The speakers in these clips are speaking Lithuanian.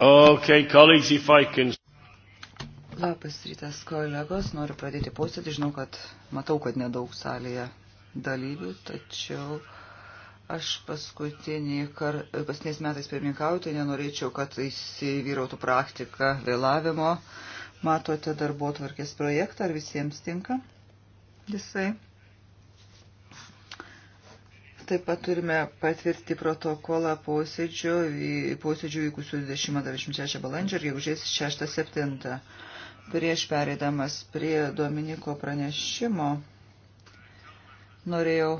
Okay, colleagues, if I can... Labas rytas, kolegos. Noriu pradėti posėdį. Žinau, kad matau, kad nedaug salėje dalyvių, tačiau aš paskutinį kar... paskutiniais metais pirmininkauju, tai nenorėčiau, kad įsivyrautų praktika vėlavimo. Uh, Matote darbo tvarkės projektą, ar visiems tinka jisai. Taip pat turime patvirti protokolą posėdžio, posėdžių vykusių 20-26 balandžio ir gegužės 6-7. Prieš perėdamas prie Dominiko pranešimo norėjau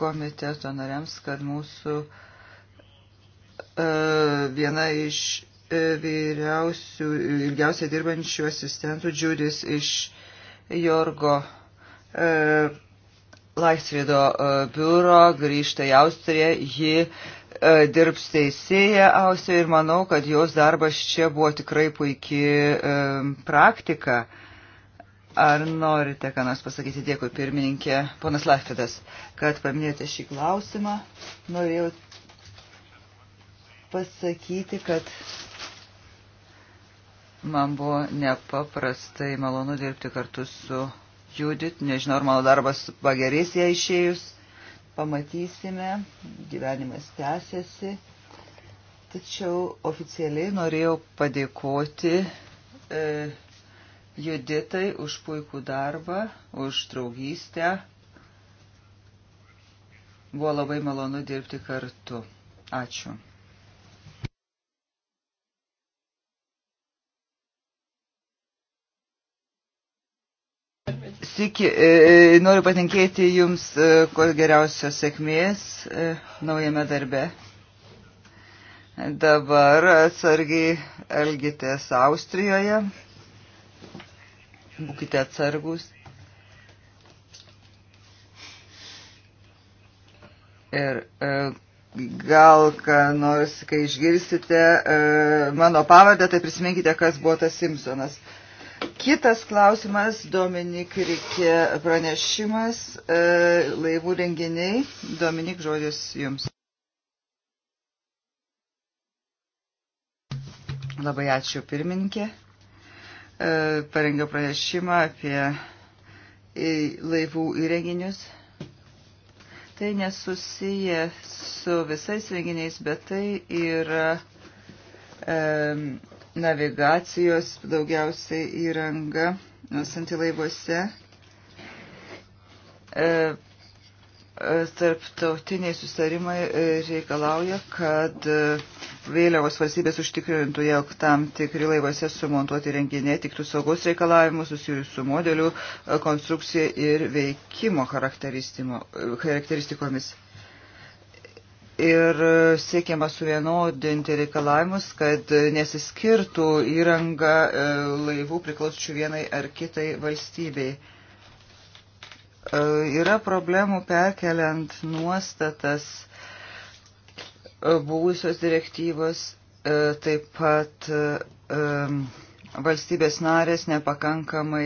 komiteto nariams, kad mūsų e, viena iš vyriausių, ilgiausiai dirbančių asistentų Džiūris iš Jorgo e, Laisvido e, biuro, grįžta į Austriją, ji e, dirbs teisėje Austrijoje ir manau, kad jos darbas čia buvo tikrai puikiai e, praktika. Ar norite, ką nors pasakyti, dėkui pirmininkė, ponas Lafidas, kad paminėjote šį klausimą. Norėjau pasakyti, kad Man buvo nepaprastai malonu dirbti kartu su Judit. Nežinau, ar mano darbas pagerės ją išėjus. Pamatysime, gyvenimas tęsiasi. Tačiau oficialiai norėjau padėkoti e, Juditai už puikų darbą, už draugystę. Buvo labai malonu dirbti kartu. Ačiū. Tiki, e, e, noriu patinkėti Jums e, kuo geriausios sėkmės naujame darbe. Dabar atsargiai elgitės Austrijoje. Būkite atsargus. Ir gal, ką nors, kai išgirsite mano pavardę, tai prisiminkite, kas buvo tas Simpsonas. Kitas klausimas, Dominik Rikė pranešimas, e, laivų renginiai. Dominik, žodis jums. Labai ačiū pirmininkė. E, parengiau pranešimą apie laivų įrenginius. Tai nesusiję su visais renginiais, bet tai yra navigacijos, daugiausiai įranga santilaivuose. E, e, tarptautiniai sustarimai e, reikalauja, kad vėliavos valstybės užtikrintų, jog tam tikri laivuose sumontuoti renginiai tiktų saugos reikalavimus susijusius su modeliu, konstrukcija ir veikimo charakteristikomis ir siekiama suvienodinti reikalavimus, kad nesiskirtų įranga e, laivų priklausančių vienai ar kitai valstybei. E, yra problemų perkeliant nuostatas e, buvusios direktyvos, taip pat valstybės narės nepakankamai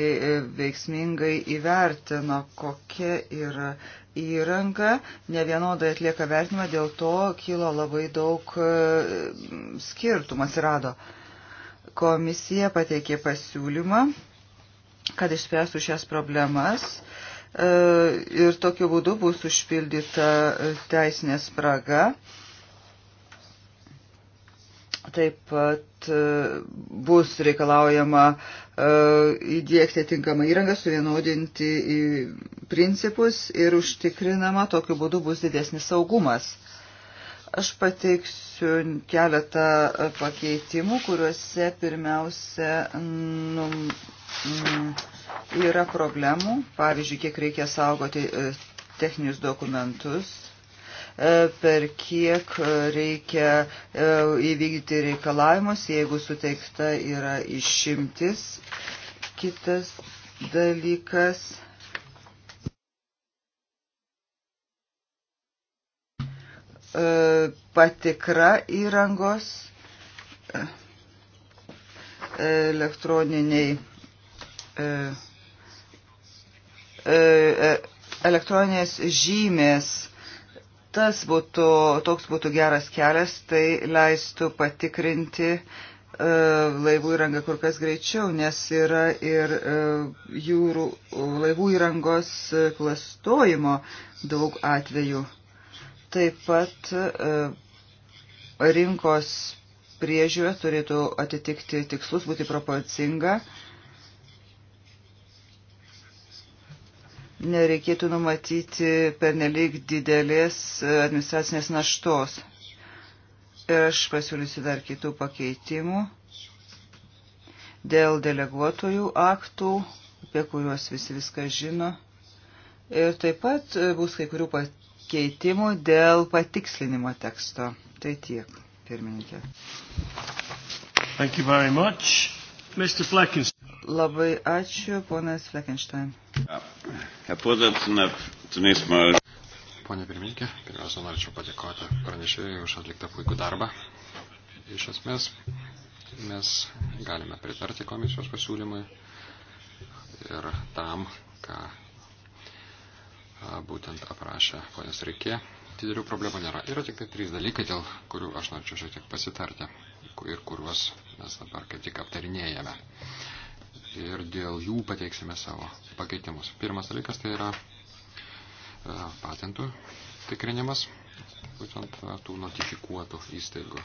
veiksmingai įvertino, kokia yra įranga nevienodai atlieka vertinimą, dėl to kilo labai daug e, skirtumų atsirado. Komisija pateikė pasiūlymą, kad išspręstų šias problemas e, ir tokiu būdu bus užpildyta teisinė spraga. Taip pat e, bus reikalaujama e, įdėkti atinkamą įrangą, suvienodinti principus ir užtikrinama tokiu būdu bus didesnis saugumas. Aš pateiksiu keletą e, pakeitimų, kuriuose pirmiausia nu, yra problemų, pavyzdžiui, kiek reikia saugoti techninius dokumentus E, per kiek reikia e, įvykdyti reikalavimus, jeigu suteikta yra išimtis. Kitas dalykas. E, patikra įrangos elektroniniai elektroninės žymės tas būtų, toks būtų geras kelias, tai leistų patikrinti e, laivų įrangą kur kas greičiau, nes yra ir e, jūrų laivų įrangos klastojimo daug atvejų. Taip pat e, rinkos priežiūra turėtų atitikti tikslus, būti proporcinga nereikėtų numatyti pernelyg didelės e, administracinės naštos. Ir aš pasiūlysiu dar kitų pakeitimų dėl deleguotojų aktų, apie kuriuos visi viską žino. Ir taip pat e, bus kai kurių pakeitimų dėl patikslinimo teksto. Tai tiek, pirmininkė. Thank you very much. Mr. Fleckenstein. Labai ačiū, ponas Fleckenstein. Yeah. Pone pirmininkė, pirmiausia, norėčiau padėkoti pranešėjui už atliktą puikų darbą. Iš esmės, mes galime pritarti komisijos pasiūlymui ir tam, ką būtent aprašė ponas Reikė. Didelių problemų nėra. Yra tik tai trys dalykai, dėl kurių aš norėčiau šiek tiek pasitarti ir kuriuos mes dabar kaip tik aptarinėjame ir dėl jų pateiksime savo pakeitimus. Pirmas dalykas tai yra e, patentų tikrinimas, būtent e, tų notifikuotų įstaigų.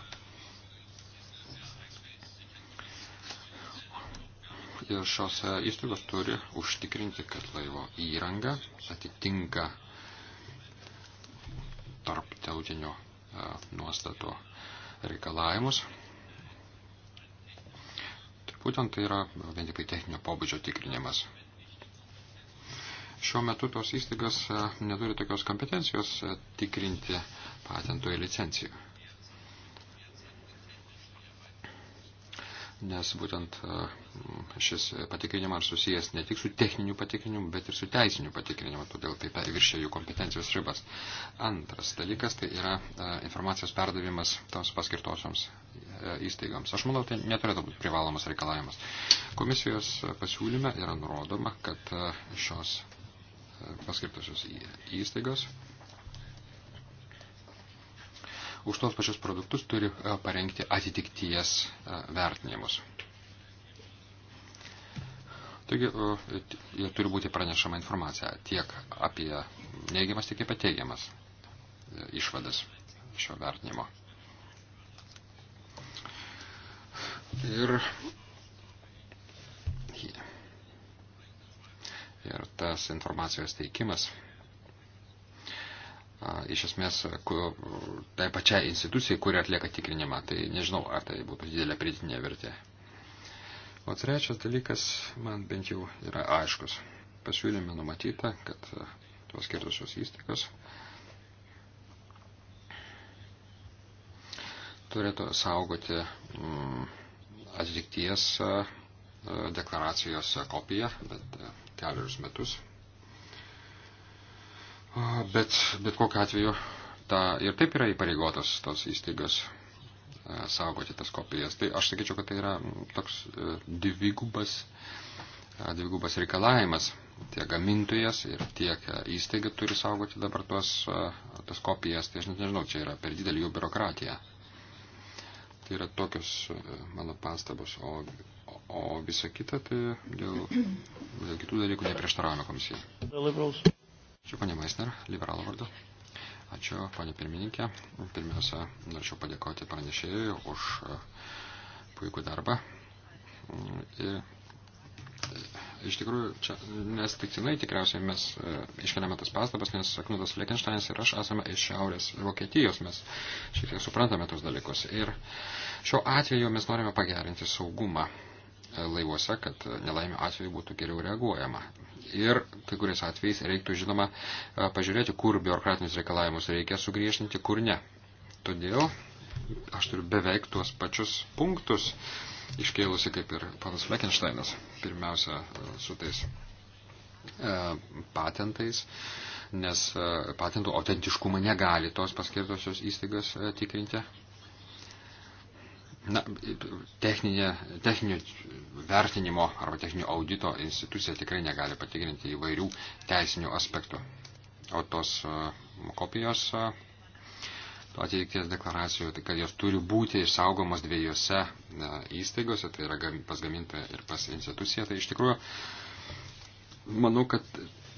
Ir šios e, įstaigos turi užtikrinti, kad laivo įranga atitinka tarptautinio nuostato reikalavimus Būtent tai yra vien tik tai techninio pobūdžio tikrinimas. Šiuo metu tos įstaigas e, neturi tokios kompetencijos e, tikrinti patentų ir licencijų. nes būtent e, šis patikrinimas susijęs ne tik su techniniu patikrinimu, bet ir su teisiniu patikrinimu, todėl tai viršė jų kompetencijos ribas. Antras dalykas tai yra e, informacijos perdavimas toms paskirtosioms e, įstaigoms. Aš manau, tai neturėtų būti privalomas reikalavimas. Komisijos pasiūlyme yra nurodoma, kad šios paskirtosios įstaigos už tos pačius produktus turi e, parengti atitikties e, vertinimus. Taigi e, turi būti pranešama informacija tiek apie neigiamas, tiek apie teigiamas išvadas šio vertinimo. Ir, ir tas informacijos teikimas iš esmės kur, tai pačiai institucijai, kuri atlieka tikrinimą. Tai nežinau, ar tai būtų didelė pridinė vertė. O trečias dalykas man bent jau yra aiškus. Pasiūlyme numatyta, kad tos skirtusios įstaigos turėtų saugoti mm, atlikties deklaracijos kopiją, bet kelius metus Bet, bet kokiu atveju ta, ir taip yra įpareigotas tos įstaigos e, saugoti tas kopijas. Tai aš sakyčiau, kad tai yra toks e, dvigubas, e, dvigubas reikalavimas. Tiek gamintojas ir tiek įstaiga turi saugoti dabar tuos, tas kopijas. Tai aš net nežinau, čia yra per didelį jų biurokratiją. Tai yra tokios mano pastabos. O, o visa kita tai dėl, dėl kitų dalykų neprieštaravome komisijai. Čia ponė Maisner, liberalų vardu. Ačiū, ponė pirmininkė. Pirmiausia, norėčiau padėkoti pranešėjui už e, puikų darbą. Ir e, iš tikrųjų, čia nestiktinai tikriausiai mes e, iškeliame tas pastabas, nes Knutas Lekenštainis ir aš esame iš Šiaurės Vokietijos, mes šiek tiek suprantame tos dalykus. Ir šiuo atveju mes norime pagerinti saugumą laivuose, kad nelaimio atveju būtų geriau reaguojama. Ir kai kuriais atvejais reiktų, žinoma, e, pažiūrėti, kur biurokratinius reikalavimus reikia sugriežtinti, kur ne. Todėl aš turiu beveik tuos pačius punktus iškėlusi kaip ir panas Fleckensteinas. Pirmiausia, e, su tais e, patentais, nes patentų autentiškumą negali tos paskirtosios įstaigos tikrinti. Na, techninė, techninio vertinimo arba techninio audito institucija tikrai negali patikrinti įvairių teisinių aspektų. O tos kopijos, to atitikties deklaracijų, tai kad jos turi būti išsaugomos dviejose įstaigose, tai yra pas gamintoją ir pas instituciją, tai iš tikrųjų manau, kad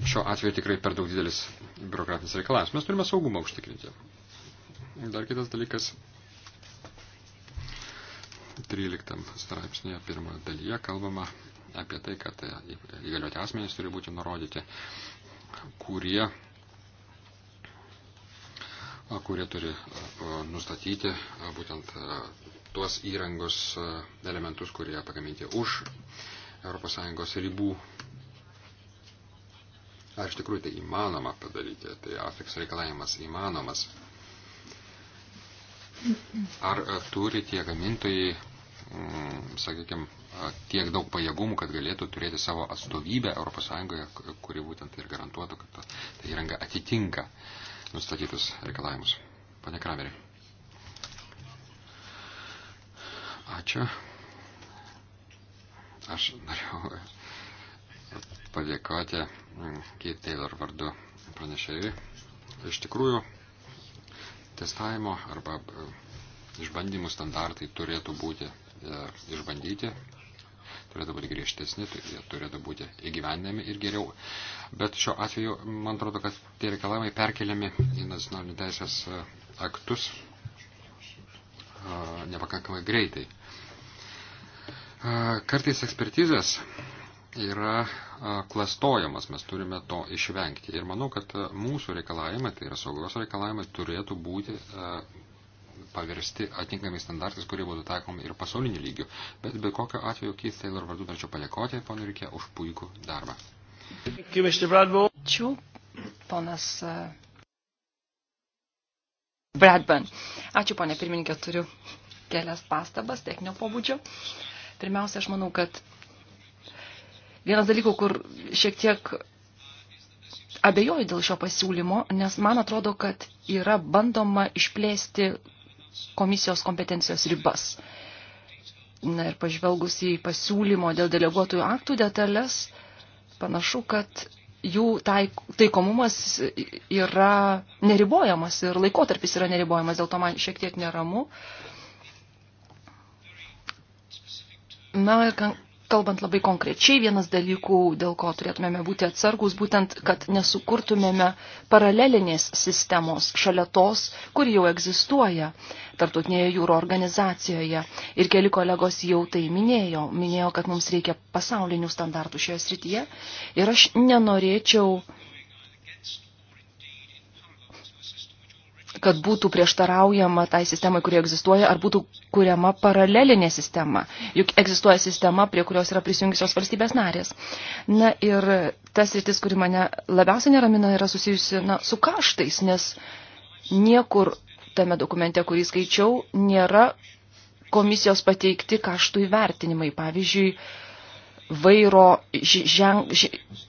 šiuo atveju tikrai per daug didelis biurokratinis reikalavimas. Mes turime saugumą užtikrinti. Dar kitas dalykas 13 straipsnėje pirmoje dalyje kalbama apie tai, kad e, įgalioti asmenys turi būti nurodyti, kurie, kurie turi nustatyti būtent tuos įrangos elementus, kurie pagaminti už ES ribų. Ar iš tikrųjų tai įmanoma padaryti, tai afiks reikalavimas įmanomas. Ar e, turi tie gamintojai, mm, sakykime, tiek daug pajėgumų, kad galėtų turėti savo atstovybę ES, kuri būtent ir garantuotų, kad ta, ta įranga atitinka nustatytus reikalavimus. Pane Kramerį. Ačiū. Aš norėjau padėkoti mm, Keith Taylor vardu pranešėjui. Iš tikrųjų, testavimo arba e, išbandymų standartai turėtų būti e, išbandyti, turėtų būti griežtesni, turėtų būti įgyvendami ir geriau. Bet šiuo atveju, man atrodo, kad tie reikalavimai perkeliami į nacionalinių teisės e, aktus nepakankamai greitai. Kartais ekspertizės yra klastojamas, mes turime to išvengti. Ir manau, kad mūsų reikalavimai, tai yra saugos reikalavimai, turėtų būti paversti atinkami standartais, kurie būtų taikomi ir pasauliniu lygiu. Bet be kokio atveju Keith Taylor vardu norėčiau padėkoti, ponui Rikė, už puikų darbą. Ačiū, ponas Bradburn. Ačiū, ponė pirmininkė, turiu kelias pastabas techninio pobūdžio. Pirmiausia, aš manau, kad Vienas dalykų, kur šiek tiek abejoju dėl šio pasiūlymo, nes man atrodo, kad yra bandoma išplėsti komisijos kompetencijos ribas. Na ir pažvelgus į pasiūlymo dėl deleguotojų aktų detalės, panašu, kad jų taik, taikomumas yra neribojamas ir laikotarpis yra neribojamas, dėl to man šiek tiek neramu. Na, kalbant labai konkrečiai, vienas dalykų, dėl ko turėtumėme būti atsargus, būtent, kad nesukurtumėme paralelinės sistemos šalia tos, kuri jau egzistuoja tartutinėje jūro organizacijoje. Ir keli kolegos jau tai minėjo, minėjo, kad mums reikia pasaulinių standartų šioje srityje. Ir aš nenorėčiau kad būtų prieštaraujama tai sistemai, kurie egzistuoja, ar būtų kuriama paralelinė sistema. Juk egzistuoja sistema, prie kurios yra prisijungusios valstybės narės. Na ir tas rytis, kuri mane labiausiai neramina, yra susijusi na, su kaštais, nes niekur tame dokumente, kurį skaičiau, nėra komisijos pateikti kaštų įvertinimai. Pavyzdžiui, vairo žen,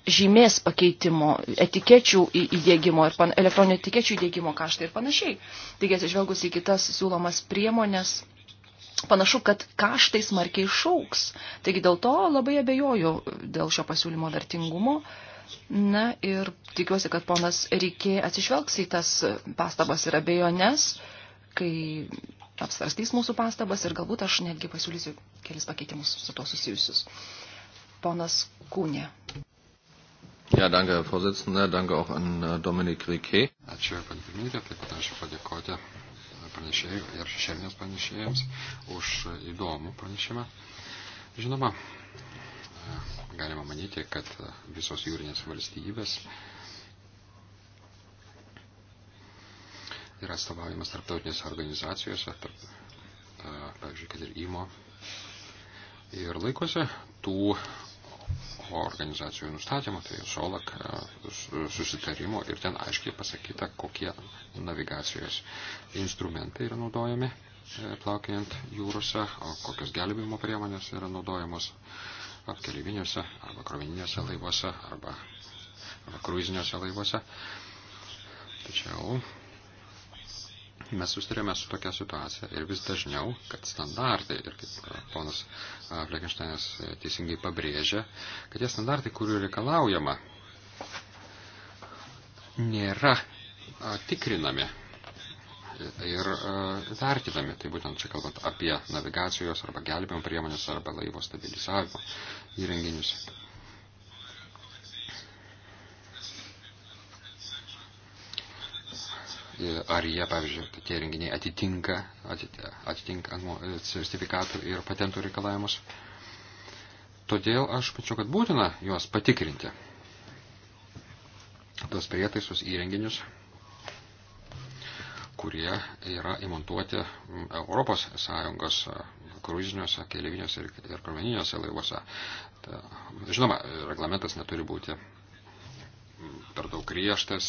žymės pakeitimo, etikečių įdėgymo ir pan, elektroninių etikečių įdėgymo kaštai ir panašiai. Taigi, atsižvelgus į kitas siūlomas priemonės, panašu, kad kaštai smarkiai šauks. Taigi dėl to labai abejoju dėl šio pasiūlymo vertingumo. Na ir tikiuosi, kad ponas Rykė atsižvelgs į tas pastabas ir abejones, kai apsvarstys mūsų pastabas ir galbūt aš netgi pasiūlysiu kelis pakeitimus su to susijusius ponas Kūnė. Ja, danke, Herr Vorsitzender, danke auch an äh, Dominik Rike. Ačiū, pan pirmininkė, taip pat ačiū padėkoti pranešėjų ir šešėlinės pranešėjams už äh, įdomų pranešimą. Žinoma, äh, galima manyti, kad visos jūrinės valstybės yra atstovaujamas tarptautinėse organizacijose, tarp, pavyzdžiui, kad ir įmo, ir laikosi tų organizacijų nustatymo, tai SOLAK e, susitarimo ir ten aiškiai pasakyta, kokie navigacijos instrumentai yra naudojami e, plaukiant jūrose, kokios gelbėjimo priemonės yra naudojamos ar keliaiviniuose, arba krovininėse laivuose, arba, arba kruiziniuose laivuose. Tačiau mes sustarėme su tokia situacija ir vis dažniau, kad standartai, ir kaip ponas Fleckensteinas e, teisingai pabrėžia, kad tie standartai, kurių reikalaujama, nėra tikrinami ir vertinami. Tai būtent čia kalbant apie navigacijos arba gelbėjimo priemonės arba laivo stabilizavimo įrenginius. ar jie, pavyzdžiui, tie renginiai atitinka, atitinka e, sertifikatų ir patentų reikalavimus. Todėl aš pačiu, kad būtina juos patikrinti, tuos prietaisus įrenginius, kurie yra įmontuoti Europos Sąjungos e, kruiziniuose, keleiviniuose ir krovininiuose laivuose. Ta, žinoma, reglamentas neturi būti per daug griežtas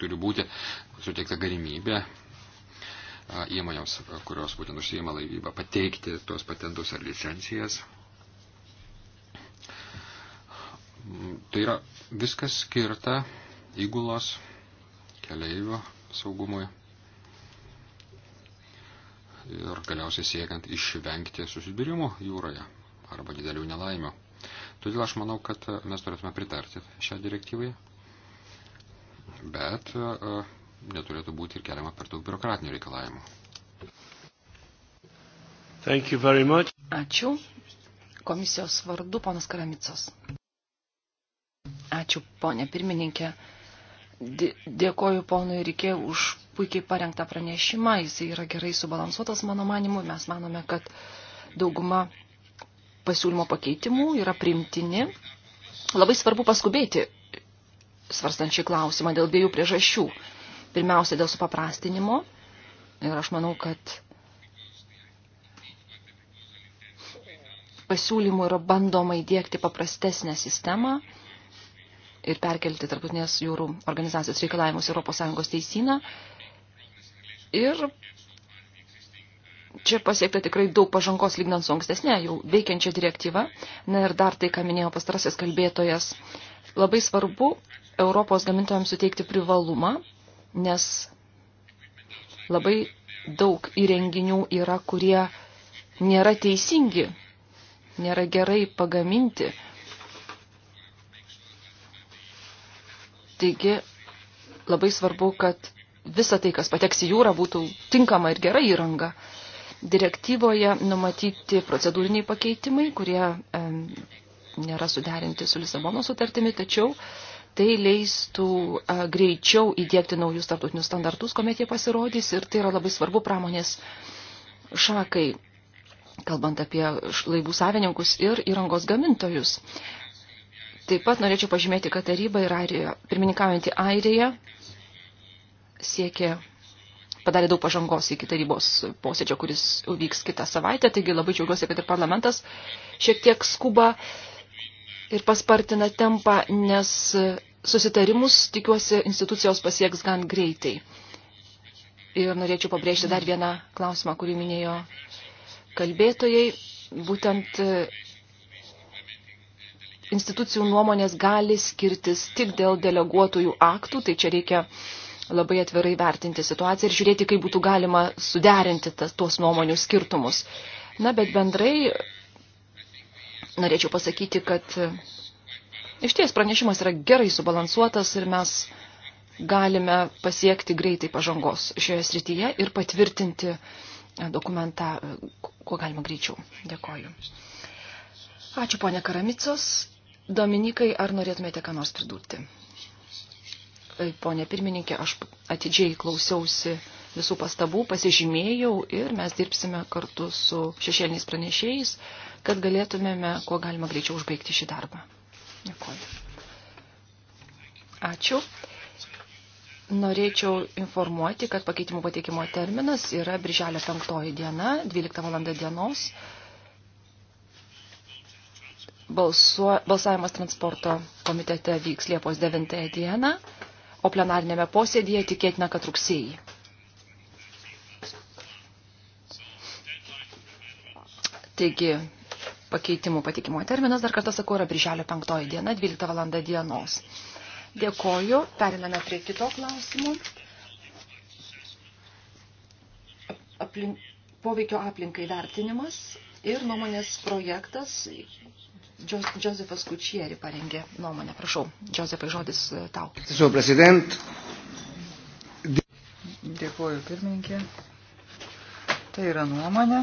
turi būti suteikta galimybė įmonėms, kurios būtent užsijima laivybą, pateikti tuos patentus ar licencijas. Mm, tai yra viskas skirta įgulos keleivio saugumui ir galiausiai siekiant išvengti susidūrimų jūroje arba didelių nelaimių. Todėl aš manau, kad e, mes turėtume pritarti šią direktyvai, bet e, e, neturėtų būti ir keliama per daug biurokratinių reikalavimų. Thank you very much. Ačiū. Komisijos vardu ponas Karamicos. Ačiū, ponė pirmininkė. Dėkoju ponui Rikė už puikiai parengtą pranešimą. Jis yra gerai subalansuotas, mano manimu. Mes manome, kad dauguma pasiūlymo pakeitimų yra primtini. Labai svarbu paskubėti svarstant šį klausimą dėl dviejų priežasčių. Pirmiausia, dėl supaprastinimo. Ir aš manau, kad pasiūlymų yra bandoma įdėkti paprastesnę sistemą ir perkelti tarptautinės jūrų organizacijos reikalavimus ES teisyną. Ir čia pasiekta tikrai daug pažangos lygnant su ankstesnė jau veikiančia direktyva. Na ir dar tai, ką minėjo pastarasis kalbėtojas, labai svarbu Europos gamintojams suteikti privalumą, nes labai daug įrenginių yra, kurie nėra teisingi, nėra gerai pagaminti. Taigi labai svarbu, kad visa tai, kas pateks į jūrą, būtų tinkama ir gera įranga. Uh, direktyvoje numatyti procedūriniai pakeitimai, kurie e, nėra suderinti su Lisabono sutartimi, tačiau tai leistų e, greičiau įdėkti naujus tarptautinius standartus, kuomet jie pasirodys ir tai yra labai svarbu pramonės šakai, kalbant apie laivų savininkus ir įrangos gamintojus. Taip pat norėčiau pažymėti, kad taryba ir Airija, pirmininkaujantį Airiją, siekia padarė daug pažangos iki tarybos posėdžio, kuris vyks kitą savaitę, taigi labai džiaugiuosi, kad ir parlamentas šiek tiek skuba ir paspartina tempą, nes susitarimus, tikiuosi, institucijos pasieks gan greitai. Ir norėčiau pabrėžti dar vieną klausimą, kurį minėjo kalbėtojai. Būtent e, institucijų nuomonės gali skirtis tik dėl deleguotojų aktų, tai čia reikia uh, labai atvirai vertinti situaciją ir žiūrėti, kaip būtų galima suderinti tas, tuos nuomonių skirtumus. Na, bet bendrai norėčiau pasakyti, kad e, iš ties pranešimas yra gerai subalansuotas ir mes galime pasiekti greitai pažangos šioje srityje ir patvirtinti e, dokumentą, e, kuo galima greičiau. Dėkoju. Ačiū, ponė Karamicos. Dominikai, ar norėtumėte ką nors pridurti? ponė pirmininkė, aš atidžiai klausiausi visų pastabų, pasižymėjau ir mes dirbsime kartu su šešėliniais pranešėjais, kad galėtumėme kuo galima greičiau užbaigti šį darbą. Dėkuoju. Ačiū. Norėčiau informuoti, kad pakeitimų pateikimo terminas yra birželio 5 diena, 12 val. dienos. Balsuo, balsavimas transporto komitete vyks Liepos 9 dieną o plenarinėme posėdėje tikėtina, kad rugsėjai. Taigi, pakeitimų patikimo terminas, dar kartą sakau, yra birželio 5 diena, 12 valanda dienos. Dėkoju, periname prie kito klausimo. Aplink, poveikio aplinkai vertinimas ir nuomonės projektas Josefas Kučieri parengė nuomonę. Prašau, Josefai, žodis e, tau. Tiesiog prezident. Dėkuoju, pirmininkė. Tai yra nuomonė,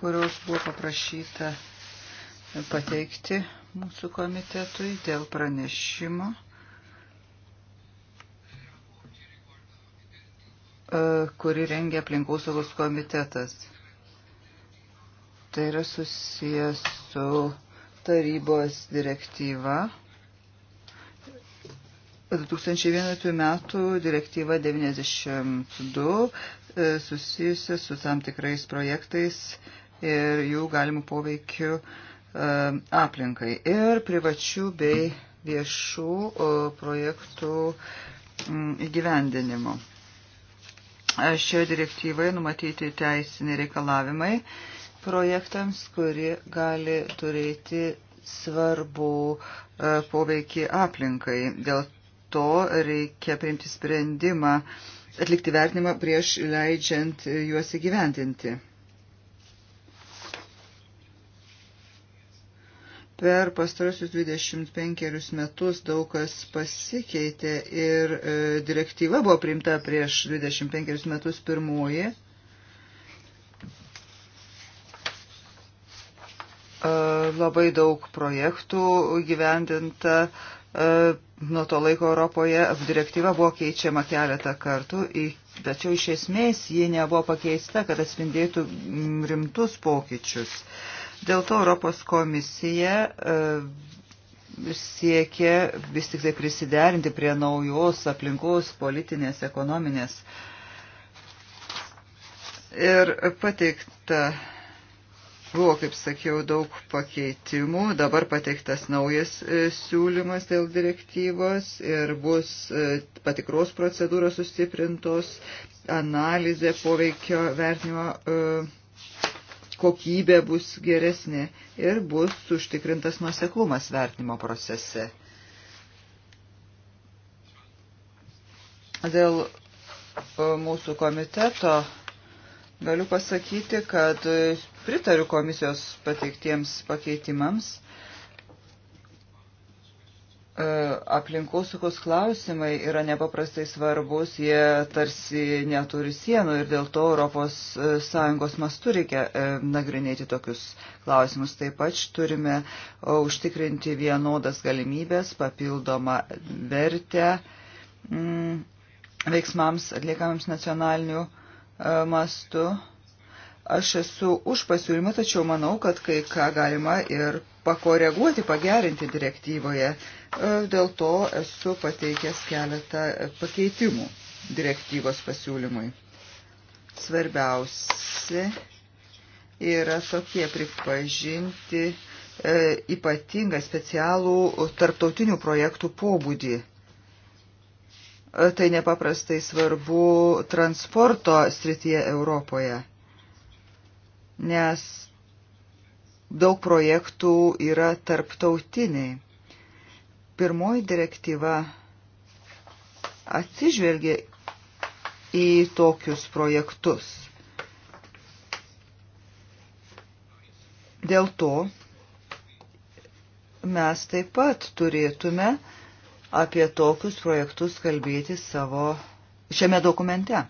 kurios buvo paprašyta pateikti mūsų komitetui dėl pranešimo, e, kurį rengia aplinkosaugos komitetas. Tai yra susijęs su tarybos direktyva. 2001 metų direktyva 92 e, susijusi su tam tikrais projektais ir jų galimų poveikių e, aplinkai ir privačių bei viešų projektų įgyvendinimo. Šioje direktyvoje numatyti teisiniai reikalavimai projektams, kuri gali turėti svarbu e, poveikį aplinkai. Dėl to reikia priimti sprendimą, atlikti vertinimą prieš leidžiant juos įgyvendinti. Per pastarosius 25 metus daug kas pasikeitė ir e, direktyva buvo priimta prieš 25 metus pirmoji E, labai daug projektų gyvendinta e, nuo to laiko Europoje. Direktyva buvo keičiama keletą kartų, tačiau iš esmės ji nebuvo pakeista, kad atspindėtų rimtus pokyčius. Dėl to Europos komisija e, siekia vis tik tai prisiderinti prie naujos aplinkos politinės, ekonominės. Ir pateikta Buvo, kaip sakiau, daug pakeitimų, dabar pateiktas naujas e, siūlymas dėl direktyvos ir bus e, patikros procedūros sustiprintos, analizė poveikio vertinimo e, kokybė bus geresnė ir bus užtikrintas nuoseklumas vertinimo procese. Dėl mūsų komiteto Galiu pasakyti, kad e, pritariu komisijos pateiktiems pakeitimams. E, aplinkosaugos klausimai yra nepaprastai svarbus, jie tarsi neturi sienų ir dėl to ES e, mastu reikia nagrinėti tokius klausimus. Taip pat turime užtikrinti vienodas galimybės, papildomą vertę mm, veiksmams atliekamams nacionalinių E, mastu. Aš esu už pasiūlymą, tačiau manau, kad kai ką galima ir pakoreguoti, pagerinti direktyvoje. E, dėl to esu pateikęs keletą pakeitimų direktyvos pasiūlymui. Svarbiausia yra tokie pripažinti e, ypatingą specialų tarptautinių projektų pobūdį. Tai nepaprastai svarbu transporto srityje Europoje, nes daug projektų yra tarptautiniai. Pirmoji direktyva atsižvelgia į tokius projektus. Dėl to mes taip pat turėtume uh, apie tokius projektus kalbėti savo šiame dokumente.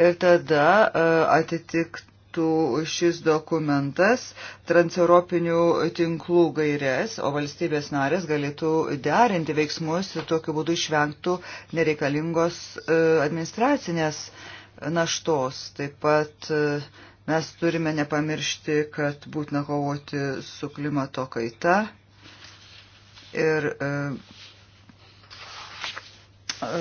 Ir tada e, atitiktų šis dokumentas transeuropinių tinklų gairės, o valstybės narės galėtų derinti veiksmus ir tokiu būdu išvengtų nereikalingos e, administracinės naštos. Taip pat uh, Mes turime nepamiršti, kad būtina kovoti su klimato kaita ir e, e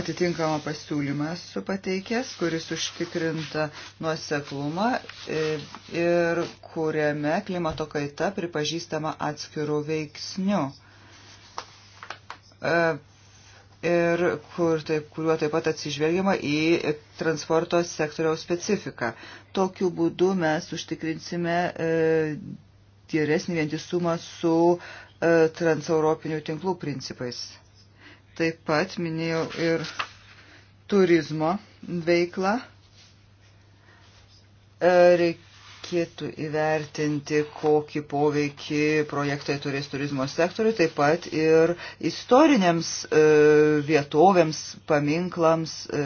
atitinkamą pasiūlymą esu pateikęs, kuris užtikrinta nuoseklumą ir, e, ir kuriame klimato kaita pripažįstama atskirų veiksnių. E, ir kur taip, kuriuo taip pat atsižvelgiama į transporto sektoriaus specifiką. Tokiu būdu mes užtikrinsime e, geresnį vientisumą su e, transeuropinių tinklų principais. Taip pat minėjau ir turizmo veiklą. E, Reikia reikėtų įvertinti, kokį poveikį projektai turės turizmo sektoriui, taip pat ir istoriniams e, vietovėms, paminklams. E,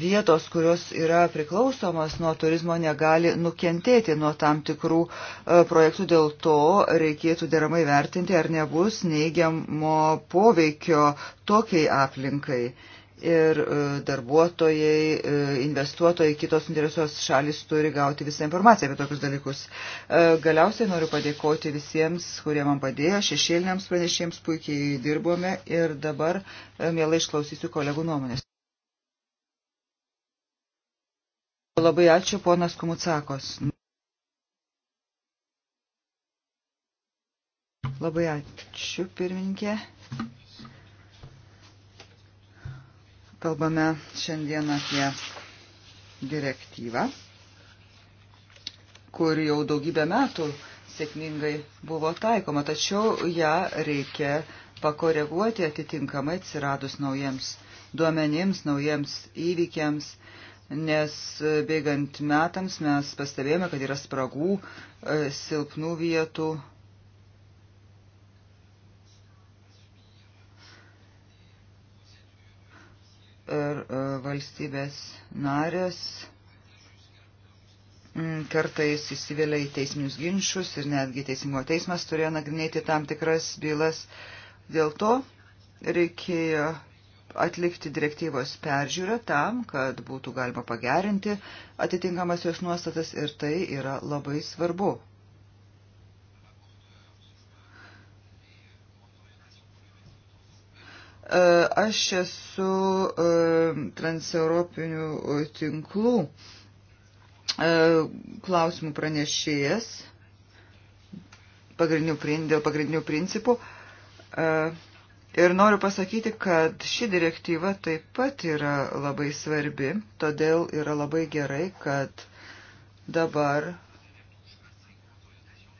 vietos, kurios yra priklausomas nuo turizmo, negali nukentėti nuo tam tikrų e, projektų, dėl to reikėtų deramai vertinti, ar nebus neigiamo poveikio tokiai aplinkai ir e, darbuotojai, e, investuotojai, kitos interesuos šalis turi gauti visą informaciją apie tokius dalykus. E, galiausiai noriu padėkoti visiems, kurie man padėjo, šešėliniams pranešėjams puikiai dirbome ir dabar mielai išklausysiu kolegų nuomonės. Labai ačiū, ponas Kumutsakos. Labai ačiū, pirmininkė. Kalbame šiandien apie direktyvą, kur jau daugybę metų sėkmingai buvo taikoma, tačiau ją reikia pakoreguoti atitinkamai atsiradus naujiems duomenims, naujiems įvykiams, nes bėgant metams mes pastebėjome, kad yra spragų, e, silpnų vietų ir e, valstybės narės mm, kartais įsivelia į teisminius ginčius ir netgi teisingo teismas turėjo nagrinėti tam tikras bylas. Dėl to reikėjo atlikti direktyvos peržiūrą tam, kad būtų galima pagerinti atitinkamas jos nuostatas ir tai yra labai svarbu. E, aš esu e, transeuropinių tinklų e, klausimų pranešėjas pagrindinių, dėl pagrindinių principų. Ir noriu pasakyti, kad ši direktyva taip pat yra labai svarbi, todėl yra labai gerai, kad dabar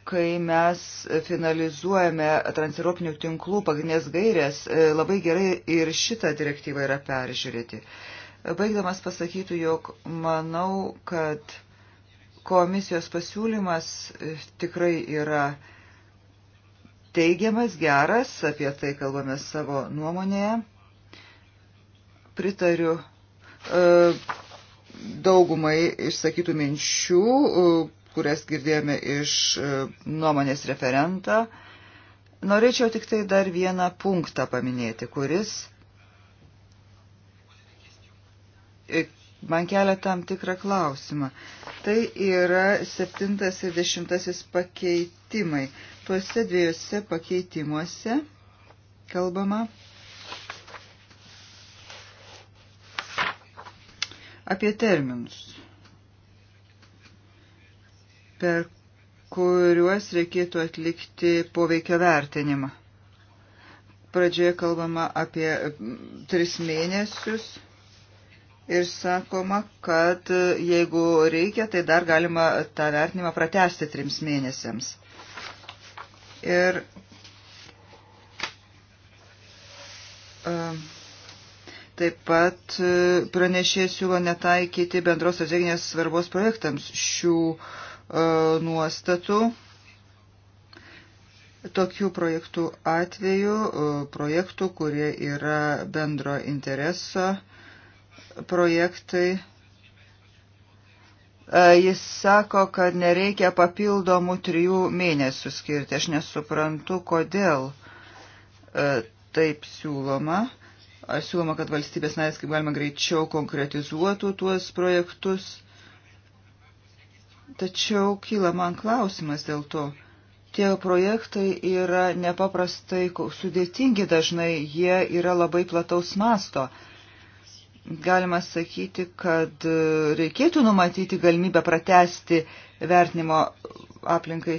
kai mes finalizuojame transeuropinių tinklų pagrindinės gairės, e, labai gerai ir šitą direktyvą yra peržiūrėti. Baigdamas pasakytų, jog manau, kad komisijos pasiūlymas e, tikrai yra teigiamas, geras, apie tai kalbame savo nuomonėje. Pritariu e, daugumai išsakytų minčių, kurias girdėjome iš e, nuomonės referentą. Norėčiau tik tai dar vieną punktą paminėti, kuris e, man kelia tam tikrą klausimą. Tai yra septintas ir dešimtasis pakeitimai. Tuose dviejose pakeitimuose kalbama apie terminus per kuriuos reikėtų atlikti poveikio vertinimą. Pradžioje kalbama apie tris mėnesius ir sakoma, kad jeigu reikia, tai dar galima tą vertinimą pratesti trims mėnesiams. Ir um, Taip pat e, pranešė siūlo netaikyti bendros strateginės svarbos projektams šių E, nuostatų. Tokių projektų atveju, e, projektų, kurie yra bendro intereso projektai. E, jis sako, kad nereikia papildomų trijų mėnesių skirti. Aš nesuprantu, kodėl taip siūloma. Aš siūloma, kad valstybės narės kaip galima greičiau konkretizuotų tuos projektus Tačiau kyla man klausimas dėl to. Tie projektai yra nepaprastai sudėtingi dažnai, jie yra labai plataus masto. Galima sakyti, kad e, reikėtų numatyti galimybę pratesti vertinimo aplinkai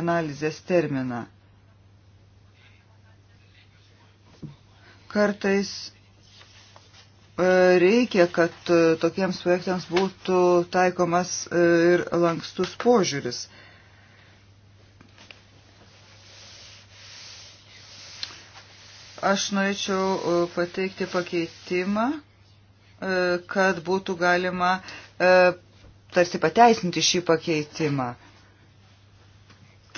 analizės terminą. Kartais E, reikia, kad e, tokiems projektams būtų taikomas e, ir lankstus požiūris. Aš norėčiau pateikti pakeitimą, kad būtų galima tarsi pateisinti šį pakeitimą.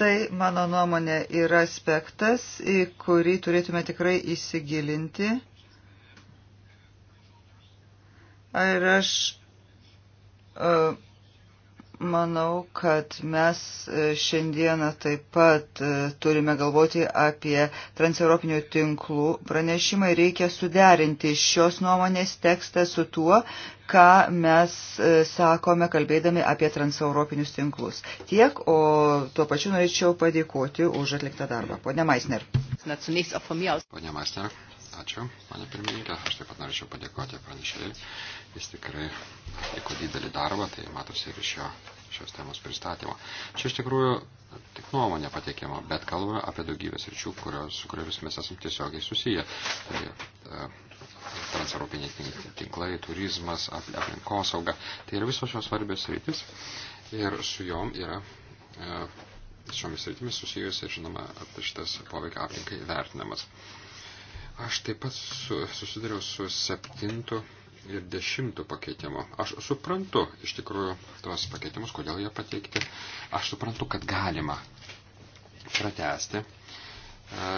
Tai, mano nuomonė, yra aspektas, į kurį turėtume tikrai įsigilinti Ir aš e, manau, kad mes e, šiandieną taip pat e, turime galvoti apie transeuropinių tinklų pranešimą ir reikia suderinti šios nuomonės tekstą su tuo, ką mes sakome kalbėdami apie transeuropinius tinklus. Tiek, o tuo pačiu norėčiau padėkoti už atliktą darbą. Pone Maisner. Pone Maisner. Ačiū, mane pirmininkė. Aš taip pat norėčiau padėkoti pranešėjai. Jis tikrai atliko didelį darbą, tai matosi ir iš šio, šios temos pristatymo. Čia iš tikrųjų tik nuomonė pateikiama, bet kalbame apie daugybės ryčių, kurios, su kuriomis mes esame tiesiogiai susiję. Tai, e, transeuropiniai tinklai, turizmas, aplinkosauga. Tai yra visos šios svarbios rytis ir su jom yra. E, šiomis rytimis susijusi, žinoma, šitas poveikia aplinkai vertinamas. E, Aš taip pat su, susidariau su septintu ir dešimtu pakeitimu. Aš suprantu iš tikrųjų tos pakeitimus, kodėl jie pateikti. Aš suprantu, kad galima pratesti e,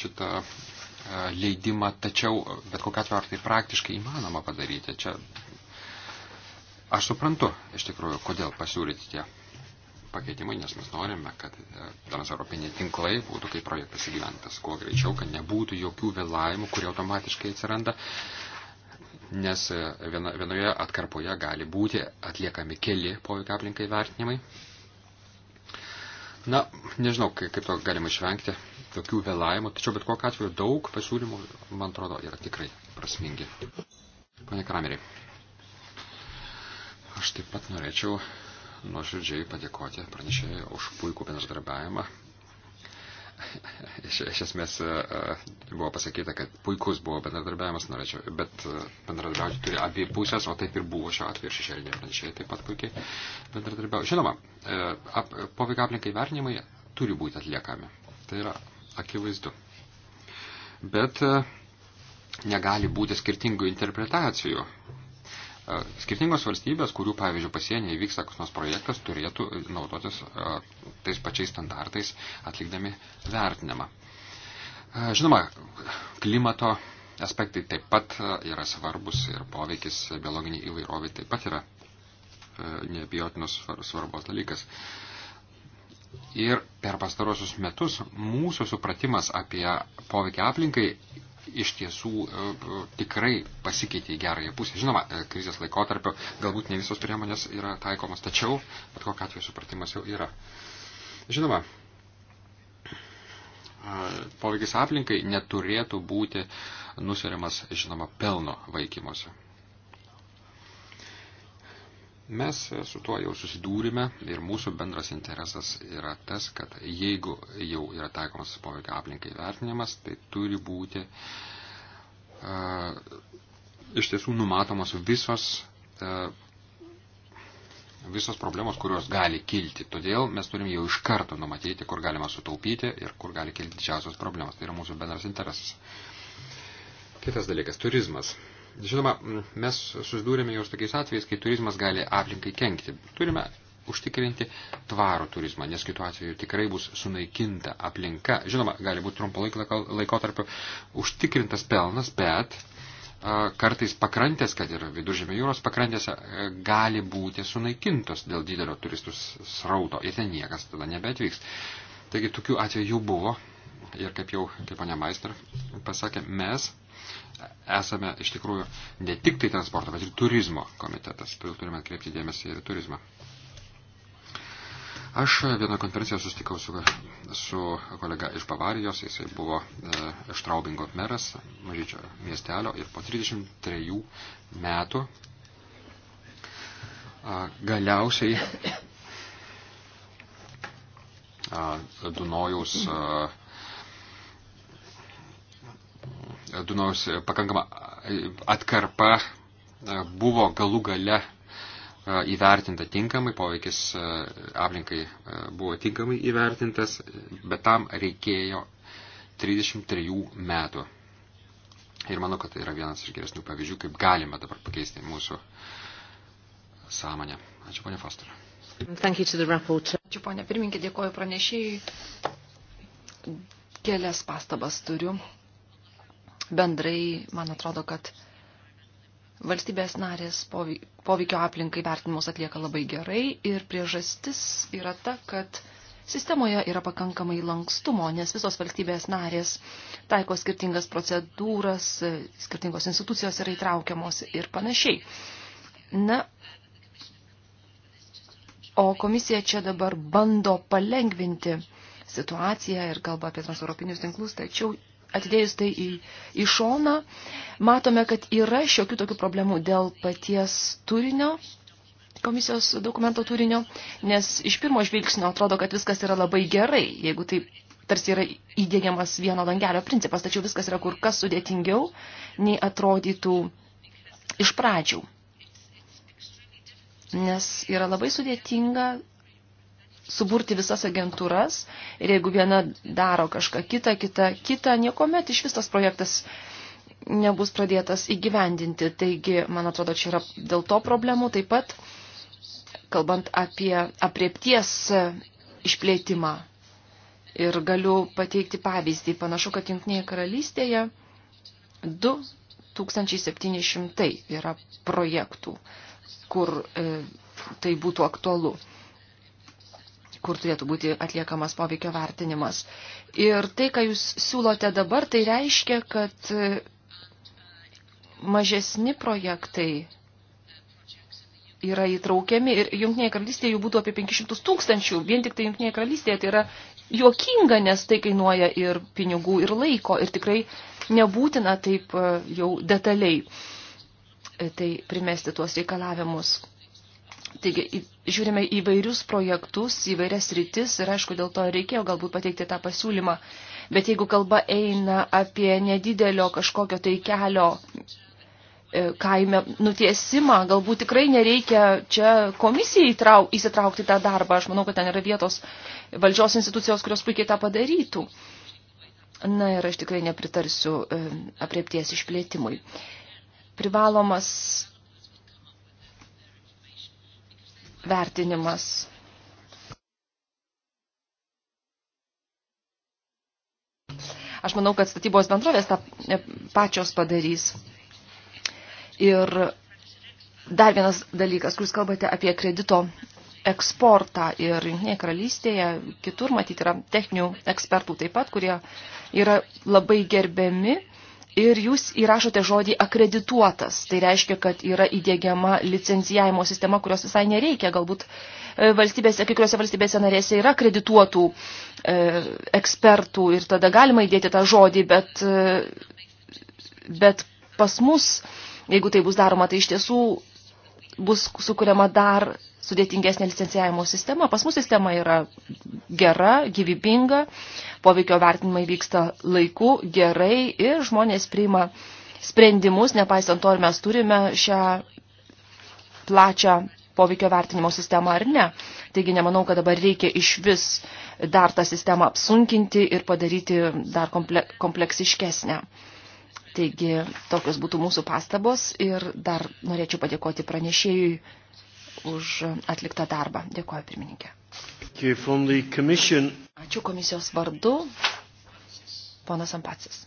šitą e, leidimą, tačiau bet kokia atveju ar tai praktiškai įmanoma padaryti. Čia aš suprantu iš tikrųjų, kodėl pasiūlyti tie pakeitimai, nes mes norime, kad e, transeuropiniai tinklai būtų kaip projektas įgyventas kuo greičiau, kad nebūtų jokių vėlavimų, kurie automatiškai atsiranda, nes e, viena, vienoje atkarpoje gali būti atliekami keli poveikia aplinkai vertinimai. Na, nežinau, kaip to galima išvengti, tokių vėlavimų, tačiau bet kokiu atveju daug pasiūlymų, man atrodo, yra tikrai prasmingi. Pane Krameriai, aš taip pat norėčiau nuoširdžiai padėkoti pranešėjai už puikų bendradarbiavimą. Iš, iš esmės e, e, buvo pasakyta, kad puikus buvo bendradarbiavimas, norėčiau, bet e, bendradarbiauti turi abi pusės, o taip ir buvo šiuo atveju šešėlinė pranešėjai taip pat puikiai bendradarbiavo. Žinoma, ap, poveikio aplinkai vertinimai turi būti atliekami. Tai yra akivaizdu. Bet negali būti skirtingų interpretacijų Skirtingos valstybės, kurių, pavyzdžiui, pasienyje vyksta koks nors projektas, turėtų naudotis tais pačiais standartais atlikdami vertinimą. Žinoma, klimato aspektai taip pat yra svarbus ir poveikis biologiniai įvairoviai taip pat yra neabijotinos svarbos dalykas. Ir per pastarosius metus mūsų supratimas apie poveikį aplinkai iš tiesų e, e, tikrai pasikeitė į gerąją pusę. Žinoma, e, krizės laikotarpio galbūt ne visos priemonės yra taikomas, tačiau bet kokiu atveju supratimas jau yra. Žinoma, poveikis aplinkai neturėtų būti nusveriamas, žinoma, pelno vaikymuose. Mes su tuo jau susidūrime ir mūsų bendras interesas yra tas, kad jeigu jau yra taikomas poveikio aplinkai vertinimas, tai turi būti uh, iš tiesų numatomos visos, uh, visos problemos, kurios gali kilti. Todėl mes turim jau iš karto numatyti, kur galima sutaupyti ir kur gali kilti didžiausios problemos. Tai yra mūsų bendras interesas. Kitas dalykas - turizmas. Žinoma, mes susidūrėme jau su tokiais atvejais, kai turizmas gali aplinkai kenkti. Turime užtikrinti tvarų turizmą, nes kitu atveju tikrai bus sunaikinta aplinka. Žinoma, gali būti trumpo laikotarpio užtikrintas pelnas, bet kartais pakrantės, kad ir viduržėmio jūros pakrantėse, gali būti sunaikintos dėl didelio turistų srauto ir ten niekas tada nebeatvyks. Taigi tokių atvejų buvo ir kaip jau, kaip ponia Maister pasakė, mes esame iš tikrųjų ne tik tai transporto, bet ir turizmo komitetas. Todėl turime atkreipti dėmesį ir turizmą. Aš vienoje konferencijoje sustikau su, su kolega iš Bavarijos, jisai buvo e, Štraubingo meras, mažyčio miestelio, ir po 33 metų a, galiausiai a, Dunojaus a, Dunaus e, pakankama e, atkarpa e, buvo galų gale įvertinta tinkamai, poveikis aplinkai buvo tinkamai įvertintas, bet tam reikėjo 33 metų. Ir manau, kad tai yra vienas iš geresnių pavyzdžių, kaip galime dabar pakeisti mūsų sąmonę. Ačiū, ponė Foster. Ačiū, ponė pirminkė, dėkoju pranešėjai. Kelias pastabas turiu bendrai, man atrodo, kad valstybės narės poveikio aplinkai vertinimus atlieka labai gerai ir priežastis yra ta, kad sistemoje yra pakankamai lankstumo, nes visos valstybės narės taiko skirtingas procedūras, skirtingos institucijos yra įtraukiamos ir panašiai. Na, o komisija čia dabar bando palengvinti situaciją ir kalba apie transeuropinius tinklus, tačiau atidėjus tai į, į šoną, matome, kad yra šiokių tokių problemų dėl paties turinio, komisijos dokumento turinio, nes iš pirmo žvilgsnio atrodo, kad viskas yra labai gerai, jeigu taip tarsi yra įdėgiamas vieno langelio principas, tačiau viskas yra kur kas sudėtingiau, nei atrodytų iš pradžių. Nes yra labai sudėtinga suburti visas agentūras ir jeigu viena daro kažką kitą, kitą, kitą, niekuomet iš vis tas projektas nebus pradėtas įgyvendinti. Taigi, man atrodo, čia yra dėl to problemų taip pat, kalbant apie apriepties išplėtimą. Ir galiu pateikti pavyzdį. Panašu, kad Junktinėje karalystėje 2700 yra projektų, kur e, tai būtų aktualu kur turėtų būti atliekamas poveikio vertinimas. Ir tai, ką jūs siūlote dabar, tai reiškia, kad mažesni projektai yra įtraukiami ir Junktinėje karalystėje jų būtų apie 500 tūkstančių, vien tik tai Junktinėje karalystėje tai yra juokinga, nes tai kainuoja ir pinigų, ir laiko, ir tikrai nebūtina taip e, jau detaliai e, tai primesti tuos reikalavimus. Taigi, žiūrime įvairius projektus, įvairias rytis ir, aišku, dėl to reikėjo galbūt pateikti tą pasiūlymą. Bet jeigu kalba eina apie nedidelio kažkokio tai kelio e, kaime nutiesimą, galbūt tikrai nereikia čia komisijai trau, įsitraukti tą darbą. Aš manau, kad ten yra vietos valdžios institucijos, kurios puikiai tą padarytų. Na ir aš tikrai nepritarsiu e, apriepties išplėtimui. Privalomas vertinimas. Aš manau, kad statybos bendrovės tą pačios padarys. Ir dar vienas dalykas, kuris kalbate apie kredito eksportą ir Junktinėje karalystėje, kitur matyti yra techninių ekspertų taip pat, kurie yra labai gerbiami ir jūs įrašote žodį akredituotas. Tai reiškia, kad yra įdėgiama licencijavimo sistema, kurios visai nereikia. Galbūt e, valstybėse, kai kuriuose valstybėse narėse yra akredituotų e, ekspertų ir tada galima įdėti tą žodį, bet, e, bet pas mus, jeigu tai bus daroma, tai iš tiesų bus sukuriama dar sudėtingesnė licencijavimo sistema. Pas mūsų sistema yra gera, gyvybinga, poveikio vertinimai vyksta laiku, gerai ir žmonės priima sprendimus, nepaisant to, ar mes turime šią plačią poveikio vertinimo sistemą ar ne. Taigi nemanau, kad dabar reikia iš vis dar tą sistemą apsunkinti ir padaryti dar kompleksiškesnę. Taigi tokios būtų mūsų pastabos ir dar norėčiau padėkoti pranešėjui už atliktą darbą. Dėkuoju, pirmininkė. Ačiū komisijos vardu, ponas Ampacis.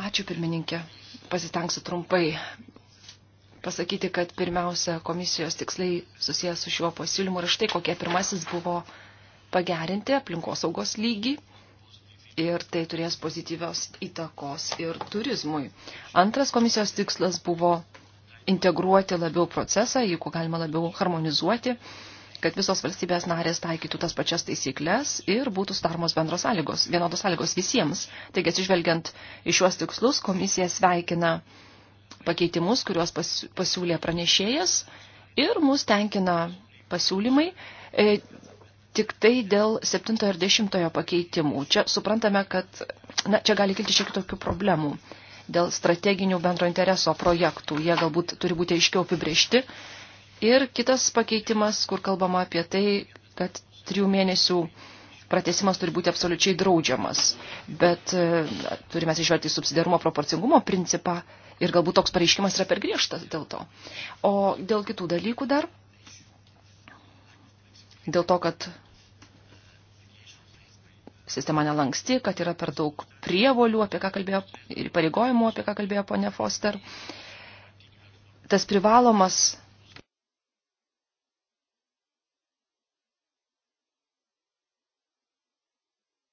Ačiū, pirmininkė. Pasistengsiu trumpai pasakyti, kad pirmiausia komisijos tikslai susijęs su šiuo pasiūlymu ir štai kokie pirmasis buvo pagerinti aplinkosaugos lygį ir tai turės pozityvios įtakos ir turizmui. Antras komisijos tikslas buvo integruoti labiau procesą, jeigu galima labiau harmonizuoti, kad visos valstybės narės taikytų tas pačias taisyklės ir būtų starmos bendros sąlygos, vienodos sąlygos visiems. Taigi, atsižvelgiant į šiuos tikslus, komisija sveikina pakeitimus, kuriuos pasiūlė pranešėjas ir mus tenkina pasiūlymai. E, tik tai dėl 7 ir 10 pakeitimų. Čia suprantame, kad na, čia gali kilti šiek tokių problemų dėl strateginių bendro intereso projektų. Jie galbūt turi būti aiškiau apibriešti. Ir kitas pakeitimas, kur kalbama apie tai, kad trijų mėnesių pratesimas turi būti absoliučiai draudžiamas. Bet e, na, turime atsižvelgti subsidiarumo proporcingumo principą ir galbūt toks pareiškimas yra per griežtas dėl to. O dėl kitų dalykų dar dėl to, kad sistema nelanksti, kad yra per daug prievolių, apie ką kalbėjo, ir pareigojimų, apie ką kalbėjo ponė Foster. Tas privalomas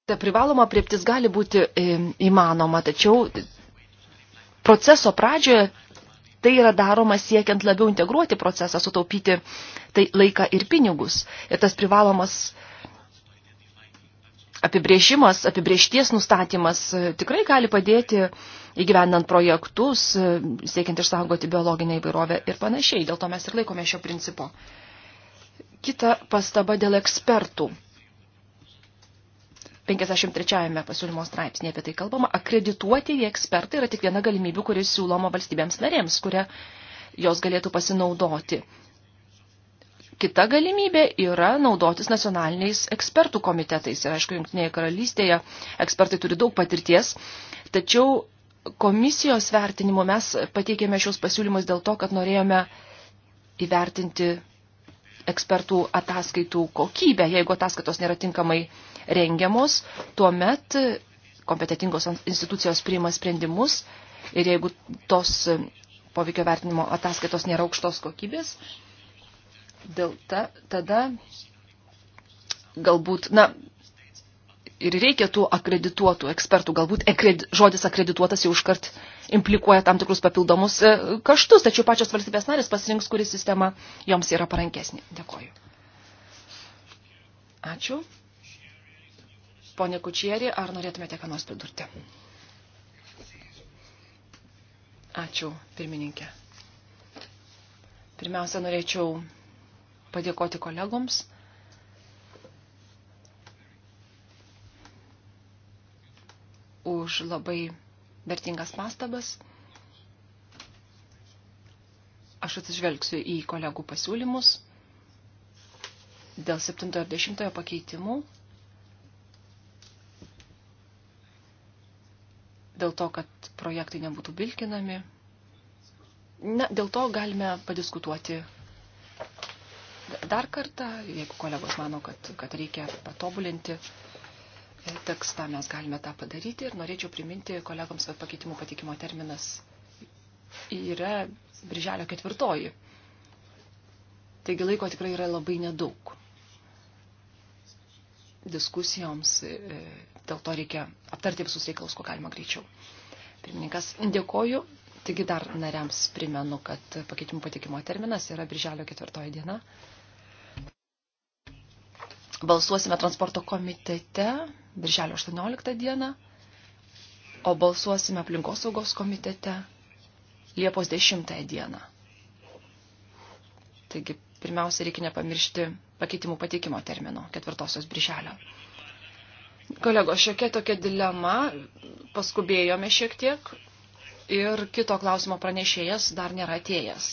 Ta privaloma prieptis gali būti e, įmanoma, tačiau proceso pradžioje Tai yra daroma siekiant labiau integruoti procesą, sutaupyti tai laiką ir pinigus. Ir tas privalomas apibrėžimas, apibrėžties nustatymas e, tikrai gali padėti įgyvendant projektus, e, siekiant išsaugoti biologinę įvairovę ir panašiai. Dėl to mes ir laikome šio principo. Kita pastaba dėl ekspertų. 53 pasiūlymo straipsnėje apie tai kalbama, akredituoti į ekspertai yra tik viena galimybė, kuri siūloma valstybėms narėms, kurią jos galėtų pasinaudoti. Kita galimybė yra naudotis nacionaliniais ekspertų komitetais. Ir aišku, Junktinėje karalystėje ekspertai turi daug patirties, tačiau komisijos vertinimu mes pateikėme šios pasiūlymus dėl to, kad norėjome įvertinti ekspertų ataskaitų kokybę, jeigu ataskaitos nėra tinkamai rengiamos, tuomet kompetitingos institucijos priima sprendimus ir jeigu tos poveikio vertinimo ataskaitos nėra aukštos kokybės, dėl ta, tada galbūt, na, ir reikia tų akredituotų ekspertų, galbūt akred, žodis akredituotas jau iškart implikuoja tam tikrus papildomus e, kaštus, tačiau pačios valstybės narės pasirinks, kuri sistema joms yra parankesnė. Dėkoju. Ačiū. Pone Kučieri, ar norėtumėte ką nors pridurti? Ačiū, pirmininkė. Pirmiausia, norėčiau padėkoti kolegoms. už labai vertingas pastabas. Aš atsižvelgsiu į kolegų pasiūlymus dėl 7 ir 10 pakeitimų dėl to, kad projektai nebūtų vilkinami. Na, dėl to galime padiskutuoti dar kartą, jeigu kolegos mano, kad, kad reikia patobulinti tekstą, mes galime tą padaryti ir norėčiau priminti kolegoms, kad pakeitimų patikimo terminas yra birželio ketvirtoji. Taigi laiko tikrai yra labai nedaug diskusijoms, e, dėl to reikia aptarti visus reikalus, kuo galima greičiau. Pirmininkas, dėkoju. Taigi dar nariams primenu, kad pakeitimų patikimo terminas yra birželio ketvirtoji diena. Balsuosime transporto komitete birželio 18 dieną, o balsuosime aplinkosaugos komitete Liepos 10 dieną. Taigi, pirmiausia, reikia nepamiršti pakeitimų patikimo termino ketvirtosios birželio. Kolego, šiokia tokia dilema, paskubėjome šiek tiek ir kito klausimo pranešėjas dar nėra atėjęs.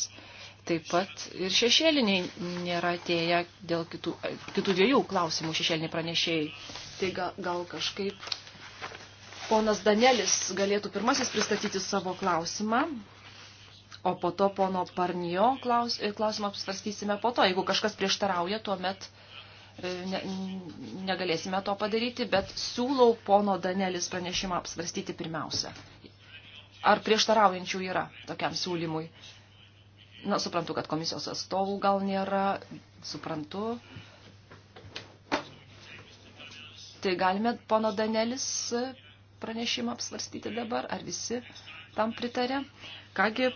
Taip pat ir šešėliniai nėra atėję dėl kitų, kitų dviejų klausimų šešėliniai pranešėjai. Tai ga, gal kažkaip ponas Danielis galėtų pirmasis pristatyti savo klausimą, o po to pono Parnijo klaus, klausimą apsvarstysime po to. Jeigu kažkas prieštarauja, tuomet E, ne, negalėsime to padaryti, bet siūlau pono Danelis pranešimą apsvarstyti pirmiausia. Ar prieštaraujančių yra tokiam siūlymui? Na, suprantu, kad komisijos atstovų gal nėra, suprantu. Tai galime pono Danelis pranešimą apsvarstyti dabar, ar visi tam pritarė. Kągi,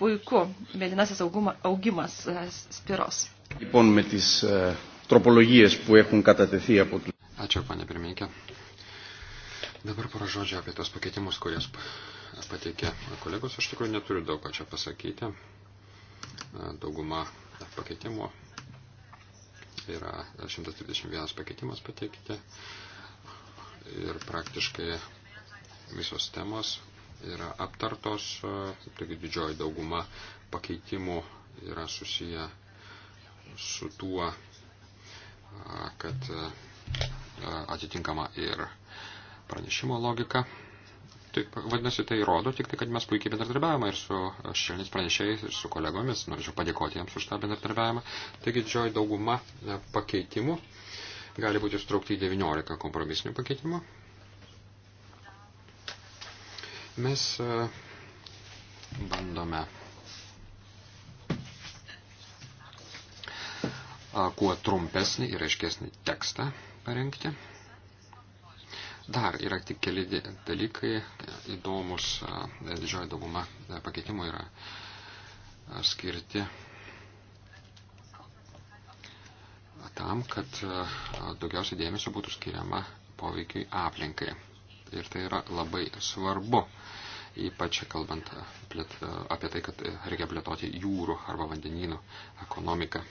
puiku, mėlynasis augimas e, spiros. Λοιπόν, με τις τροπολογίες που έχουν κατατεθεί από τους... Ačiū, panė pirmininkė. Dabar pora žodžių apie tos pakeitimus, kurias pateikė kolegos. Aš tikrai neturiu daug ką čia pasakyti. Dauguma pakeitimų yra 121 pakeitimas pateikti ir praktiškai visos temos yra aptartos, taigi didžioji dauguma pakeitimų yra susiję su tuo, kad e, atitinkama ir pranešimo logika. Tai, vadinasi, tai rodo tik tai, kad mes puikiai bendradarbiavame ir su šešėliniais pranešėjais, ir su kolegomis. Norėčiau padėkoti jiems už tą bendradarbiavimą. Taigi didžioji dauguma e, pakeitimų gali būti sutraukti į 19 kompromisinių pakeitimų. Mes e, bandome kuo trumpesnį ir aiškesnį tekstą parengti. Dar yra tik keli dalykai įdomus, didžioji dauguma e, pakeitimų yra skirti tam, kad daugiausiai dėmesio būtų skiriama poveikiai aplinkai. Ir tai yra labai svarbu, ypač kalbant apie tai, kad e, reikia plėtoti jūrų arba vandenynų ekonomiką.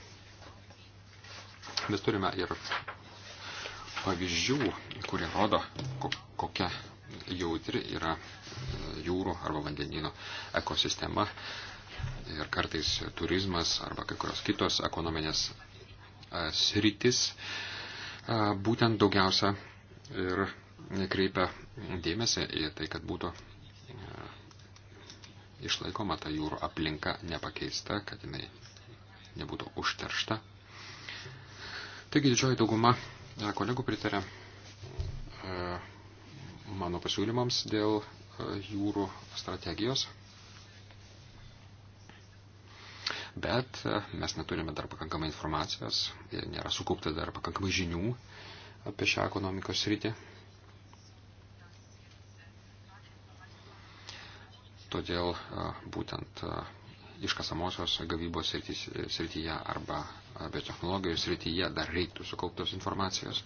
Mes turime ir pavyzdžių, kurie rodo, kokia jautri yra e, jūrų arba vandenino ekosistema. Ir kartais turizmas arba kai kurios kitos ekonominės e, sritis e, būtent daugiausia ir kreipia dėmesį į tai, kad būtų išlaikoma ta jūrų aplinka nepakeista, kad jinai nebūtų užteršta. Taigi didžioji dauguma e, kolegų pritarė e, mano pasiūlymams dėl e, jūrų strategijos. Bet mes neturime dar pakankamai informacijos ir nėra sukaupta dar pakankamai žinių apie šią ekonomikos sritį. Todėl būtent iškasamosios gavybos srityje arba biotechnologijų srityje dar reiktų sukauptos informacijos.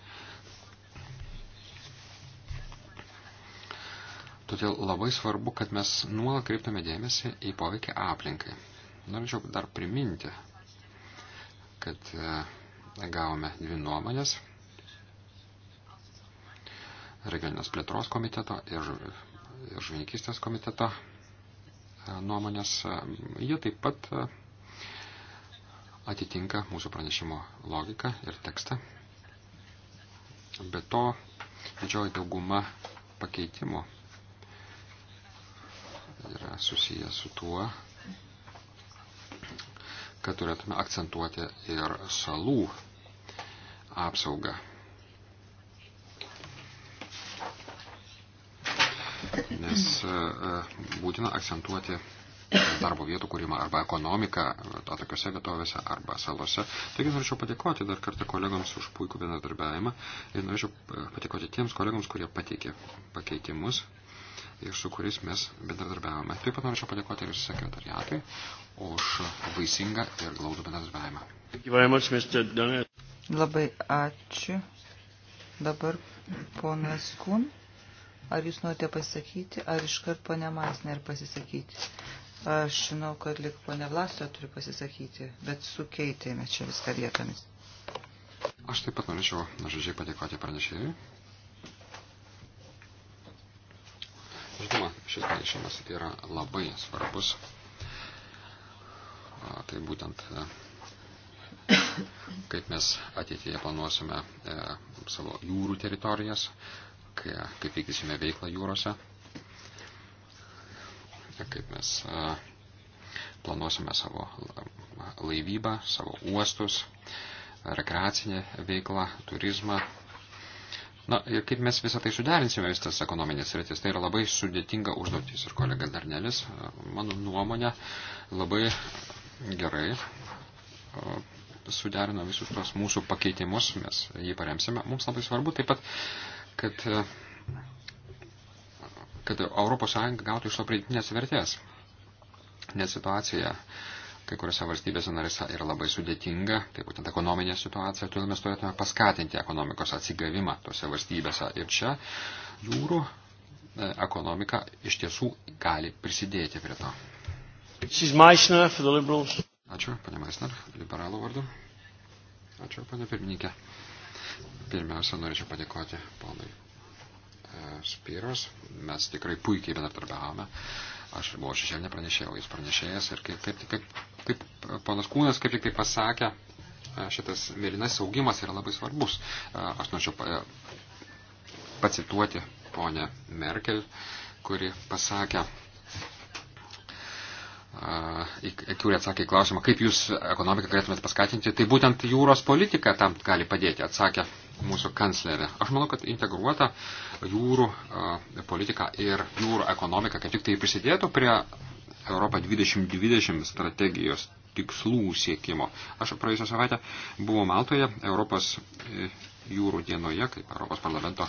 Todėl labai svarbu, kad mes nuolat kreiptume dėmesį į poveikį aplinkai. Norėčiau dar priminti, kad e, gavome dvi nuomonės regioninės plėtros komiteto ir žuvininkistės komiteto nuomonės, jie taip pat e, atitinka mūsų pranešimo logiką ir tekstą. Be to, didžioji dauguma pakeitimų yra susiję su tuo, kad turėtume akcentuoti ir salų apsaugą. kartais e, e, būtina akcentuoti darbo vietų kūrimą arba ekonomiką atokiose vietovėse arba salose. Taigi norėčiau padėkoti dar kartą kolegams už puikų bendradarbiavimą ir norėčiau e, padėkoti tiems kolegams, kurie pateikė pakeitimus ir su kuriais mes bendradarbiavome. Taip pat norėčiau padėkoti ir sekretariatui už vaisingą ir glaudų bendradarbiavimą. Labai ačiū. Dabar ponas Kun. Ar jūs norite pasakyti, ar iškart ponia Masner pasisakyti? Aš žinau, kad lik ponia Vlasto turi pasisakyti, bet sukeitėme čia viską vietomis. Aš taip pat norėčiau nuoširdžiai padėkoti pranešėjui. Žinoma, šis pranešimas yra labai svarbus. Tai būtent e, kaip mes ateityje planuosime e, savo jūrų teritorijas, kaip vykdysime veiklą jūrose, kaip mes planuosime savo laivybą, savo uostus, rekreacinę veiklą, turizmą. Na ir kaip mes visą tai suderinsime, vis tas ekonominės rytis, tai yra labai sudėtinga užduotis. Ir kolega Darnelis, mano nuomonė, labai gerai suderino visus tos mūsų pakeitimus, mes jį paremsime. Mums labai svarbu taip pat kad, kad ES gautų iš to pridėtinės vertės. Nes situacija kai kuriuose valstybėse narėse yra labai sudėtinga, tai būtent ekonominė situacija, todėl mes turėtume paskatinti ekonomikos atsigavimą tose valstybėse. Ir čia jūrų e, ekonomika iš tiesų gali prisidėti prie to. Ačiū, panė Maisner, liberalų vardu. Ačiū, panė pirmininkė. Pirmiausia, norėčiau padėkoti ponui e, Spyros. Mes tikrai puikiai bendradarbiavome. Aš buvau šešėlinė pranešėja, o jis pranešėjas. Ir kaip, kaip, kaip, kaip ponas Kūnas kaip tik tai pasakė, e, šitas mėlynas augimas yra labai svarbus. E, aš norėčiau pacituoti ponę Merkel, kuri pasakė, kurie atsakė į klausimą, kaip jūs ekonomiką galėtumėt paskatinti, tai būtent jūros politika tam gali padėti, atsakė mūsų kanclerė. Aš manau, kad integruota jūrų politika ir jūrų ekonomika kaip tik tai prisidėtų prie Europą 2020 strategijos tikslų siekimo. Aš praėjusią savaitę buvau Maltoje, Europos e, jūrų dienoje, kaip Europos parlamento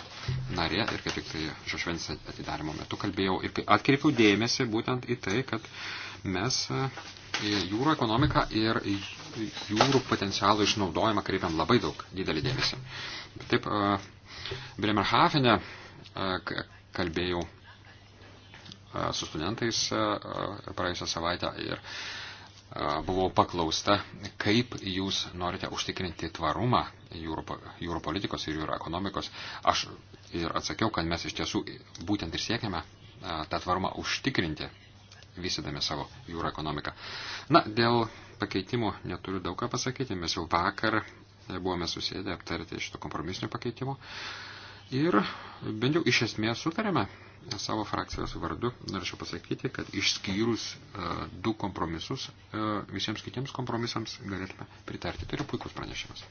narė ir kaip tik tai šio šventės atidarimo metu kalbėjau ir atkreipiau dėmesį būtent į tai, kad mes e, jūrų ekonomiką ir jūrų potencialų išnaudojimą kreipiam labai daug didelį dėmesį. Taip, e, Bremerhavene e, kalbėjau su studentais praėjusią savaitę ir buvau paklausta, kaip jūs norite užtikrinti tvarumą jūro, jūro politikos ir jūro ekonomikos. Aš ir atsakiau, kad mes iš tiesų būtent ir siekiame tą tvarumą užtikrinti, vystydami savo jūro ekonomiką. Na, dėl pakeitimų neturiu daug ką pasakyti. Mes jau vakar buvome susėdę aptarti šito kompromisinio pakeitimo. Uh, Ir bent jau iš esmės sutarėme savo frakcijos vardu. Norėčiau pasakyti, kad išskyrus uh, du kompromisus, uh, visiems kitiems kompromisams galėtume pritarti. Tai yra puikus pranešimas.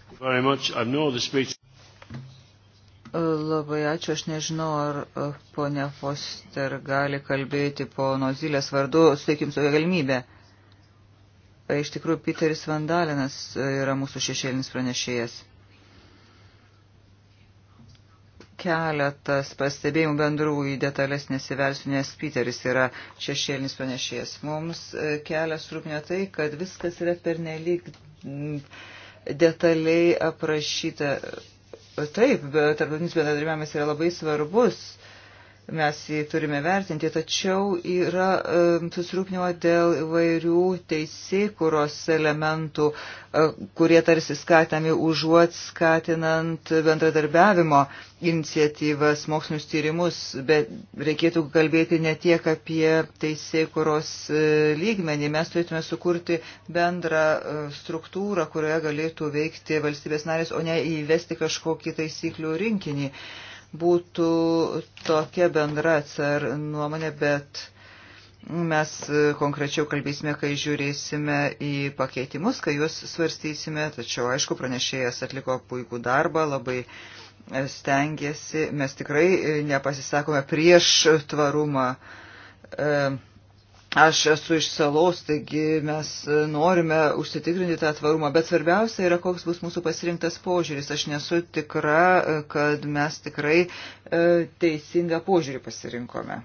E, labai ačiū, aš nežinau, ar ponia Foster gali kalbėti pono Zilės vardu, suteikim su galimybę. Iš tikrųjų, Piteris Vandalinas yra mūsų šešėlinis pranešėjas. keletas pastebėjimų bendrų į detalės nesiversiu, nes Piteris yra šešėlinis pranešėjas. Mums e, kelias rūpnė tai, kad viskas yra pernelyg detaliai aprašyta. Taip, tarptautinis bendradarbiavimas yra labai svarbus mes jį turime vertinti, tačiau yra susirūpinimo dėl įvairių teisėkuros elementų, e, kurie tarsi skatami užuot skatinant bendradarbiavimo iniciatyvas, mokslinius tyrimus, bet reikėtų kalbėti ne tiek apie teisėkuros e, lygmenį. Mes turėtume sukurti bendrą e, struktūrą, kurioje galėtų veikti valstybės narės, o ne įvesti kažkokį taisyklių rinkinį būtų tokia bendra CR nuomonė, bet mes konkrečiau kalbėsime, kai žiūrėsime į pakeitimus, kai juos svarstysime, tačiau aišku, pranešėjas atliko puikų darbą, labai stengiasi, mes tikrai nepasisakome prieš tvarumą. E, Aš esu iš salos, taigi mes norime užsitikrinti tą tvarumą, bet svarbiausia yra, koks bus mūsų pasirinktas požiūris. Aš nesu tikra, kad mes tikrai e, teisingą požiūrį pasirinkome.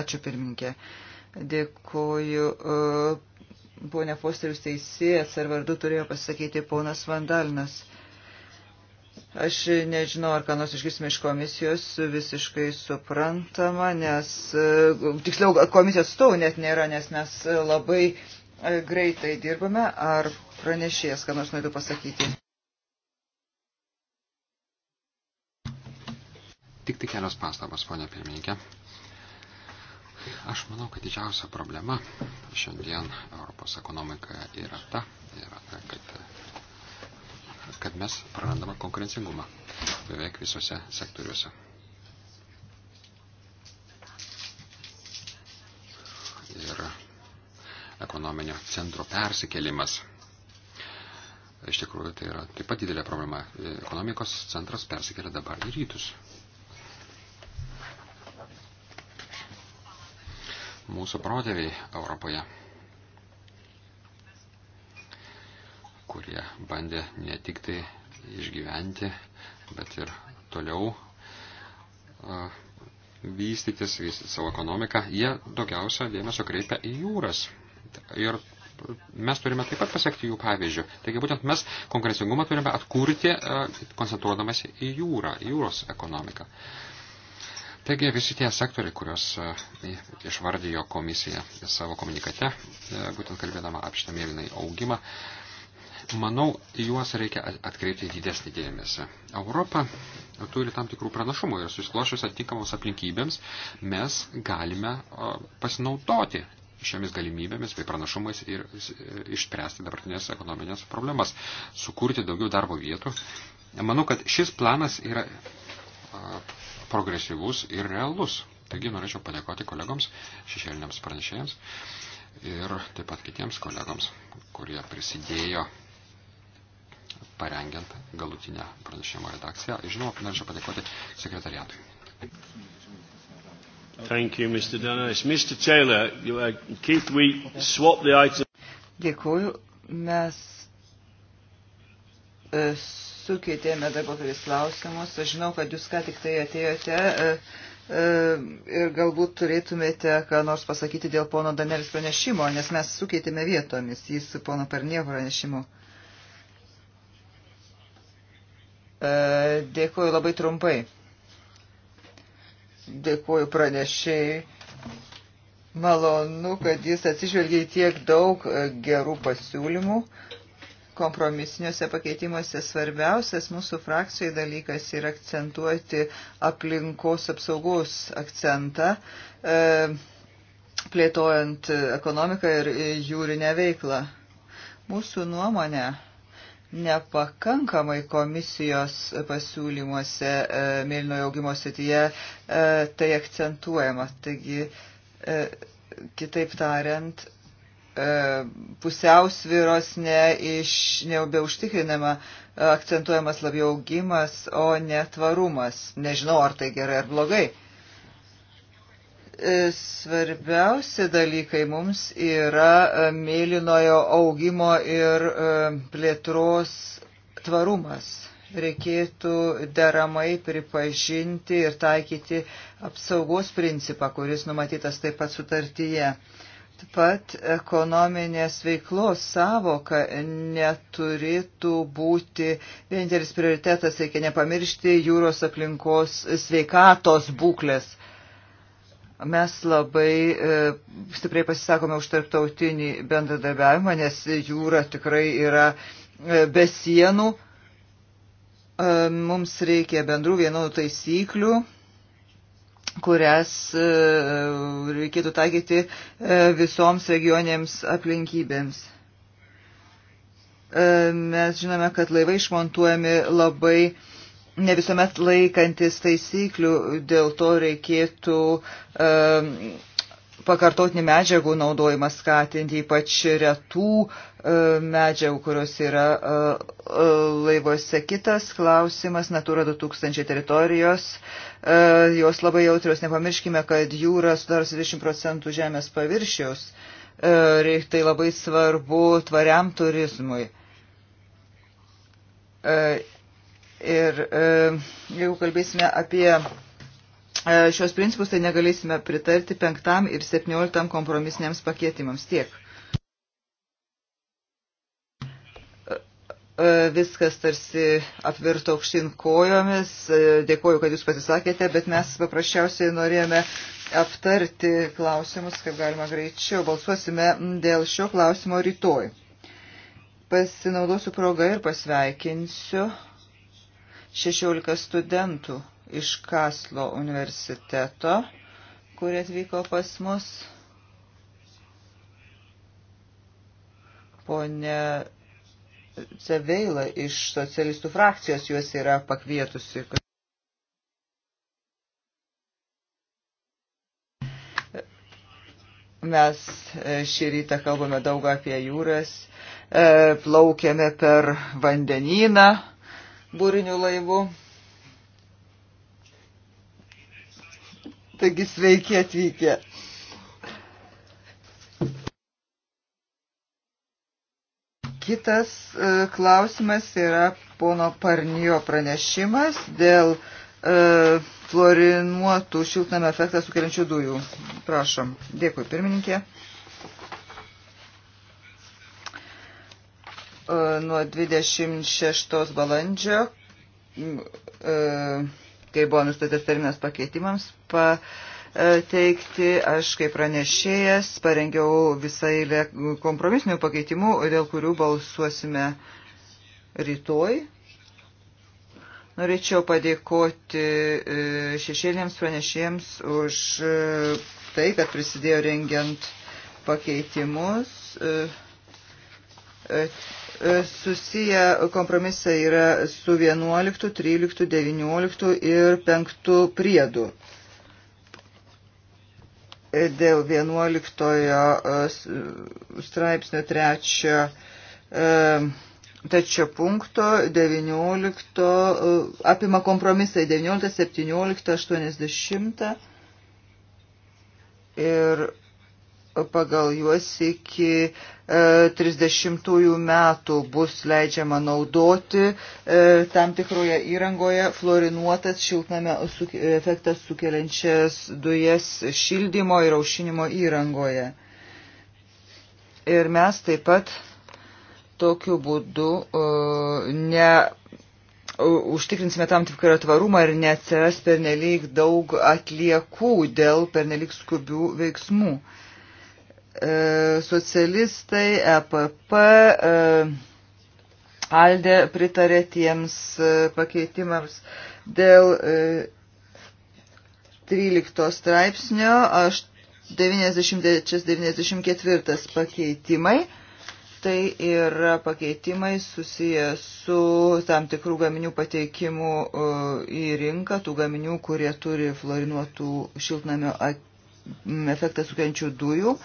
Ačiū pirminkė. Dėkuoju. E, Pone Fosterius teisėjas ar vardu turėjo pasakyti ponas Vandalinas. Aš nežinau, ar ką nors išgirsime iš komisijos, visiškai suprantama, nes, e, tiksliau, komisijos stovų net nėra, nes mes labai e, greitai dirbame. Ar pranešėjas, ką nors norėtų pasakyti? Tik tai kelios pastabos, ponia pirmininkė. Aš manau, kad didžiausia problema šiandien Europos ekonomika yra ta, yra ta kad kad mes prarandame konkurencingumą beveik visose sektoriuose. Ir ekonominio centro persikėlimas. Iš tikrųjų, tai yra taip pat didelė problema. Ekonomikos centras persikelia dabar į rytus. Mūsų protėviai Europoje kurie bandė ne tik tai išgyventi, bet ir toliau uh, vystytis, vystyti savo ekonomiką, jie daugiausia dėmesio kreipia į jūras. Ir mes turime taip pat pasiekti jų pavyzdžių. Taigi būtent mes konkurencingumą turime atkurti, koncentruodamas į jūrą, į jūros ekonomiką. Taigi visi tie sektoriai, kuriuos išvardijo komisija savo komunikate, būtent kalbėdama apie šitą mėlynai augimą, Manau, juos reikia atkreipti didesnį dėmesį. Europa turi tam tikrų pranašumų ir susiklošius atitinkamos aplinkybėms mes galime pasinaudoti šiomis galimybėmis bei pranašumais ir išspręsti dabartinės ekonominės problemas, sukurti daugiau darbo vietų. Manau, kad šis planas yra progresyvus ir realus. Taigi norėčiau padėkoti kolegoms, šešėliniams pranešėjams ir taip pat kitiems kolegoms, kurie prisidėjo parengiant galutinę pranešimo redakciją. Žinoma, norėčiau padėkoti sekretariatui. Thank you, Mr. Dennis. Mr. Taylor, you, uh, Keith, we swap the item. Dėkuoju. Mes uh, sukeitėme darbuotojus klausimus. Aš žinau, kad jūs ką tik tai atėjote uh, uh, ir galbūt turėtumėte ką nors pasakyti dėl pono Danelis pranešimo, nes mes sukeitėme vietomis jis pono Parnievo pranešimu. Uh, E, dėkuoju labai trumpai. Dėkuoju pranešėjai. Malonu, kad jis atsižvelgia į tiek daug e, gerų pasiūlymų. Kompromisiniuose pakeitimuose svarbiausias mūsų frakcijai dalykas yra akcentuoti aplinkos apsaugos akcentą, e, plėtojant ekonomiką ir jūrinę veiklą. Mūsų nuomonė nepakankamai komisijos pasiūlymuose e, mėlynojo augimo srityje e, tai akcentuojama. Taigi, e, kitaip tariant, pusiausviros neiš, nebeužtikrinama, akcentuojamas labiau augimas, o netvarumas. Nežinau, ar tai gerai ar blogai. E, svarbiausi dalykai mums yra e, mėlynojo augimo ir e, plėtros tvarumas. Reikėtų deramai pripažinti ir taikyti apsaugos principą, kuris numatytas taip pat sutartyje. Taip pat ekonominės veiklos savoka neturėtų būti vienintelis prioritetas, reikia nepamiršti jūros aplinkos sveikatos būklės. Mes labai e, stipriai pasisakome už tarptautinį bendradarbiavimą, nes jūra tikrai yra e, be sienų. E, mums reikia bendrų vienodų taisyklių, kurias e, reikėtų taikyti e, visoms regionėms aplinkybėms. E, mes žinome, kad laivai išmontuojami labai e, ne visuomet laikantis taisyklių, dėl to reikėtų um, pakartotinį medžiagų naudojimą skatinti, ypač retų medžiagų, kurios yra e, laivuose. Kitas klausimas, Natura 2000 teritorijos, e, jos labai jautrios, nepamirškime, kad jūra sudaro 20 procentų žemės paviršiaus, e, tai labai svarbu tvariam turizmui Ir e, jeigu kalbėsime apie e, šios principus, tai negalėsime pritarti penktam ir septynioliktam kompromisiniams pakėtimams. Tiek. E, viskas tarsi apvirto aukštin kojomis. Dėkuoju, kad jūs pasisakėte, bet mes paprasčiausiai norėjome aptarti klausimus, kaip galima greičiau. Balsuosime dėl šio klausimo rytoj. Pasinaudosiu progą ir pasveikinsiu 16 studentų iš Kaslo universiteto, kurie atvyko pas mus. Pone Ceveila iš socialistų frakcijos juos yra pakvietusi. Mes šį rytą kalbame daug apie jūras, plaukėme per vandenyną būrinių laivų. Taigi sveiki atvykę. Kitas e, klausimas yra pono Parnijo pranešimas dėl e, fluorinuotų šiltnamio efektą sukeliančių dujų. Prašom. Dėkui, pirmininkė. E, nuo 26 balandžio, e, kai buvo nustatytas terminas pakeitimams, pateikti, aš kaip pranešėjas parengiau visą eilę kompromisinių pakeitimų, dėl kurių balsuosime rytoj. Norėčiau padėkoti e, šešėlėms pranešėjams už tai, kad prisidėjo rengiant pakeitimus E, susiję kompromisai yra su 11, 13, 19 ir 5 priedu e, dėl 11 e, straipsnio 3, 3 punkto 19 apima kompromisai 19, 17, 80 ir pagal juos iki 30 e, metų bus leidžiama naudoti e, tam tikroje įrangoje fluorinuotas šiltname efektą sukeliančias dujas šildymo ir aušinimo įrangoje. Ir mes taip pat tokiu būdu e, ne užtikrinsime tam tikrą tvarumą ir neatsiras pernelyg daug atliekų dėl pernelyg skubių veiksmų. Uh, E, socialistai, EPP, e, Aldė pritarė tiems e, pakeitimams. Dėl 13 straipsnio 93-94 pakeitimai. Tai yra pakeitimai susiję su tam tikrų gaminių pateikimu į rinką, tų gaminių, kurie turi florinuotų šiltnamio efektą sukeliančių dujų. Uh,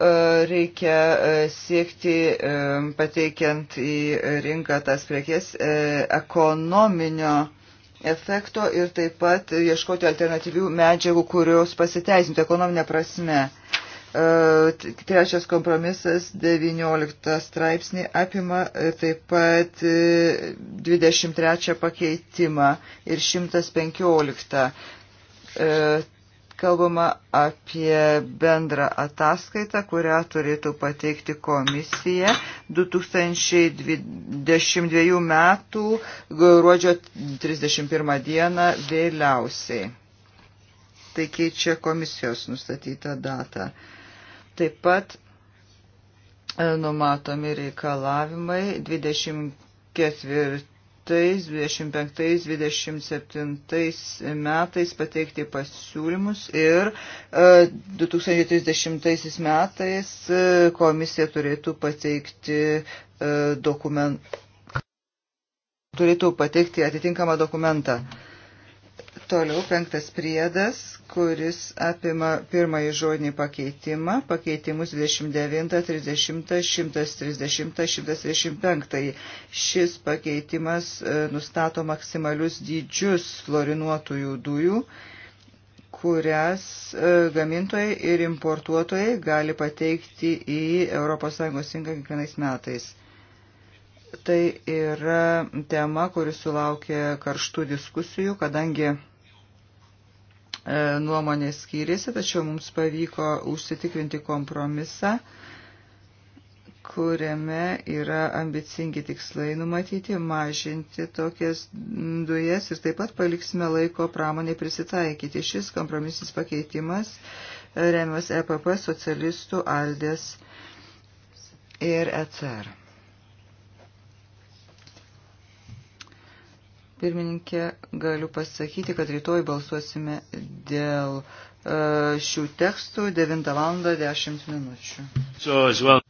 E, reikia e, siekti, e, pateikiant į rinką tas prekės, ekonominio efekto ir taip pat ieškoti alternatyvių medžiagų, kurios pasiteisintų ekonominė prasme. Trečias kompromisas 19 straipsnį apima taip pat 23 pakeitimą ir 115 kalbama apie bendrą ataskaitą, kurią turėtų pateikti komisija 2022 metų gruodžio 31 dieną vėliausiai. Tai keičia komisijos nustatytą datą. Taip pat e, numatomi reikalavimai 24 25-27 metais pateikti pasiūlymus ir 2030 e, metais e, komisija turėtų pateikti e, dokumentą turėtų pateikti atitinkamą dokumentą. Toliau penktas priedas, kuris apima pirmąjį žodinį pakeitimą, pakeitimus 29, 30, 130, 135. Šis pakeitimas e, nustato maksimalius dydžius florinuotųjų dujų kurias e, gamintojai ir importuotojai gali pateikti į ES rinką kiekvienais metais. Tai yra tema, kuris sulaukė karštų diskusijų, kadangi E, nuomonės skyrėsi, tačiau mums pavyko užsitikrinti kompromisą, kuriame yra ambicingi tikslai numatyti, mažinti tokias dujas ir taip pat paliksime laiko pramoniai prisitaikyti. Šis kompromisinis pakeitimas remiamas EPP socialistų Aldės ir ECR. Pirmininkė, galiu pasakyti, kad rytoj balsuosime dėl e, šių tekstų 9 val. 10 minučių. So, well.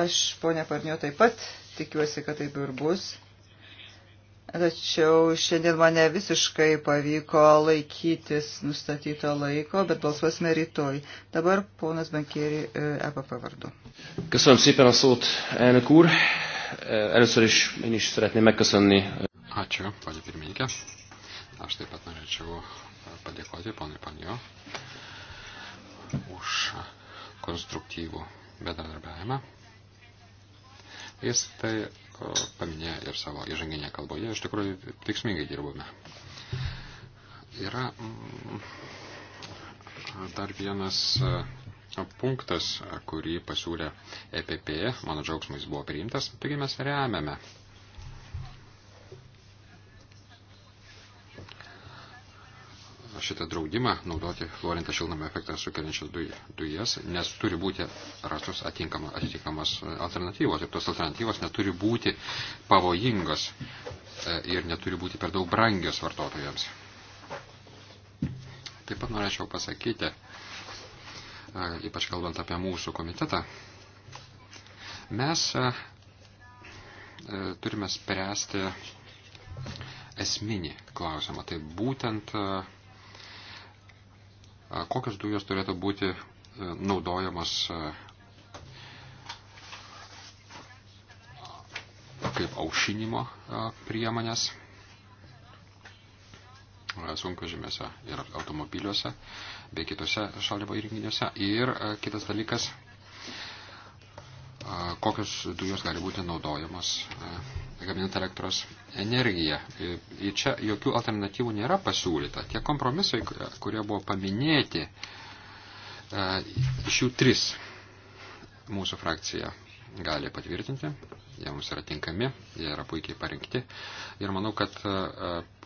Aš, ponia Parnio, taip pat tikiuosi, kad taip ir bus. Tačiau šiandien mane visiškai pavyko laikytis nustatyto laiko, bet balsuosime rytoj. Dabar ponas bankieri EPP e vardu. Köszönöm szépen a szót, elnök úr. E, először is én is szeretném megköszönni Ačiū, ponė pirmininkė. Aš taip pat norėčiau e, padėkoti ponui Panjo už konstruktyvų bendradarbiavimą. Jis tai e, paminėjo ir savo įžanginėje kalboje, iš tikrųjų tiksmingai dirbome. Yra mm, dar vienas e, punktas, kurį pasiūlė EPP, mano džiaugsmais buvo priimtas, taigi mes remiame šitą draudimą naudoti fluorintą šiltnamio efektą sukeliančias dujas, nes turi būti rastos atitinkamos alternatyvos. Ir tos alternatyvos neturi būti pavojingos e, ir neturi būti per daug brangios vartotojams. Taip pat norėčiau pasakyti, e, ypač kalbant apie mūsų komitetą, mes e, turime spręsti esminį klausimą. Tai būtent uh, kokios dujos turėtų būti e, naudojamos e, kaip aušinimo e, priemonės sunkvežimėse ir automobiliuose bei kitose šalimo įrenginiuose. Ir kitas dalykas kokios dujos gali būti naudojamos gaminant elektros energiją. Ir čia jokių alternatyvų nėra pasiūlyta. Tie kompromisai, kurie buvo paminėti, iš jų tris mūsų frakcija gali patvirtinti, jie mums yra tinkami, jie yra puikiai parinkti. Ir manau, kad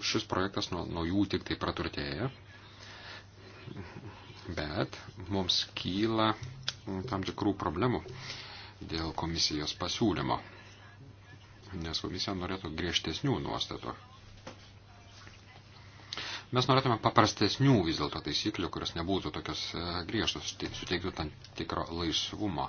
šis projektas nuo, nuo jų tik tai praturtėja. Bet mums kyla tam tikrų problemų. Uh, dėl komisijos pasiūlymo, nes komisija norėtų griežtesnių nuostatų. Mes norėtume paprastesnių vis dėlto taisyklių, kurios nebūtų tokios e, griežtos, suteiktų tam tikro laisvumo.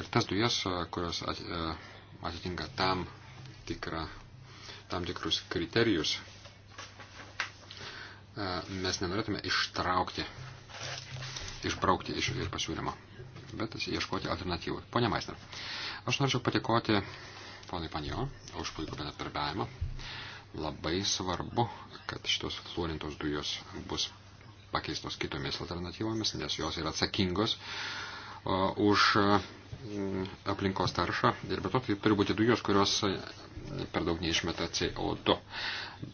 Ir tas dujas, e, kurios e, atitinka tam, tikrą, tam tikrus kriterijus, E, mes nenorėtume ištraukti, išbraukti iš ir pasiūlymo, bet ieškoti alternatyvų. Pone Maisner, aš norėčiau patikoti ponai Panjo už puikų bendradarbiavimą. Labai svarbu, kad šitos fluorintos dujos bus pakeistos kitomis alternatyvomis, nes jos yra atsakingos uh, už mm, aplinkos taršą ir be to tai turi būti dujos, kurios per daug neišmeta CO2.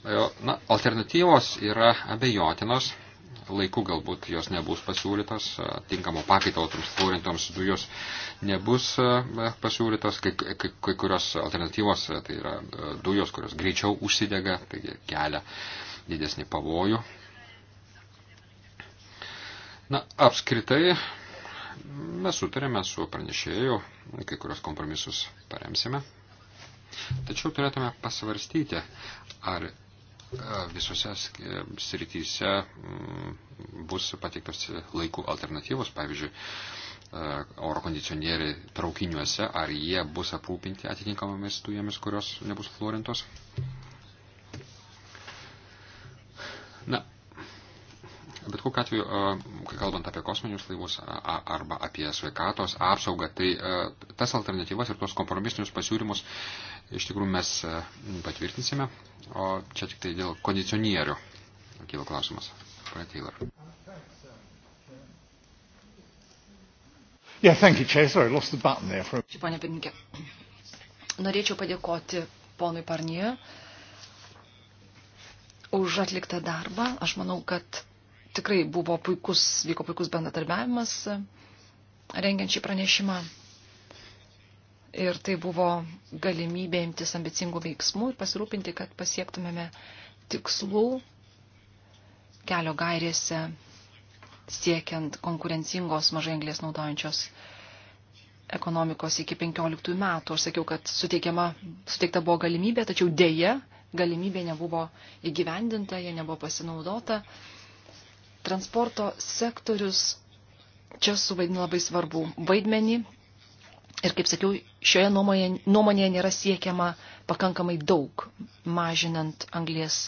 E, na, alternatyvos yra abejotinos, laiku galbūt jos nebus pasiūlytos, tinkamo pakaitalo transportintoms dujos nebus pasiūlytos, kai, kai, kai kurios alternatyvos, tai yra dujos, kurios greičiau užsidega, tai kelia didesnį pavojų. Na, apskritai Mes sutarėme su pranešėju, kai kurios kompromisus paremsime. Tačiau turėtume pasvarstyti, ar e, visose e, srityse mm, bus pateiktos laikų alternatyvos, pavyzdžiui, e, oro kondicionieriai traukiniuose, ar jie bus aprūpinti atitinkamomis dujomis, kurios nebus fluorintos. Na, Bet kokiu atveju, kalbant apie kosminius laivus arba apie sveikatos apsaugą, tai tas alternatyvas ir tuos kompromisinius pasiūlymus iš tikrųjų mes patvirtinsime. O čia tik tai dėl kondicionierių kyla klausimas. Pane Taylor. Yeah, thank you, Chair. Sorry, lost the button there. For... Pane pirmininkė, norėčiau padėkoti ponui Parnie už atliktą darbą. Aš manau, kad tikrai buvo puikus, vyko puikus bendradarbiavimas e, rengiant šį pranešimą. Ir tai buvo galimybė imtis ambicingų veiksmų ir pasirūpinti, kad pasiektumėme tikslų kelio gairėse siekiant konkurencingos mažai anglės naudojančios ekonomikos iki 15 metų. Aš sakiau, kad suteikiama, suteikta buvo galimybė, tačiau dėje galimybė nebuvo įgyvendinta, jie nebuvo pasinaudota transporto sektorius čia suvaidina labai svarbu vaidmenį. Ir kaip sakiau, šioje nuomonėje, nuomonėje nėra siekiama pakankamai daug, mažinant anglės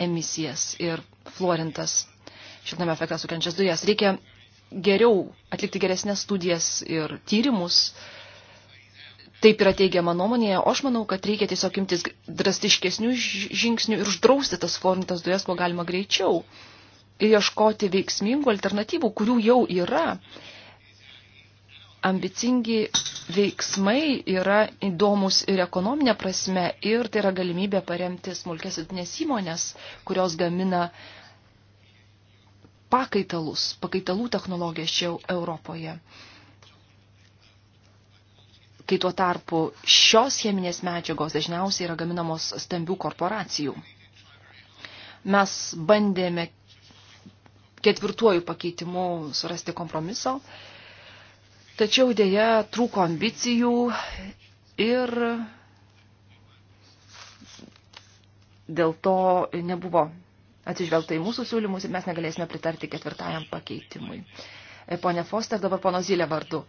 emisijas ir fluorintas šiltnamio efektą sukeliančias dujas. Reikia geriau atlikti geresnės studijas ir tyrimus. Taip yra teigiama nuomonėje, o aš manau, kad reikia tiesiog imtis drastiškesnių žingsnių ir uždrausti tas fluorintas dujas, kuo galima greičiau ieškoti veiksmingų alternatyvų, kurių jau yra. Ambicingi veiksmai yra įdomus ir ekonominė prasme, ir tai yra galimybė paremti smulkės vidinės įmonės, kurios gamina pakaitalus, pakaitalų technologijas čia Europoje. Kai tuo tarpu šios cheminės medžiagos dažniausiai yra gaminamos stambių korporacijų mes bandėme ketvirtuoju pakeitimu surasti kompromiso. Tačiau dėja trūko ambicijų ir dėl to nebuvo atsižvelgta į mūsų siūlymus ir mes negalėsime pritarti ketvirtajam pakeitimui. E, Pone Foster, dabar pono Zylė vardu.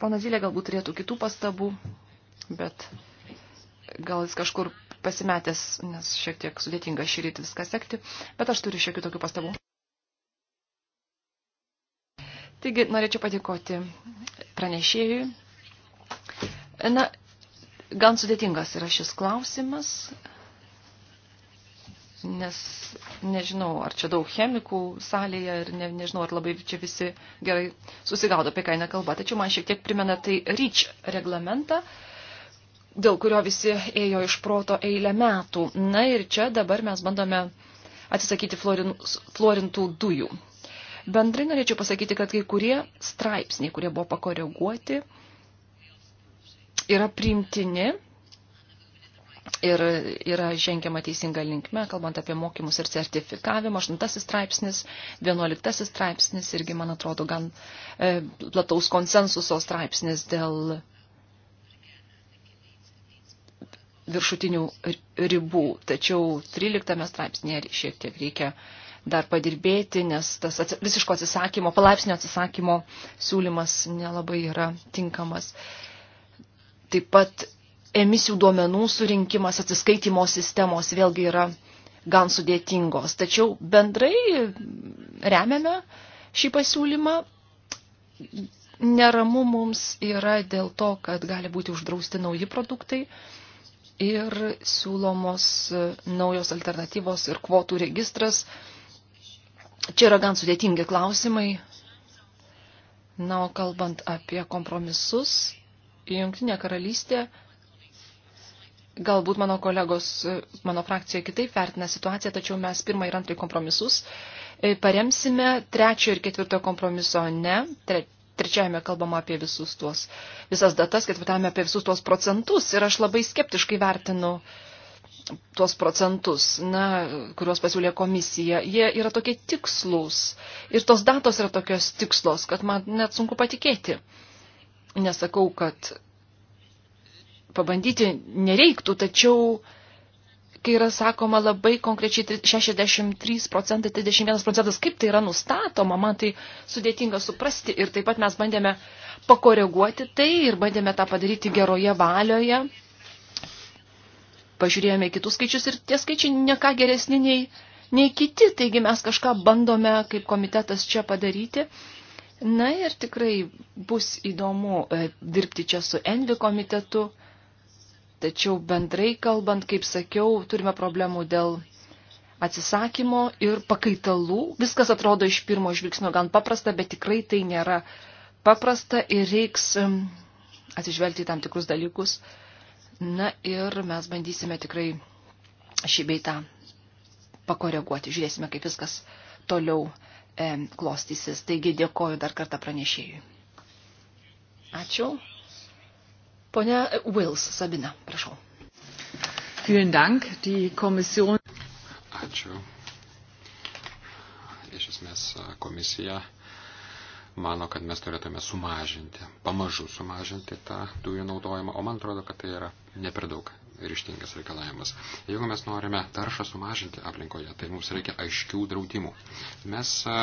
Pono Zylė galbūt turėtų kitų pastabų, bet gal jis kažkur pasimetęs, nes šiek tiek sudėtinga šį rytį viską sekti, bet aš turiu šiek tiek tokių pastabų. Taigi norėčiau padėkoti pranešėjui. Na, gan sudėtingas yra šis klausimas, nes nežinau, ar čia daug chemikų salėje ir ne, nežinau, ar labai čia visi gerai susigaudo, apie ką eina kalba. Tačiau man šiek tiek primena tai REACH reglamentą, dėl kurio visi ėjo iš proto eilę metų. Na ir čia dabar mes bandome atsisakyti florin, florintų dujų. Bendrai norėčiau pasakyti, kad kai kurie straipsniai, kurie buvo pakoreguoti, yra priimtini ir yra žengiama teisinga linkme, kalbant apie mokymus ir sertifikavimą. Aštuntasis straipsnis, vienuoliktasis straipsnis irgi, man atrodo, gan e, plataus konsensuso straipsnis dėl viršutinių ribų. Tačiau 13 straipsnėje šiek tiek reikia e, dar padirbėti, nes tas visiško atsisakymo, palaipsnio atsisakymo siūlymas nelabai yra tinkamas. Taip pat emisijų duomenų surinkimas, atsiskaitimo sistemos vėlgi yra gan sudėtingos. Tačiau bendrai remiame šį pasiūlymą. Neramu mums yra dėl to, kad gali būti uždrausti nauji produktai ir siūlomos naujos alternatyvos ir kvotų registras Čia yra gan sudėtingi klausimai. Na, o kalbant apie kompromisus, Junktinė karalystė, galbūt mano kolegos, mano frakcija kitaip vertina situaciją, tačiau mes pirmą ir antrąjį kompromisus e, paremsime, trečio ir ketvirto kompromiso ne, tre, trečiajame kalbama apie visus tuos, visas datas, ketvirtame apie visus tuos procentus ir aš labai skeptiškai vertinu uh, tuos procentus, na, kuriuos pasiūlė komisija, jie yra tokie tikslus. Ir tos datos yra tokios tikslos, kad man net sunku patikėti. Nesakau, kad pabandyti nereiktų, tačiau, kai yra sakoma labai konkrečiai 63 tai procentai, 31 procentas, kaip tai yra nustatoma, man tai sudėtinga suprasti. Ir taip pat mes bandėme pakoreguoti tai ir bandėme tą padaryti geroje valioje pažiūrėjome kitus skaičius ir tie skaičiai neką geresni nei, nei kiti, taigi mes kažką bandome kaip komitetas čia padaryti. Na ir tikrai bus įdomu e, dirbti čia su Envi komitetu, tačiau bendrai kalbant, kaip sakiau, turime problemų dėl atsisakymo ir pakaitalų. Viskas atrodo iš pirmo žvilgsnio gan paprasta, bet tikrai tai nėra paprasta ir reiks atsižvelgti tam tikrus dalykus, Na ir mes bandysime tikrai šį beitą pakoreguoti. Žiūrėsime, kaip viskas toliau e, klostysis. Taigi dėkoju dar kartą pranešėjui. Ačiū. Pone Wills, Sabina, prašau. Vielen Dank, die Kommission. Ačiū. Iš esmės e, komisija mano, kad mes turėtume sumažinti, pamažu sumažinti tą dujų naudojimą, o man atrodo, kad tai yra ne per daug ryštingas reikalavimas. Jeigu mes norime taršą sumažinti aplinkoje, tai mums reikia aiškių draudimų. Mes e,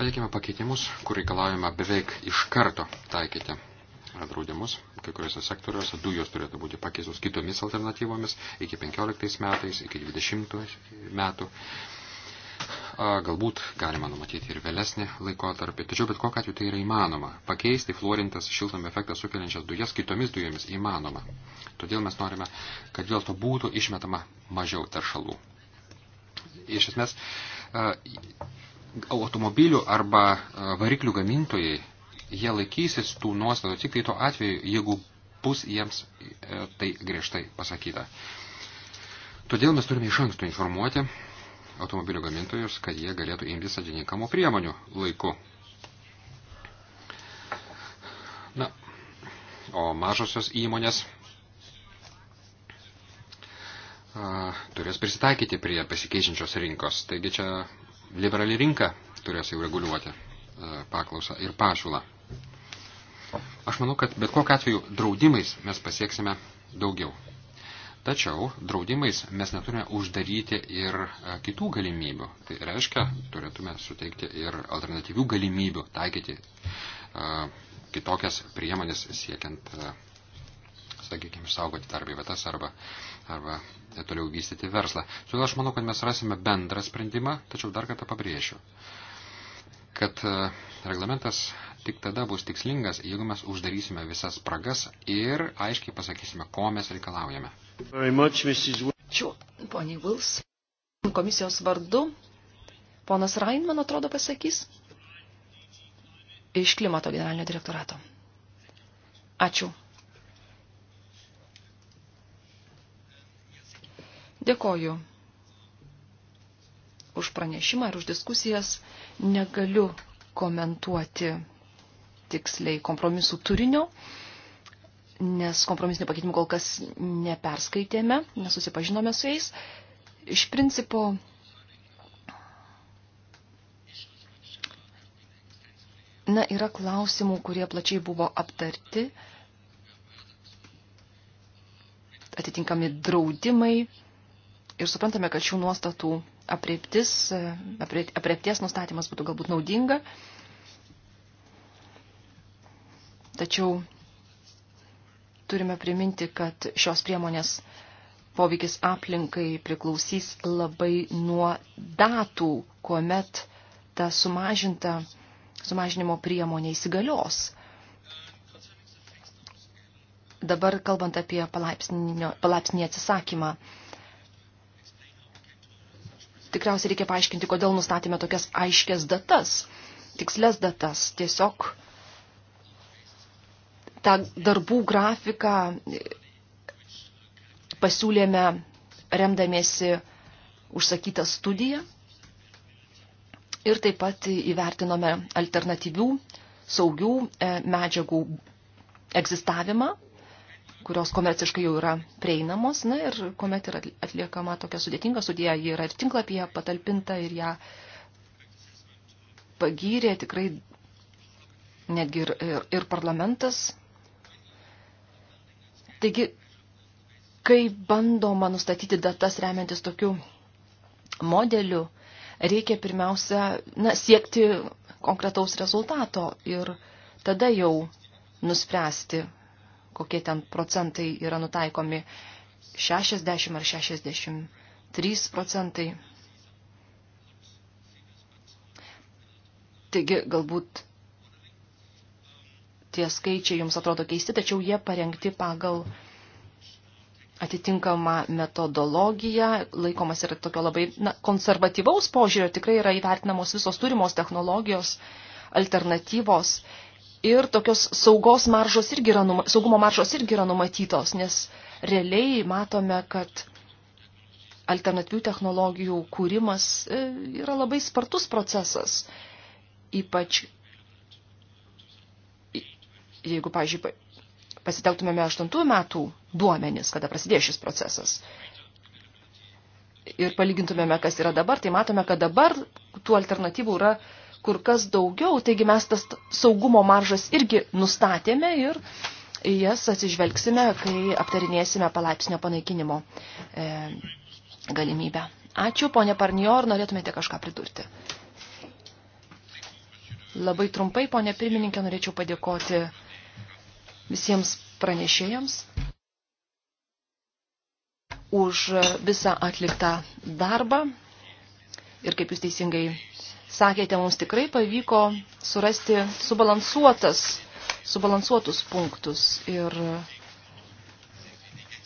pateikėme pakeitimus, kur reikalavimą beveik iš karto taikyti draudimus, kai kuriuose sektoriuose dujos turėtų būti pakeistos kitomis alternatyvomis iki 15 metais, iki 20 metų galbūt galima numatyti ir vėlesnį laikotarpį, tačiau bet kokiu atveju tai yra įmanoma. Pakeisti fluorintas šiltnamio efektą sukeliančias dujas kitomis dujomis įmanoma. Todėl mes norime, kad vėl to būtų išmetama mažiau teršalų. Iš esmės, automobilių arba variklių gamintojai, jie laikysis tų nuostatų tik tai to atveju, jeigu bus jiems e, tai griežtai pasakyta. Todėl mes turime iš anksto informuoti automobilių gamintojus, kad jie galėtų imtis atitinkamų priemonių laiku. Na, o mažosios įmonės a, turės prisitaikyti prie pasikeičiančios rinkos. Taigi čia liberali rinka turės jau reguliuoti a, paklausą ir pasiūlą. Aš manau, kad bet kokiu atveju draudimais mes pasieksime daugiau. Tačiau draudimais mes neturime uždaryti ir e, kitų galimybių. Tai reiškia, turėtume suteikti ir alternatyvių galimybių taikyti uh, kitokias priemonės siekiant, uh, sakykime, išsaugoti darbo vietas arba, arba toliau vystyti verslą. Todėl aš manau, kad mes rasime bendrą sprendimą, tačiau dar kartą pabrėšiu, kad uh, reglamentas tik tada bus tikslingas, jeigu mes uždarysime visas spragas ir aiškiai pasakysime, ko mes reikalaujame. Ačiū, poniai Vils. Komisijos vardu ponas Rain, man atrodo, pasakys iš klimato generalinio direktorato. Ačiū. Dėkoju už pranešimą ir už diskusijas. Negaliu komentuoti tiksliai kompromisų turinio nes kompromisinių pakeitimų kol kas neperskaitėme, nesusipažinome su jais. Iš principo, na, yra klausimų, kurie plačiai buvo aptarti, atitinkami draudimai ir suprantame, kad šių nuostatų apreptis, aprepties nustatymas būtų galbūt naudinga. Tačiau turime priminti, kad šios priemonės poveikis aplinkai priklausys labai nuo datų, kuomet ta sumažinta sumažinimo priemonė įsigalios. Dabar kalbant apie palaipsnį atsisakymą, tikriausiai reikia paaiškinti, kodėl nustatėme tokias aiškias datas, tikslias datas. Tiesiog tą darbų grafiką pasiūlėme remdamiesi užsakytą studiją ir taip pat įvertinome alternatyvių saugių e, medžiagų egzistavimą, kurios komerciškai jau yra prieinamos. Na ir kuomet yra atliekama tokia sudėtinga studija, ji yra ir tinklapyje patalpinta ir ją pagyrė tikrai netgi ir, ir, ir parlamentas Taigi, kai bandoma nustatyti datas remiantis tokiu modeliu, reikia pirmiausia na, siekti konkretaus rezultato ir tada jau nuspręsti, kokie ten procentai yra nutaikomi 60 ar 63 procentai. Taigi galbūt tie skaičiai jums atrodo keisti, tačiau jie parengti pagal atitinkamą metodologiją, laikomas yra tokio labai na, konservatyvaus požiūrio, tikrai yra įvertinamos visos turimos technologijos, alternatyvos ir tokios saugos maržos irgi yra, saugumo maržos irgi yra numatytos, nes realiai matome, kad alternatyvių technologijų kūrimas e, yra labai spartus procesas, ypač jeigu, pažiūrėjau, pasitelktumėme 8 metų duomenis, kada prasidėjo šis procesas, ir palygintumėme, kas yra dabar, tai matome, kad dabar tų alternatyvų yra kur kas daugiau, taigi mes tas saugumo maržas irgi nustatėme ir jas atsižvelgsime, kai aptarinėsime palaipsnio panaikinimo e, galimybę. Ačiū, ponė Parnior, norėtumėte kažką pridurti. Labai trumpai, ponė pirmininkė, norėčiau padėkoti visiems pranešėjams už visą atliktą darbą. Ir kaip jūs teisingai sakėte, mums tikrai pavyko surasti subalansuotas, subalansuotus punktus. Ir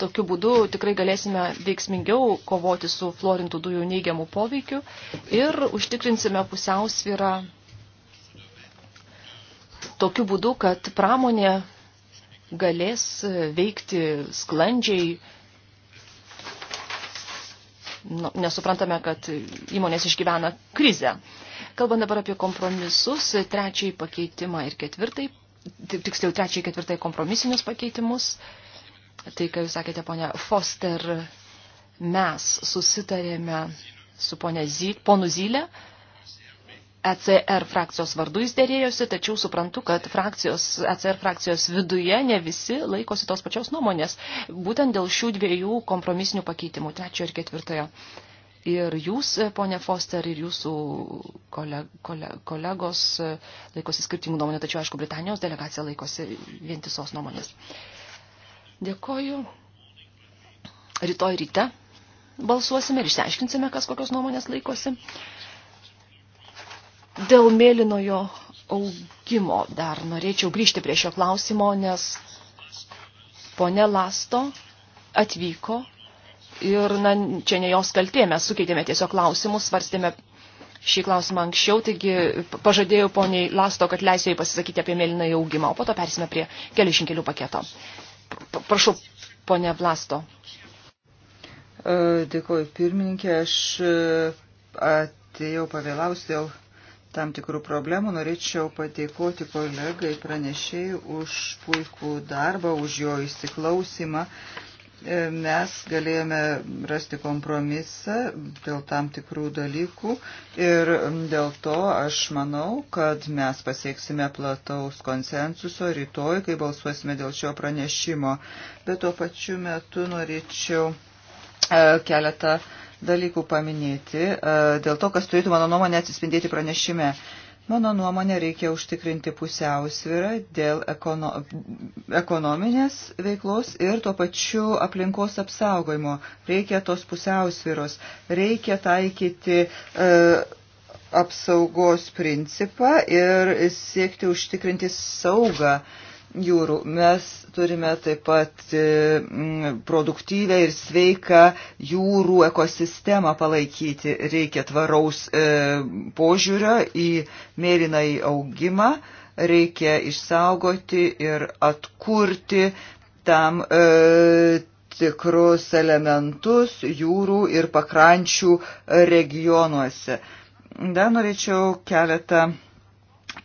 tokiu būdu tikrai galėsime veiksmingiau kovoti su florintų dujų neigiamų poveikiu ir užtikrinsime pusiausvyrą tokiu būdu, kad pramonė galės veikti sklandžiai. Nu, nesuprantame, kad įmonės išgyvena krizę. Kalbant dabar apie kompromisus, trečiai pakeitimą ir ketvirtai, tiksliau trečiai ketvirtai kompromisinius pakeitimus. Tai, ką jūs sakėte, ponia Foster, mes susitarėme su ponia Zy, ponu Zylė, ECR frakcijos vardu jis dėrėjosi, tačiau suprantu, kad frakcijos, ECR frakcijos viduje ne visi laikosi tos pačios nuomonės, būtent dėl šių dviejų kompromisinių pakeitimų, trečiojo ir ketvirtojo. Ir jūs, ponė Foster, ir jūsų kole, kole, kolegos laikosi skirtingų nuomonių, tačiau, aišku, Britanijos delegacija laikosi vientisos nuomonės. Dėkoju. Rytoj ryte balsuosime ir išsiaiškinsime, kas kokios nuomonės laikosi. Dėl mėlynojo augimo dar norėčiau grįžti prie šio klausimo, nes ponė Lasto atvyko ir na, čia ne jos kaltė, mes sukeitėme tiesiog klausimus, svarstėme šį klausimą anksčiau, taigi pažadėjau poniai Lasto, kad leisiu jai pasisakyti apie mėlyną augimą, o po to persime prie kelišinkelių paketo. Prašau, ponė Vlasto. E, Dėkuoju pirmininkė, aš e, atėjau pavėlaus dėl. Jau tam tikrų problemų. Norėčiau padėkoti kolegai pranešėjai už puikų darbą, už jo įsiklausimą. E, mes galėjome rasti kompromisą dėl tam tikrų dalykų ir dėl to aš manau, kad mes pasieksime plataus konsensuso rytoj, kai balsuosime dėl šio pranešimo. Bet tuo pačiu metu norėčiau e, keletą dalykų paminėti, e, dėl to, kas turėtų mano nuomonė atsispindėti pranešime. Mano nuomonė reikia užtikrinti pusiausvyrą dėl ekono, ekonominės veiklos ir tuo pačiu aplinkos apsaugojimo. Reikia tos pusiausvyros. Reikia taikyti e, apsaugos principą ir siekti užtikrinti saugą. E, jūrų. Mes turime taip pat e, produktyvę ir sveiką jūrų ekosistemą palaikyti. Reikia tvaraus e, požiūrio į mėlynai augimą, reikia išsaugoti ir atkurti tam e, tikrus elementus jūrų ir pakrančių regionuose. Dar norėčiau keletą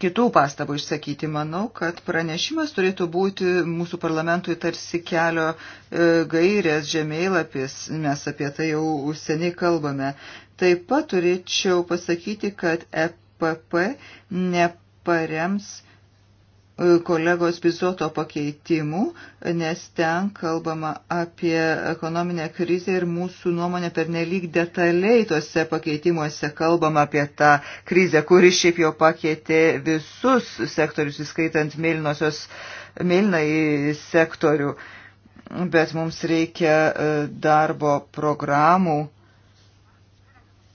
kitų pastabų išsakyti. Manau, kad pranešimas turėtų būti mūsų parlamentui tarsi kelio e, gairės žemėlapis, mes apie tai jau seniai kalbame. Taip pat turėčiau pasakyti, kad EPP neparems kolegos bizoto pakeitimų, nes ten kalbama apie ekonominę krizę ir mūsų nuomonė per nelik detaliai tuose pakeitimuose kalbama apie tą krizę, kuri šiaip jau pakeitė visus sektorius, įskaitant mėlynosios, mėlynai sektorių. Bet mums reikia e, darbo programų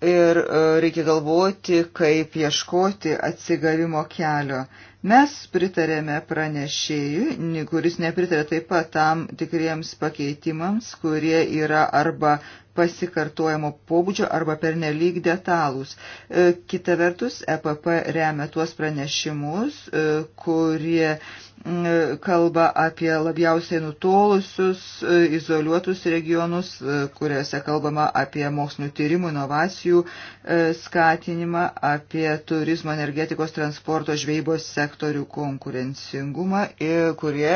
ir e, reikia galvoti, kaip ieškoti atsigavimo kelio. Mes pritarėme pranešėjui, kuris nepritarė taip pat tam tikriems pakeitimams, kurie yra arba pasikartojimo pobūdžio arba pernelyg detalūs. E, kita vertus, EPP remia tuos pranešimus, e, kurie kalba apie labiausiai nutolusius, e, izoliuotus regionus, kuriuose kalbama apie mokslinių tyrimų, inovacijų skatinimą, apie turizmo, energetikos, transporto, žvejybos sektorių konkurencingumą, kurie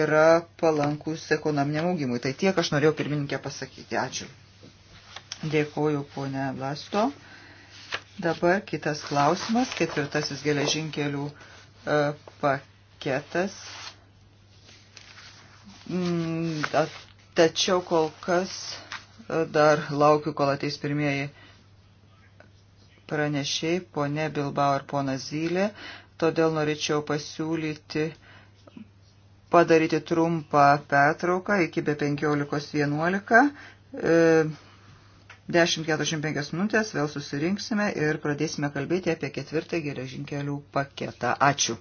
yra palankus ekonominiam augimui. Tai tiek aš norėjau pirmininkė pasakyti. Ačiū. Dėkoju, ponė Blasto. Dabar kitas klausimas, ketvirtasis geležinkelių e, paketas. Mm, tačiau kol kas e, dar laukiu, kol ateis pirmieji pranešiai, ponė Bilbao ir pona Zylė. Todėl norėčiau pasiūlyti padaryti trumpą pertrauką iki be 15.11 10.45 minutės vėl susirinksime ir pradėsime kalbėti apie ketvirtą geležinkelių paketą. Ačiū.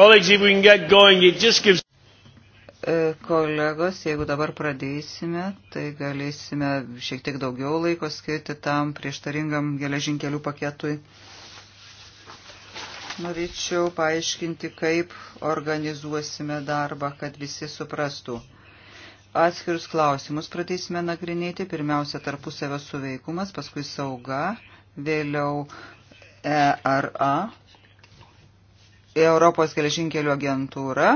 E, kolegos, jeigu dabar pradėsime, tai galėsime šiek tiek daugiau laiko skirti tam prieštaringam geležinkelių paketui. Norėčiau paaiškinti, kaip organizuosime darbą, kad visi suprastų. Atskirius klausimus pradėsime nagrinėti, pirmiausia tarpusavio suveikumas, paskui sauga, vėliau ERA Europos geležinkelių agentūra.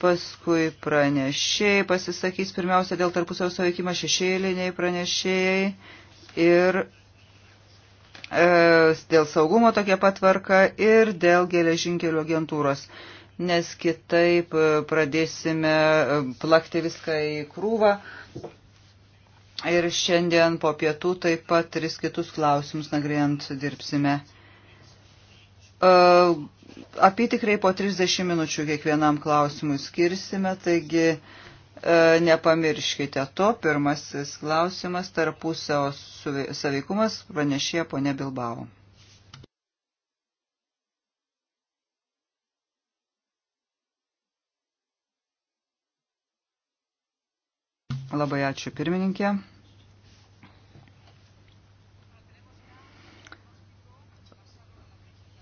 Paskui pranešėjai pasisakys pirmiausia dėl tarpusavio suveikimo šešėliniai pranešėjai ir e, dėl saugumo tokia patvarka ir dėl geležinkelių agentūros nes kitaip e, pradėsime e, plakti viską į krūvą. Ir šiandien po pietų taip pat tris kitus klausimus nagrinant dirbsime. Apytikrai po 30 minučių kiekvienam klausimui skirsime, taigi nepamirškite to. Pirmasis klausimas - tarpusio saveikumas pranešė ponė Bilbao. Labai ačiū pirmininkė.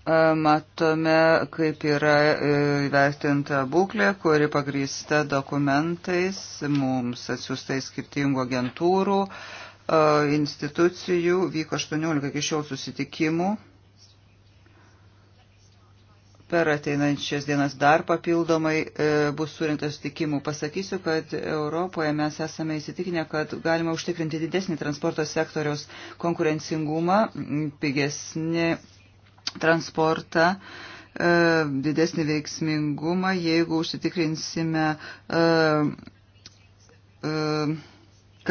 E, matome, kaip yra e, įvertinta būklė, kuri pagrįsta dokumentais mums atsiųstais skirtingų agentūrų, e, institucijų. Vyko 18 iki šiol susitikimų. Per ateinančias dienas dar papildomai bus surinktas sutikimų. Pasakysiu, kad Europoje mes esame įsitikinę, kad galima užtikrinti didesnį transporto sektoriaus konkurencingumą, pigesnį transportą e, didesnį veiksmingumą, jeigu užsitikrinsime, e, e,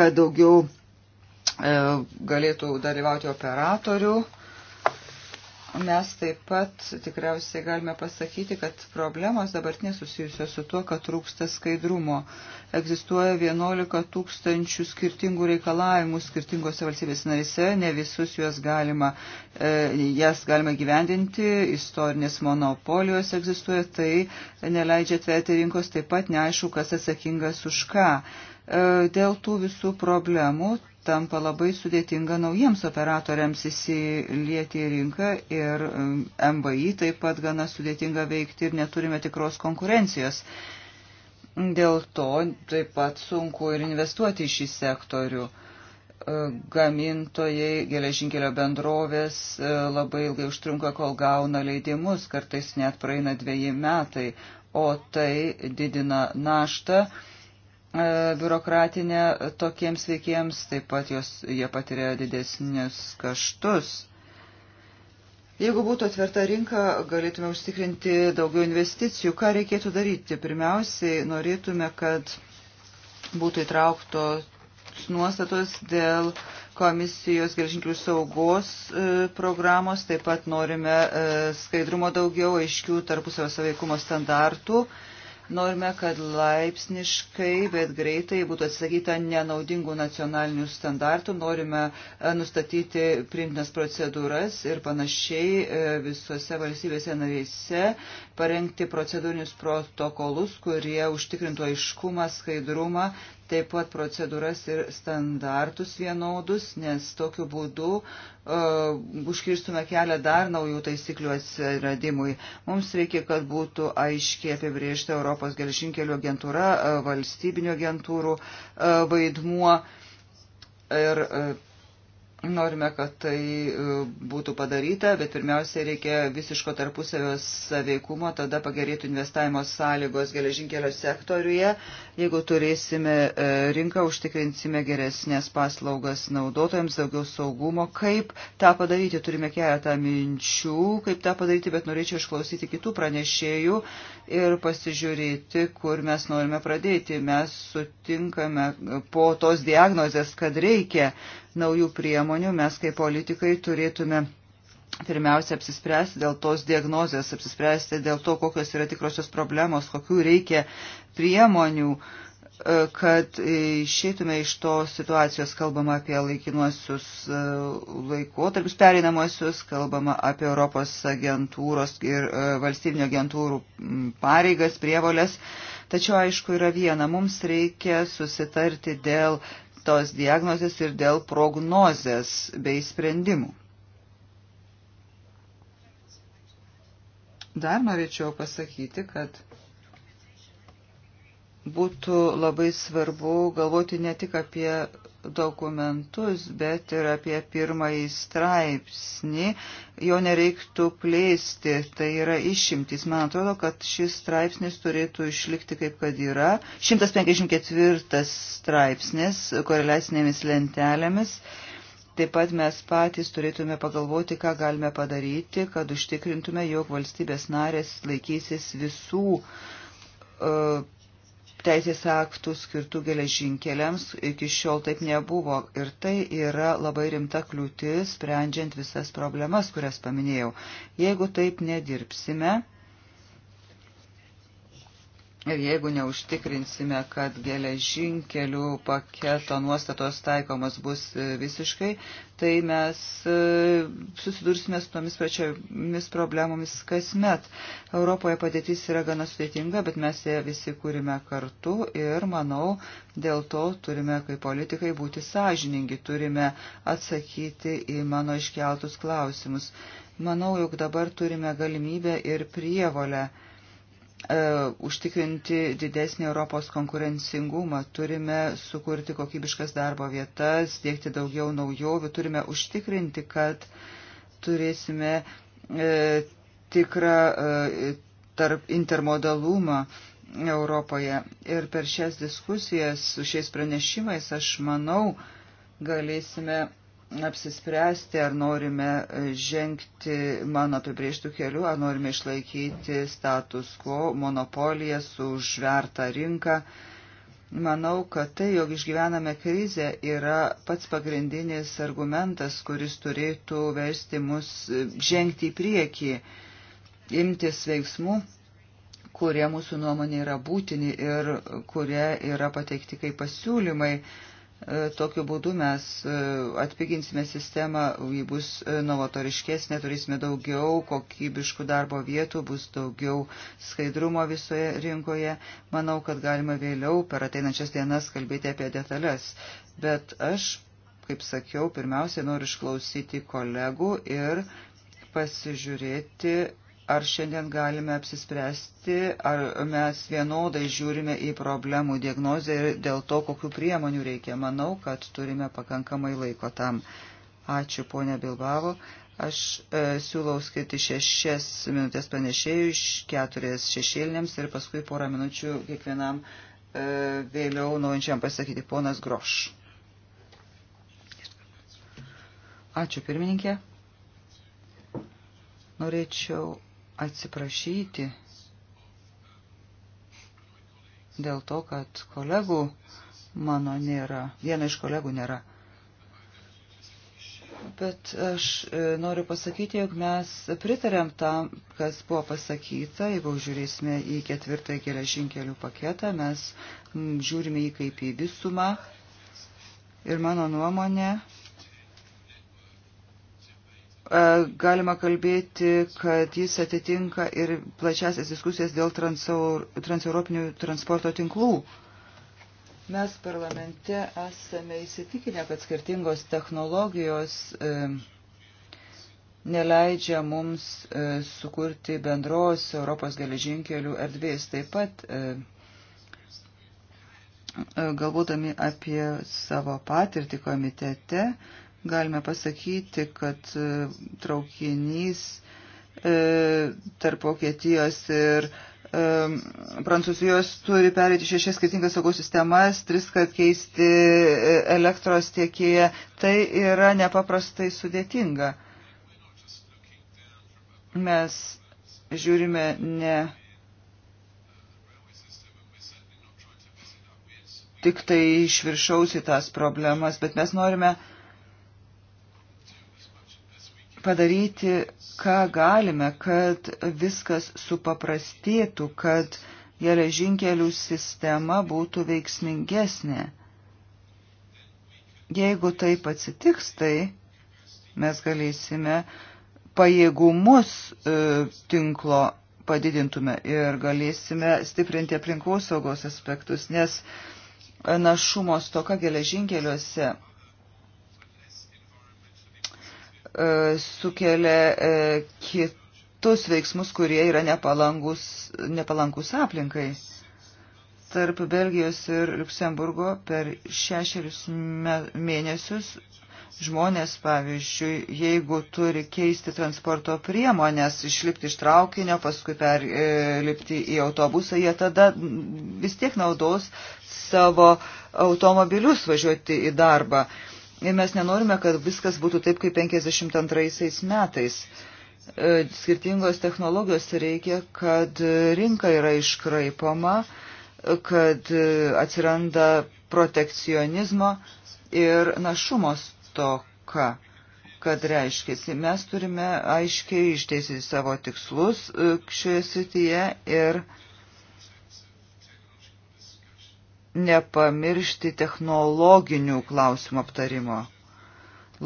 kad daugiau galėtų dalyvauti operatorių mes taip pat tikriausiai galime pasakyti, kad problemos dabartinės susijusios su tuo, kad trūksta skaidrumo. Egzistuoja 11 tūkstančių skirtingų reikalavimų skirtingose valstybės narise, ne visus juos galima, e, jas galima gyvendinti, istorinės monopolijos egzistuoja, tai neleidžia tverti rinkos, taip pat neaišku, kas atsakingas už ką e, dėl tų visų problemų tampa labai sudėtinga naujiems operatoriams įsilieti į rinką ir MBI taip pat gana sudėtinga veikti ir neturime tikros konkurencijos. Dėl to taip pat sunku ir investuoti į šį sektorių e, gamintojai, geležinkelio bendrovės e, labai ilgai užtrunka, kol gauna leidimus, kartais net praeina dviejai metai, o tai didina naštą E, biurokratinė tokiems veikėjams, taip pat jos, jie patiria didesnius kaštus. Jeigu būtų atverta rinka, galėtume užtikrinti daugiau investicijų. Ką reikėtų daryti? Pirmiausiai, norėtume, kad būtų įtrauktos nuostatos dėl komisijos geležinkelių saugos e, programos. Taip pat norime e, skaidrumo daugiau, aiškių tarpusavio saveikumo standartų. E, Norime, kad laipsniškai, bet greitai būtų atsisakyta nenaudingų nacionalinių standartų, norime e, nustatyti priimtinas procedūras ir panašiai e, visose valstybėse narėse parengti procedūrinius protokolus, kurie užtikrintų aiškumą, skaidrumą taip pat procedūras ir standartus vienodus, nes tokiu būdu uh, užkirstume kelią dar naujų taisyklių atsiradimui. Mums reikia, kad būtų aiškiai apibriežta Europos gelžinkelių agentūra, uh, e, valstybinio agentūrų uh, vaidmuo ir uh, Norime, kad tai e, būtų padaryta, bet pirmiausia reikia visiško tarpusavio saveikumo, tada pagerėtų investavimo sąlygos geležinkelio sektoriuje. Jeigu turėsime e, rinką, užtikrinsime geresnės paslaugas naudotojams, daugiau saugumo. Kaip tą padaryti? Turime keletą minčių, kaip tą padaryti, bet norėčiau išklausyti kitų pranešėjų ir pasižiūrėti, kur mes norime pradėti. Mes sutinkame po tos diagnozės, kad reikia naujų priemonių, mes kaip politikai turėtume pirmiausia apsispręsti dėl tos diagnozės, apsispręsti dėl to, kokios yra tikrosios problemos, kokių reikia priemonių, e, kad išeitume iš to situacijos, kalbama apie laikinuosius e, laikotarpius pereinamosius, kalbama apie Europos agentūros ir e, valstybinio agentūrų pareigas, prievolės. Tačiau, aišku, yra viena, mums reikia susitarti dėl tos diagnozės ir dėl prognozės bei sprendimų. Dar norėčiau pasakyti, kad būtų labai svarbu galvoti ne tik apie dokumentus, bet ir apie pirmąjį straipsnį. Jo nereiktų plėsti, tai yra išimtis. Man atrodo, kad šis straipsnis turėtų išlikti kaip kad yra. 154 straipsnis koreliacinėmis lentelėmis. Taip pat mes patys turėtume pagalvoti, ką galime padaryti, kad užtikrintume, jog valstybės narės laikysis visų uh, teisės aktų skirtų geležinkeliams iki šiol taip nebuvo ir tai yra labai rimta kliūtis, sprendžiant visas problemas, kurias paminėjau. Jeigu taip nedirbsime, Ir jeigu neužtikrinsime, kad geležinkelių paketo nuostatos taikomos bus e, visiškai, tai mes e, susidursime su tomis pačiomis problemomis kasmet. Europoje padėtis yra gana sudėtinga, bet mes ją visi kūrime kartu ir, manau, dėl to turime kaip politikai būti sąžiningi, turime atsakyti į mano iškeltus klausimus. Manau, jog dabar turime galimybę ir prievolę E, užtikrinti didesnį Europos konkurencingumą, turime sukurti kokybiškas darbo vietas, dėkti daugiau naujovių, turime užtikrinti, kad turėsime e, tikrą e, tarp intermodalumą Europoje. Ir per šias diskusijas su šiais pranešimais, aš manau, galėsime apsispręsti, ar norime žengti mano apibrieštų kelių, ar norime išlaikyti status quo, monopoliją, užvertą rinką. Manau, kad tai, jog išgyvename krizę, yra pats pagrindinis argumentas, kuris turėtų versti mus žengti į priekį, imtis veiksmų, kurie mūsų nuomonė yra būtini ir kurie yra pateikti kaip pasiūlymai E, tokiu būdu mes e, atpiginsime sistemą, ji bus e, novatoriškesnė, turėsime daugiau kokybiškų darbo vietų, bus daugiau skaidrumo visoje rinkoje. Manau, kad galima vėliau per ateinančias dienas kalbėti apie detalės. Bet aš, kaip sakiau, pirmiausia noriu išklausyti kolegų ir pasižiūrėti ar šiandien galime apsispręsti, ar mes vienodai žiūrime į problemų diagnozę ir dėl to, kokiu priemonių reikia. Manau, kad turime pakankamai laiko tam. Ačiū, ponia Bilbavo. Aš e, siūlau skirti šešias minutės panešėjų, keturias šešėlinėms ir paskui porą minučių kiekvienam e, vėliau norinčiam pasakyti. Ponas Groš. Ačiū, pirmininkė. Norėčiau atsiprašyti dėl to, kad kolegų mano nėra, vieno iš kolegų nėra. Bet aš e, noriu pasakyti, jog mes pritarėm tam, kas buvo pasakyta. Jeigu žiūrėsime į ketvirtąjį geležinkelių paketą, mes žiūrime jį kaip į visumą. Ir mano nuomonė, E, galima kalbėti, kad jis atitinka ir plačiasias diskusijas dėl transeuropinių transporto tinklų. Mes parlamente esame įsitikinę, kad skirtingos technologijos e, neleidžia mums e, sukurti bendros Europos geležinkelių erdvės. Taip pat galvodami apie savo patirtį komitete, galime pasakyti, kad e, traukinys e, tarp Vokietijos ir e, Prancūzijos turi perėti šešias skirtingas saugos sistemas, tris kart keisti elektros tiekėją. Tai yra nepaprastai sudėtinga. Mes žiūrime ne tik tai iš viršaus į tas problemas, bet mes norime uh, padaryti, ką galime, kad viskas supaprastėtų, kad geležinkelių sistema būtų veiksmingesnė. Jeigu taip atsitiks, tai mes galėsime pajėgumus e, tinklo padidintume ir galėsime stiprinti aplinkosaugos aspektus, nes našumo stoka geležinkeliuose E, sukelia e, kitus veiksmus, kurie yra nepalankus, nepalankus aplinkai. Tarp Belgijos ir Luksemburgo per šešerius mėnesius žmonės, pavyzdžiui, jeigu turi keisti transporto priemonės, išlipti iš traukinio, paskui perlipti e, į autobusą, jie tada vis tiek naudos savo automobilius važiuoti į darbą. E, Ir mes nenorime, kad viskas būtų taip kaip 52 metais. E, skirtingos technologijos reikia, kad rinka yra iškraipoma, kad e, atsiranda protekcionizmo ir našumo stoka, kad reiškia. Mes turime aiškiai išteisyti savo tikslus e, šioje srityje ir nepamiršti technologinių klausimų aptarimo.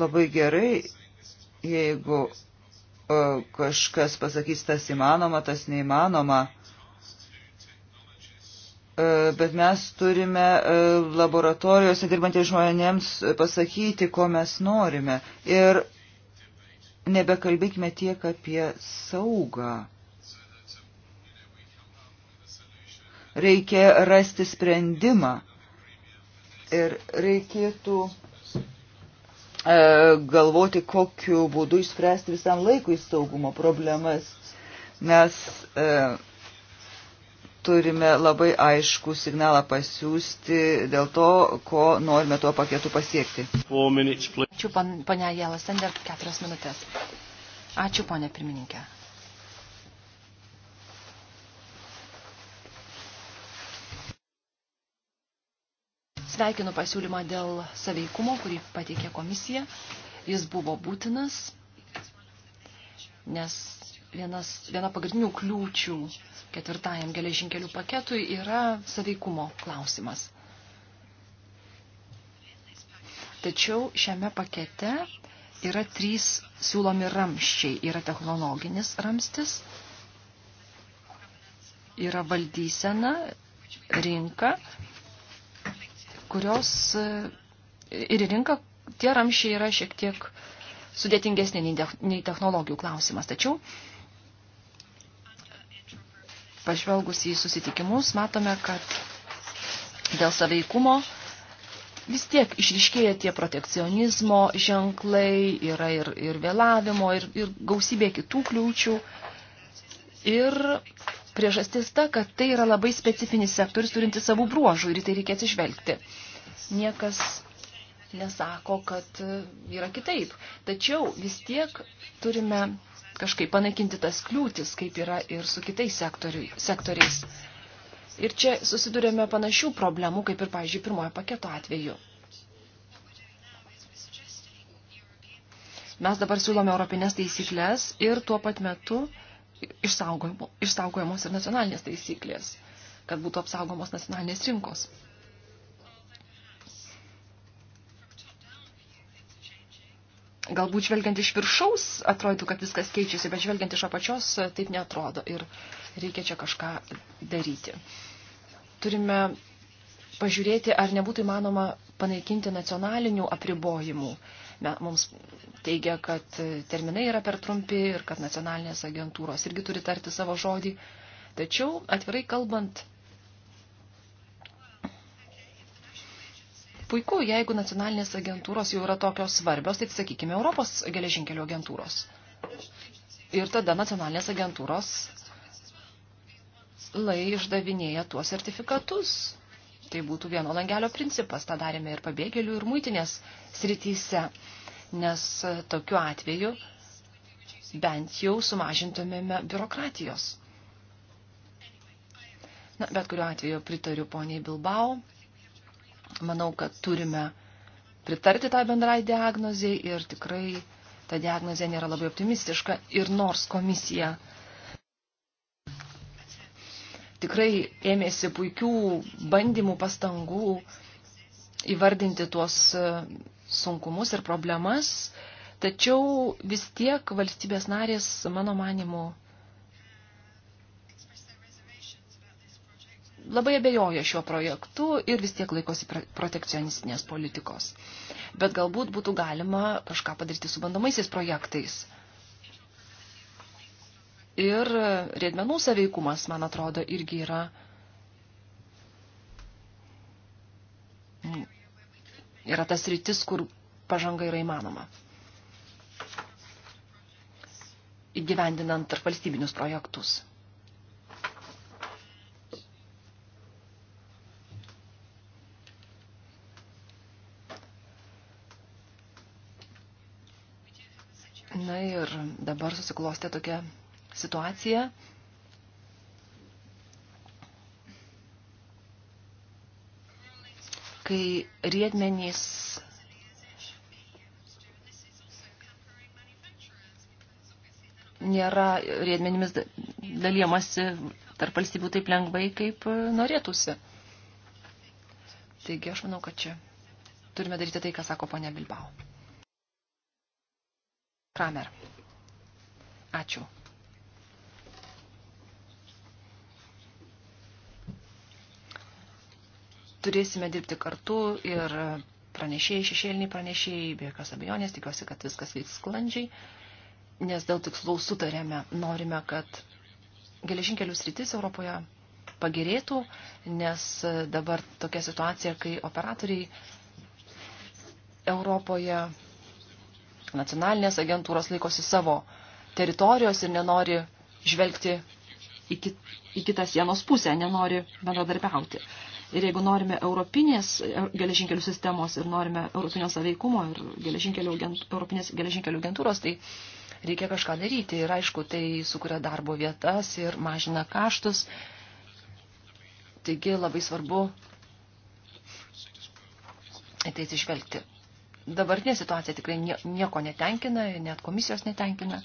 Labai gerai, jeigu e, kažkas pasakys, tas įmanoma, tas neįmanoma. E, bet mes turime e, laboratorijose dirbantys žmonėms pasakyti, ko mes norime. Ir nebekalbėkime tiek apie saugą. reikia rasti sprendimą ir reikėtų e, galvoti, kokiu būdu išspręsti visam laikui saugumo problemas. Mes e, turime labai aišku signalą pasiūsti dėl to, ko norime tuo paketu pasiekti. Ačiū, ponia Jelas, ten dar keturias minutės. Ačiū, ponia pirmininkė. Sveikinu pasiūlymą dėl saveikumo, kurį pateikė komisija. Jis buvo būtinas, nes vienas, viena pagrindinių kliūčių ketvirtajam geležinkelių paketui yra saveikumo klausimas. Tačiau šiame pakete yra trys siūlomi ramščiai. Yra technologinis ramstis, yra valdysena, rinka kurios e, ir rinka, tie ramšiai yra šiek tiek sudėtingesnė nei technologijų klausimas. Tačiau pažvelgus į susitikimus, matome, kad dėl saveikumo vis tiek išriškėja tie protekcionizmo ženklai, yra ir, ir vėlavimo, ir, ir gausybė kitų kliūčių. Ir Priežastis ta, kad tai yra labai specifinis sektorius turinti savų bruožų ir į tai reikia atsižvelgti. Niekas nesako, kad yra kitaip. Tačiau vis tiek turime kažkaip panaikinti tas kliūtis, kaip yra ir su kitais sektoriais. Ir čia susidurėme panašių problemų, kaip ir, pavyzdžiui, pirmojo paketo atveju. Mes dabar siūlome europinės taisyklės ir tuo pat metu uh, išsaugojamos ir nacionalinės taisyklės, kad būtų apsaugomos nacionalinės rinkos. Galbūt žvelgiant iš viršaus atrodytų, kad viskas keičiasi, bet žvelgiant iš apačios taip netrodo ir reikia čia kažką daryti. Turime pažiūrėti, ar nebūtų įmanoma panaikinti nacionalinių apribojimų, mums teigia, kad terminai yra per trumpi ir kad nacionalinės agentūros irgi turi tarti savo žodį. Tačiau, atvirai kalbant, puiku, jeigu nacionalinės agentūros jau yra tokios svarbios, tai sakykime Europos geležinkelio agentūros. Ir tada nacionalinės agentūros lai išdavinėja tuos sertifikatus Tai būtų vieno langelio principas, tą darėme ir pabėgėlių, ir muitinės srityse, nes e, tokiu atveju bent jau sumažintumėme biurokratijos. Na, bet kuriuo atveju pritariu poniai Bilbao. Manau, kad turime pritarti tą bendrai diagnozijai ir tikrai ta diagnozija nėra labai optimistiška. Ir nors komisija uh, tikrai ėmėsi puikių bandymų, pastangų įvardinti tuos e, sunkumus ir problemas, tačiau vis tiek valstybės narės, mano manimu, labai abejoja šiuo projektu ir vis tiek laikosi protekcionistinės politikos. Bet galbūt būtų galima kažką padaryti su bandomaisiais projektais ir riedmenų saveikumas, man atrodo, irgi yra yra tas rytis, kur pažanga yra įmanoma. Įgyvendinant tarp valstybinius projektus. Na ir dabar susiklostė tokia situaciją. Kai riedmenys nėra riedmenimis dalyjamasi tarp valstybių taip lengvai, kaip norėtųsi. Taigi aš manau, kad čia turime daryti tai, ką sako ponia Bilbao. Kramer. Ačiū. turėsime dirbti kartu ir pranešėjai, šešėliniai pranešėjai, be jokios abejonės, tikiuosi, kad viskas vyks sklandžiai, nes dėl tikslų sutarėme, norime, kad geležinkelių sritis Europoje pagerėtų, nes dabar tokia situacija, kai operatoriai Europoje nacionalinės agentūros laikosi savo teritorijos ir nenori žvelgti į, kit, į kitą sienos pusę, nenori bendradarbiauti. Ir jeigu norime europinės e, geležinkelių sistemos ir norime europinio saveikumo ir geležinkelių, europinės geležinkelių agentūros, tai reikia kažką daryti. Ir aišku, tai sukuria darbo vietas ir mažina kaštus. Taigi labai svarbu į tai atsižvelgti. Dabartinė situacija tikrai nieko netenkina, net komisijos netenkina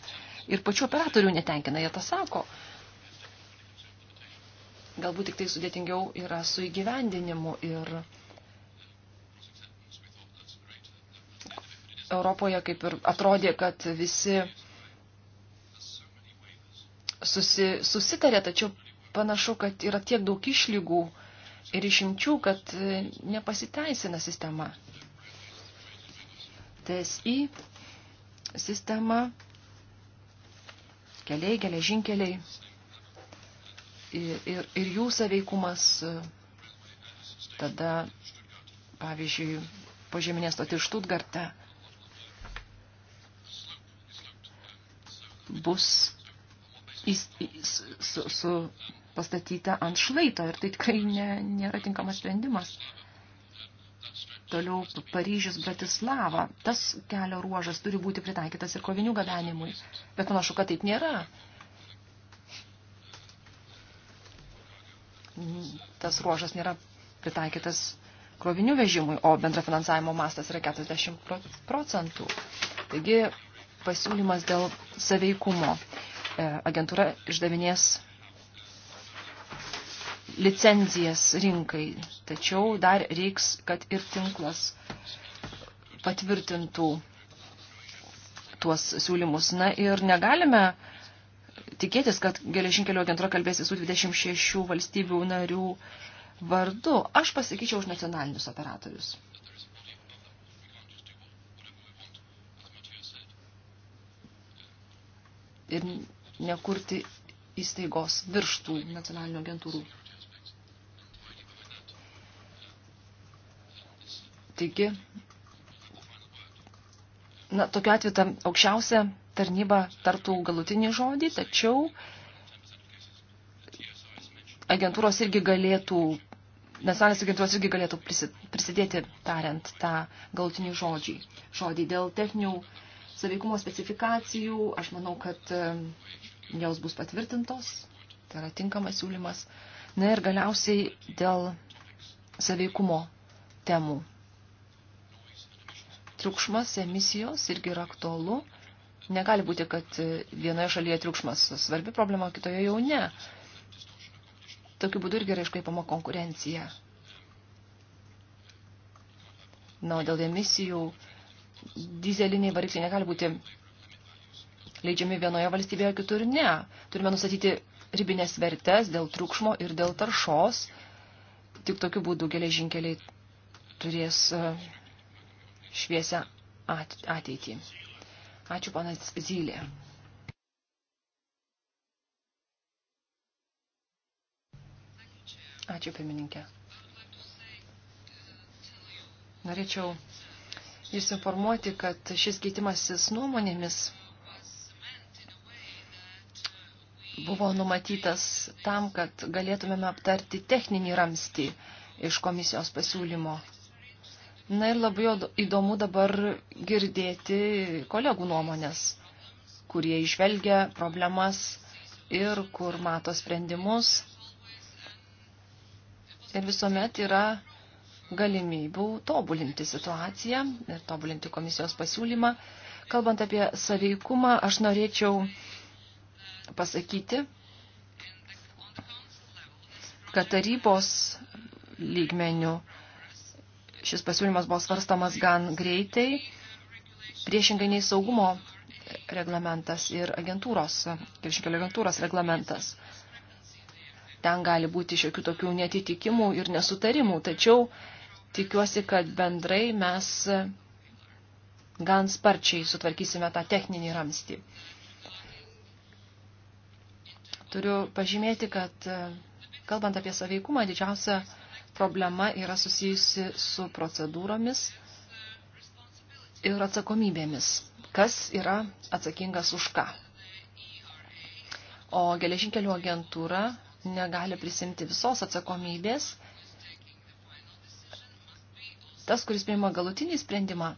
ir pačių operatorių netenkina, jie tą sako. Galbūt tik tai sudėtingiau yra su įgyvendinimu ir Europoje kaip ir atrodė, kad visi susi, susitarė, tačiau panašu, kad yra tiek daug išlygų ir išimčių, kad nepasiteisina sistema. TSI sistema, keliai, geležinkeliai ir, ir, ir jų saveikumas tada, pavyzdžiui, požeminė stoti Štutgarte bus įs, įs, su, su pastatyta ant šlaito ir tai tikrai ne, nėra tinkamas sprendimas. Toliau Paryžius Bratislava. Tas kelio ruožas turi būti pritaikytas ir kovinių gabenimui. Bet panašu, kad taip nėra. tas ruožas nėra pritaikytas krovinių vežimui, o bendrafinansavimo mastas yra 40 procentų. Taigi pasiūlymas dėl saveikumo. E, agentūra išdavinės licenzijas rinkai, tačiau dar reiks, kad ir tinklas patvirtintų tuos siūlymus. Na ir negalime uh, tikėtis, kad geležinkelio agentūra kalbės visų 26 valstybių narių vardu. Aš pasakyčiau už nacionalinius operatorius. Ir nekurti įstaigos virštų nacionalinių agentūrų. Taigi, na, tokiu atveju ta aukščiausia tarnyba tartų galutinį žodį, tačiau agentūros irgi galėtų, nacionalinės agentūros irgi galėtų prisidėti tariant tą galutinį žodžį. Žodį dėl techninių saveikumo specifikacijų, aš manau, kad e, jos bus patvirtintos, tai yra tinkamas siūlymas. Na ir galiausiai dėl saveikumo temų. Triukšmas, emisijos irgi yra aktualu. Negali būti, kad vienoje šalyje triukšmas svarbi problema, kitoje jau ne. Tokiu būdu irgi yra iškaipama konkurencija. Na, o dėl emisijų dizeliniai varikliai negali būti leidžiami vienoje valstybėje, kitur ne. Turime nustatyti ribinės vertes dėl triukšmo ir dėl taršos. Tik tokiu būdu geležinkeliai turės e, šviesę ateitį. Ačiū, ponas Zylė. Ačiū, pirmininkė. Norėčiau jūs informuoti, kad šis keitimasis nuomonėmis buvo numatytas tam, kad galėtumėme aptarti techninį ramstį iš komisijos pasiūlymo Na ir labai įdomu dabar girdėti kolegų nuomonės, kurie išvelgia problemas ir kur mato sprendimus. Ir visuomet yra galimybių tobulinti situaciją ir tobulinti komisijos pasiūlymą. Kalbant apie saveikumą, aš norėčiau pasakyti, kad tarybos lygmenių Šis pasiūlymas buvo svarstamas gan greitai, priešingai nei saugumo reglamentas ir agentūros, kiršinkelio agentūros reglamentas. Ten gali būti šiokių tokių netitikimų ir nesutarimų, tačiau tikiuosi, kad bendrai mes gan sparčiai sutvarkysime tą techninį ramstį. Turiu pažymėti, kad kalbant apie saveikumą, didžiausia problema yra susijusi su procedūromis ir atsakomybėmis. Kas yra atsakingas už ką? O geležinkelių agentūra negali prisimti visos atsakomybės. Tas, kuris priima galutinį sprendimą,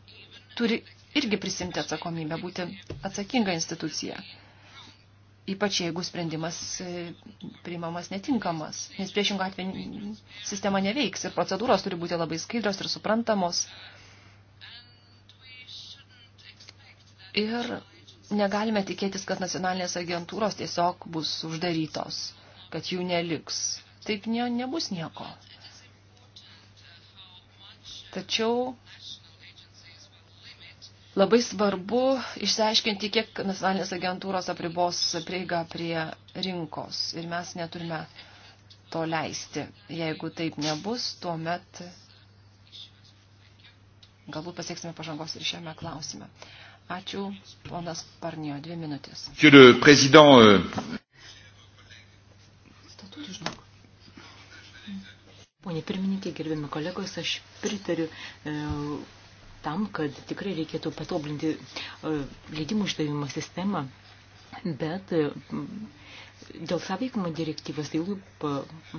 turi irgi prisimti atsakomybę, būti atsakinga institucija ypač jeigu sprendimas e, priimamas netinkamas, nes priešingų atveju sistema neveiks ir procedūros turi būti labai skaidrios ir suprantamos. Ir negalime tikėtis, kad nacionalinės agentūros tiesiog bus uždarytos, kad jų neliks. Taip ne, nebus nieko. Tačiau Labai svarbu išsiaiškinti, kiek nacionalinės agentūros apribos prieigą prie rinkos. Ir mes neturime to leisti. Jeigu taip nebus, tuomet galbūt pasieksime pažangos ir šiame klausime. Ačiū, ponas Parnio, dvi minutės. Euh, Pone pirmininkė, gerbimi kolegos, aš pritariu e, tam, kad tikrai reikėtų patoblinti e, leidimų išdavimo sistemą, bet dėl sąveikumo direktyvos, dėl jų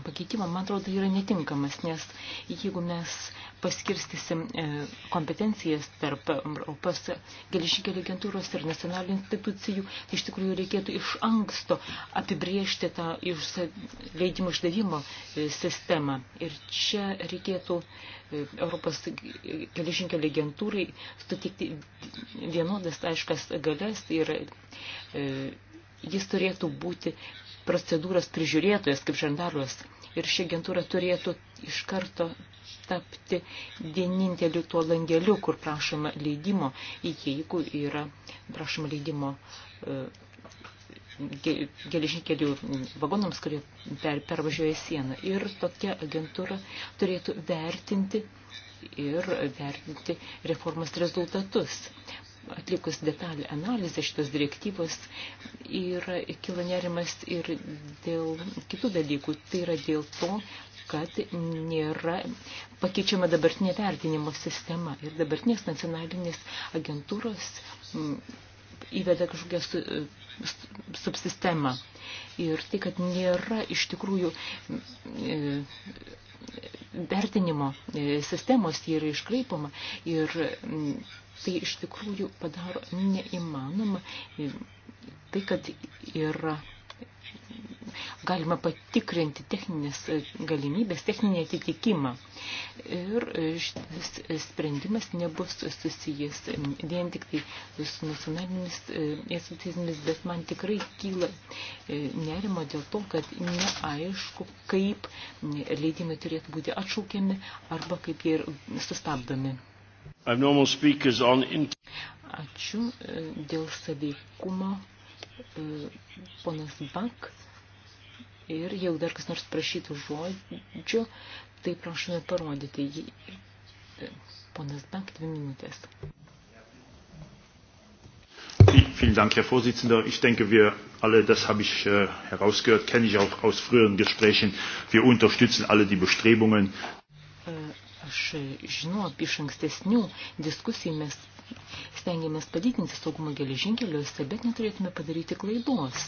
pakeitimo, man atrodo, tai yra netinkamas, nes jeigu mes paskirstysim e, kompetencijas tarp Europos geležinkelio agentūros ir nacionalinių institucijų, tai iš tikrųjų reikėtų iš anksto apibriežti tą iš leidimų išdavimo e, sistemą. Ir čia reikėtų e, Europos geležinkelio agentūrai suteikti vienodas aiškas galės ir jis turėtų būti procedūros prižiūrėtojas kaip žandaras ir ši agentūra turėtų iš karto tapti vieninteliu tuo langeliu, kur prašoma leidimo, jeigu yra prašoma leidimo e, geležinkelių vagonams, kurie per, pervažiuoja sieną. Ir tokia agentūra turėtų vertinti ir vertinti reformos rezultatus atlikus detalį analizę šitos direktyvos ir kilo nerimas ir dėl kitų dalykų. Tai yra dėl to, kad nėra pakeičiama dabartinė vertinimo sistema ir dabartinės nacionalinės agentūros mm, įveda kažkokią subsistemą. Ir tai, kad nėra iš tikrųjų mm, e, vertinimo e, sistemos yra iškraipoma ir mm, tai iš tikrųjų padaro neįmanoma tai, kad yra galima patikrinti techninės galimybės, techninį atitikimą. Ir šitas sprendimas nebus susijęs vien tik tai su nacionalinis institucijomis, e, bet man tikrai kyla e, nerimo dėl to, kad neaišku, kaip leidimai turėtų būti atšaukiami arba kaip jie ir sustabdomi. Ačiū e, dėl saveikumo, e, ponas Bank. Ir jau dar kas nors prašytų žodžio, tai prašome parodyti jį. E, ponas Bank, dvi minutės. Vielen Dank, Herr Vorsitzender. Ich denke, wir alle, das habe ich äh, herausgehört, kenne ich auch aus früheren Gesprächen, wir unterstützen alle die Bestrebungen aš e, žinau, iš ankstesnių diskusijų mes stengiamės padidinti saugumą geležinkeliuose, bet neturėtume padaryti klaidos.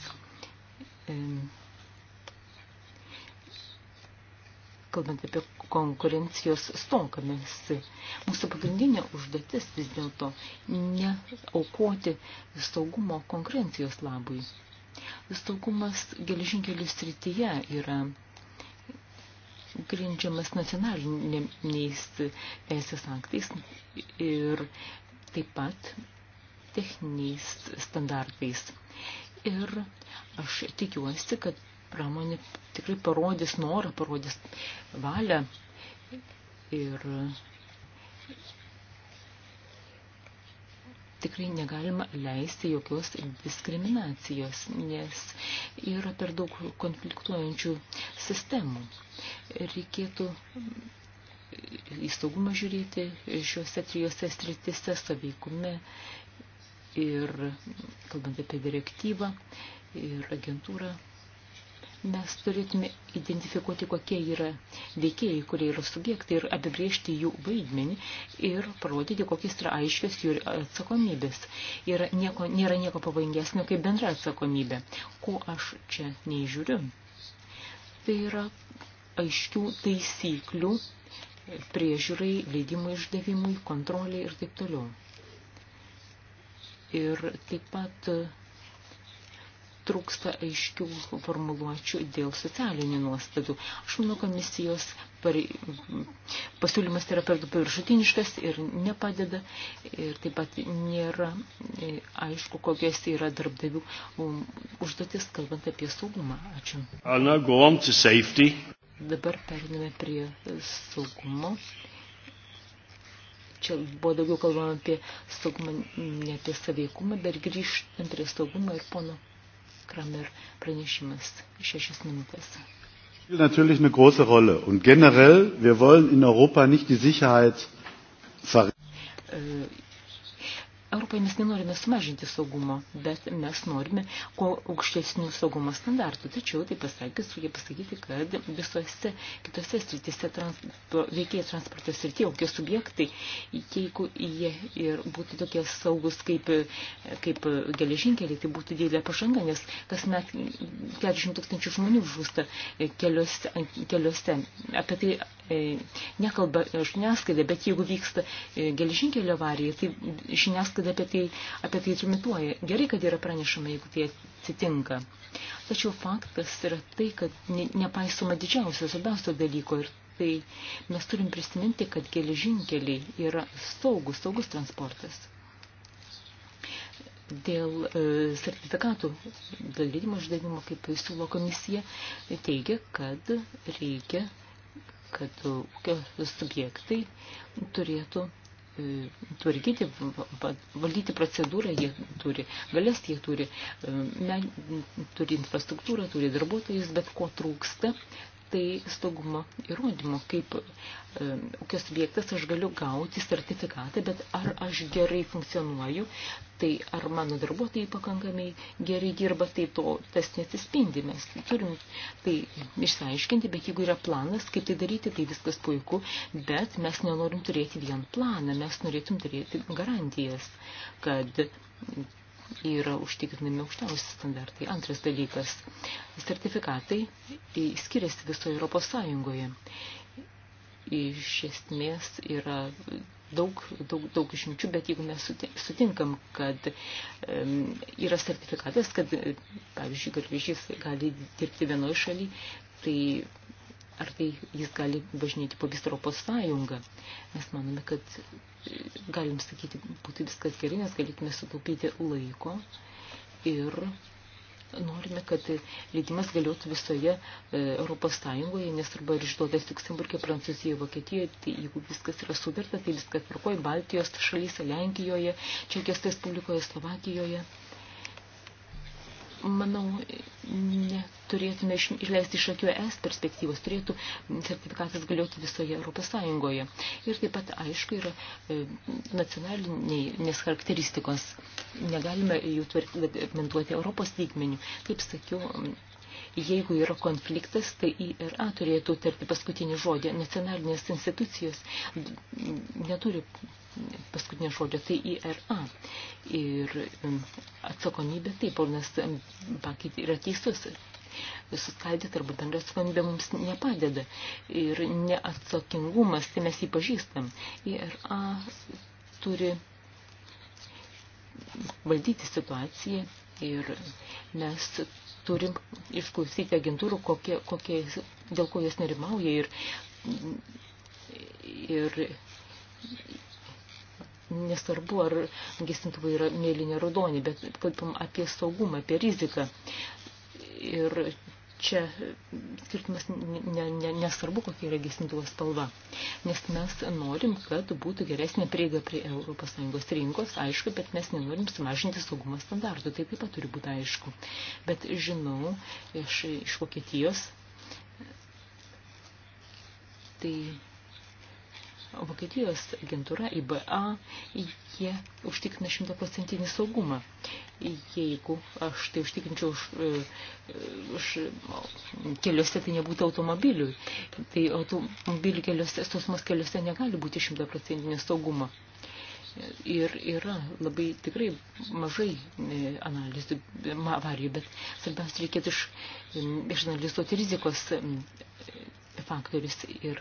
E, kalbant apie konkurencijos stoką, mes, mūsų pagrindinė užduotis vis dėlto neaukoti saugumo konkurencijos labui. Saugumas geležinkelių srityje yra grindžiamas nacionaliniais teisės aktais ir taip pat techniniais standartais. Ir aš tikiuosi, kad pramonė tikrai parodys norą, parodys valią ir tikrai negalima leisti jokios diskriminacijos, nes yra per daug konfliktuojančių sistemų. Reikėtų į saugumą žiūrėti šiuose trijose sritise, saveikume ir kalbant apie direktyvą ir agentūrą mes turėtume identifikuoti, kokie yra veikėjai, kurie yra subjektai ir apibriežti jų vaidmenį ir parodyti, kokios yra aiškios jų atsakomybės. Yra nieko, nėra nieko pavojingesnio kaip bendra atsakomybė. Ko aš čia neižiūriu? Tai yra aiškių taisyklių priežiūrai, leidimų išdavimui, kontroliai ir taip toliau. Ir taip pat uh, trūksta aiškių formuluočių dėl socialinių nuostatų. Aš manau, komisijos pari... pasiūlymas yra per viršutiniškas ir nepadeda. Ir taip pat nėra e, aišku, kokios yra darbdavių um, užduotis, kalbant apie saugumą. Ačiū. Anna, go on to safety. Dabar periname prie saugumo čia buvo daugiau kalbama apie saugumą, ne apie saveikumą, bet grįžtant prie saugumo ir pono Kramer pranešimas šešias minutės. Natürlich eine große Rolle. Und generell, wir wollen in Europa nicht die Sicherheit verringern äh, Europoje mes nenorime sumažinti saugumo, bet mes norime kuo aukštesnių saugumo standartų. Tačiau, tai pasakius, reikia pasakyti, kad visose kitose srityse transporto, veikiai transporto srityje, kokie subjektai, jeigu jie ir būtų tokie saugus kaip, kaip geležinkeliai, tai būtų didelė pažanga, nes kasmet 40 tūkstančių žmonių žūsta keliuose, keliuose. Apie tai E, nekalba žiniasklaida, bet jeigu vyksta e, geležinkelio avarija, tai žiniasklaida apie tai, apie tai trimituoja. Gerai, kad yra pranešama, jeigu tai atsitinka. Tačiau faktas yra tai, kad nepaisoma didžiausio, svarbiausio dalyko ir tai mes turim prisiminti, kad geležinkeliai yra saugus, saugus transportas dėl e, sertifikatų, dėl leidimo išdavimo, kaip siūlo komisija, teigia, kad reikia kad ūkio subjektai turėtų e, tvarkyti, valdyti procedūrą jie turi, galės jie turi, e, ne, turi infrastruktūrą, turi darbuotojus, bet ko trūksta, tai saugumo įrodymų. Kaip e, ūkio e, subjektas aš galiu gauti sertifikatą, bet ar aš gerai funkcionuoju, tai ar mano darbuotojai pakankamai gerai dirba, tai to tas nesispindi. Mes turim tai išsiaiškinti, bet jeigu yra planas, kaip tai daryti, tai viskas puiku, bet mes nenorim turėti vien planą, mes norėtum turėti garantijas, kad yra užtikrinami aukščiausi standartai. Antras dalykas – sertifikatai skiriasi visoje Europos Sąjungoje. Iš esmės yra daug, daug, daug išimčių, bet jeigu mes sutinkam, kad um, yra sertifikatas, kad, pavyzdžiui, garvežys gali dirbti vienoje šalyje, tai ar tai jis gali važinėti po visą Europos sąjungą. Mes manome, kad e, galim sakyti, būtų viskas gerai, nes galėtume sutaupyti laiko ir norime, kad leidimas galiotų visoje e, Europos Sąjungoje, nes arba ir išduotas Luxemburgė, Prancūzijoje, Vokietijoje, tai jeigu viskas yra suverta, tai viskas tvarkoja Baltijos šalyse, Lenkijoje, Čekijos Respublikoje, Slovakijoje. Tai manau, neturėtume išleisti iš akių ES perspektyvos, turėtų sertifikatas galioti visoje Europos Sąjungoje. Ir taip pat, aišku, yra e, nacionaliniai nescharakteristikos. Negalime jų tvirtinti Europos lygmenių. Kaip sakiau, Jeigu yra konfliktas, tai IRA turėtų tarti paskutinį žodį. Nacionalinės institucijos neturi paskutinio žodžio, tai IRA. Ir um, atsakomybė, taip, ponas um, Bakit yra teisus, suskaldyti arba bendra atsakomybė mums nepadeda. Ir neatsakingumas, tai mes jį pažįstam. IRA turi valdyti situaciją ir mes turim išklausyti agentūrų, kokie, kokie, dėl ko jas nerimauja ir, ir nesvarbu, ar gesintuvai yra mėlyni raudoni, bet kalbam apie saugumą, apie riziką. Ir čia skirtumas ne, ne, nesvarbu, kokia yra gesintuvo spalva, nes mes norim, kad būtų geresnė prieiga prie ES rinkos, aišku, bet mes nenorim sumažinti saugumo standartų, tai taip pat turi būti aišku. Bet žinau, iš, iš Vokietijos, tai Vokietijos agentūra IBA, jie užtikrina šimtaprocentinį saugumą. Jeigu aš tai užtikrinčiau už, e, už e, keliuose, tai nebūtų automobilių. Tai automobilių keliuose, sausumos keliuose negali būti šimtaprocentinio saugumo. Ir yra labai tikrai mažai e, analizų avarijų, bet svarbiausia reikėtų iš, išanalizuoti rizikos faktorius ir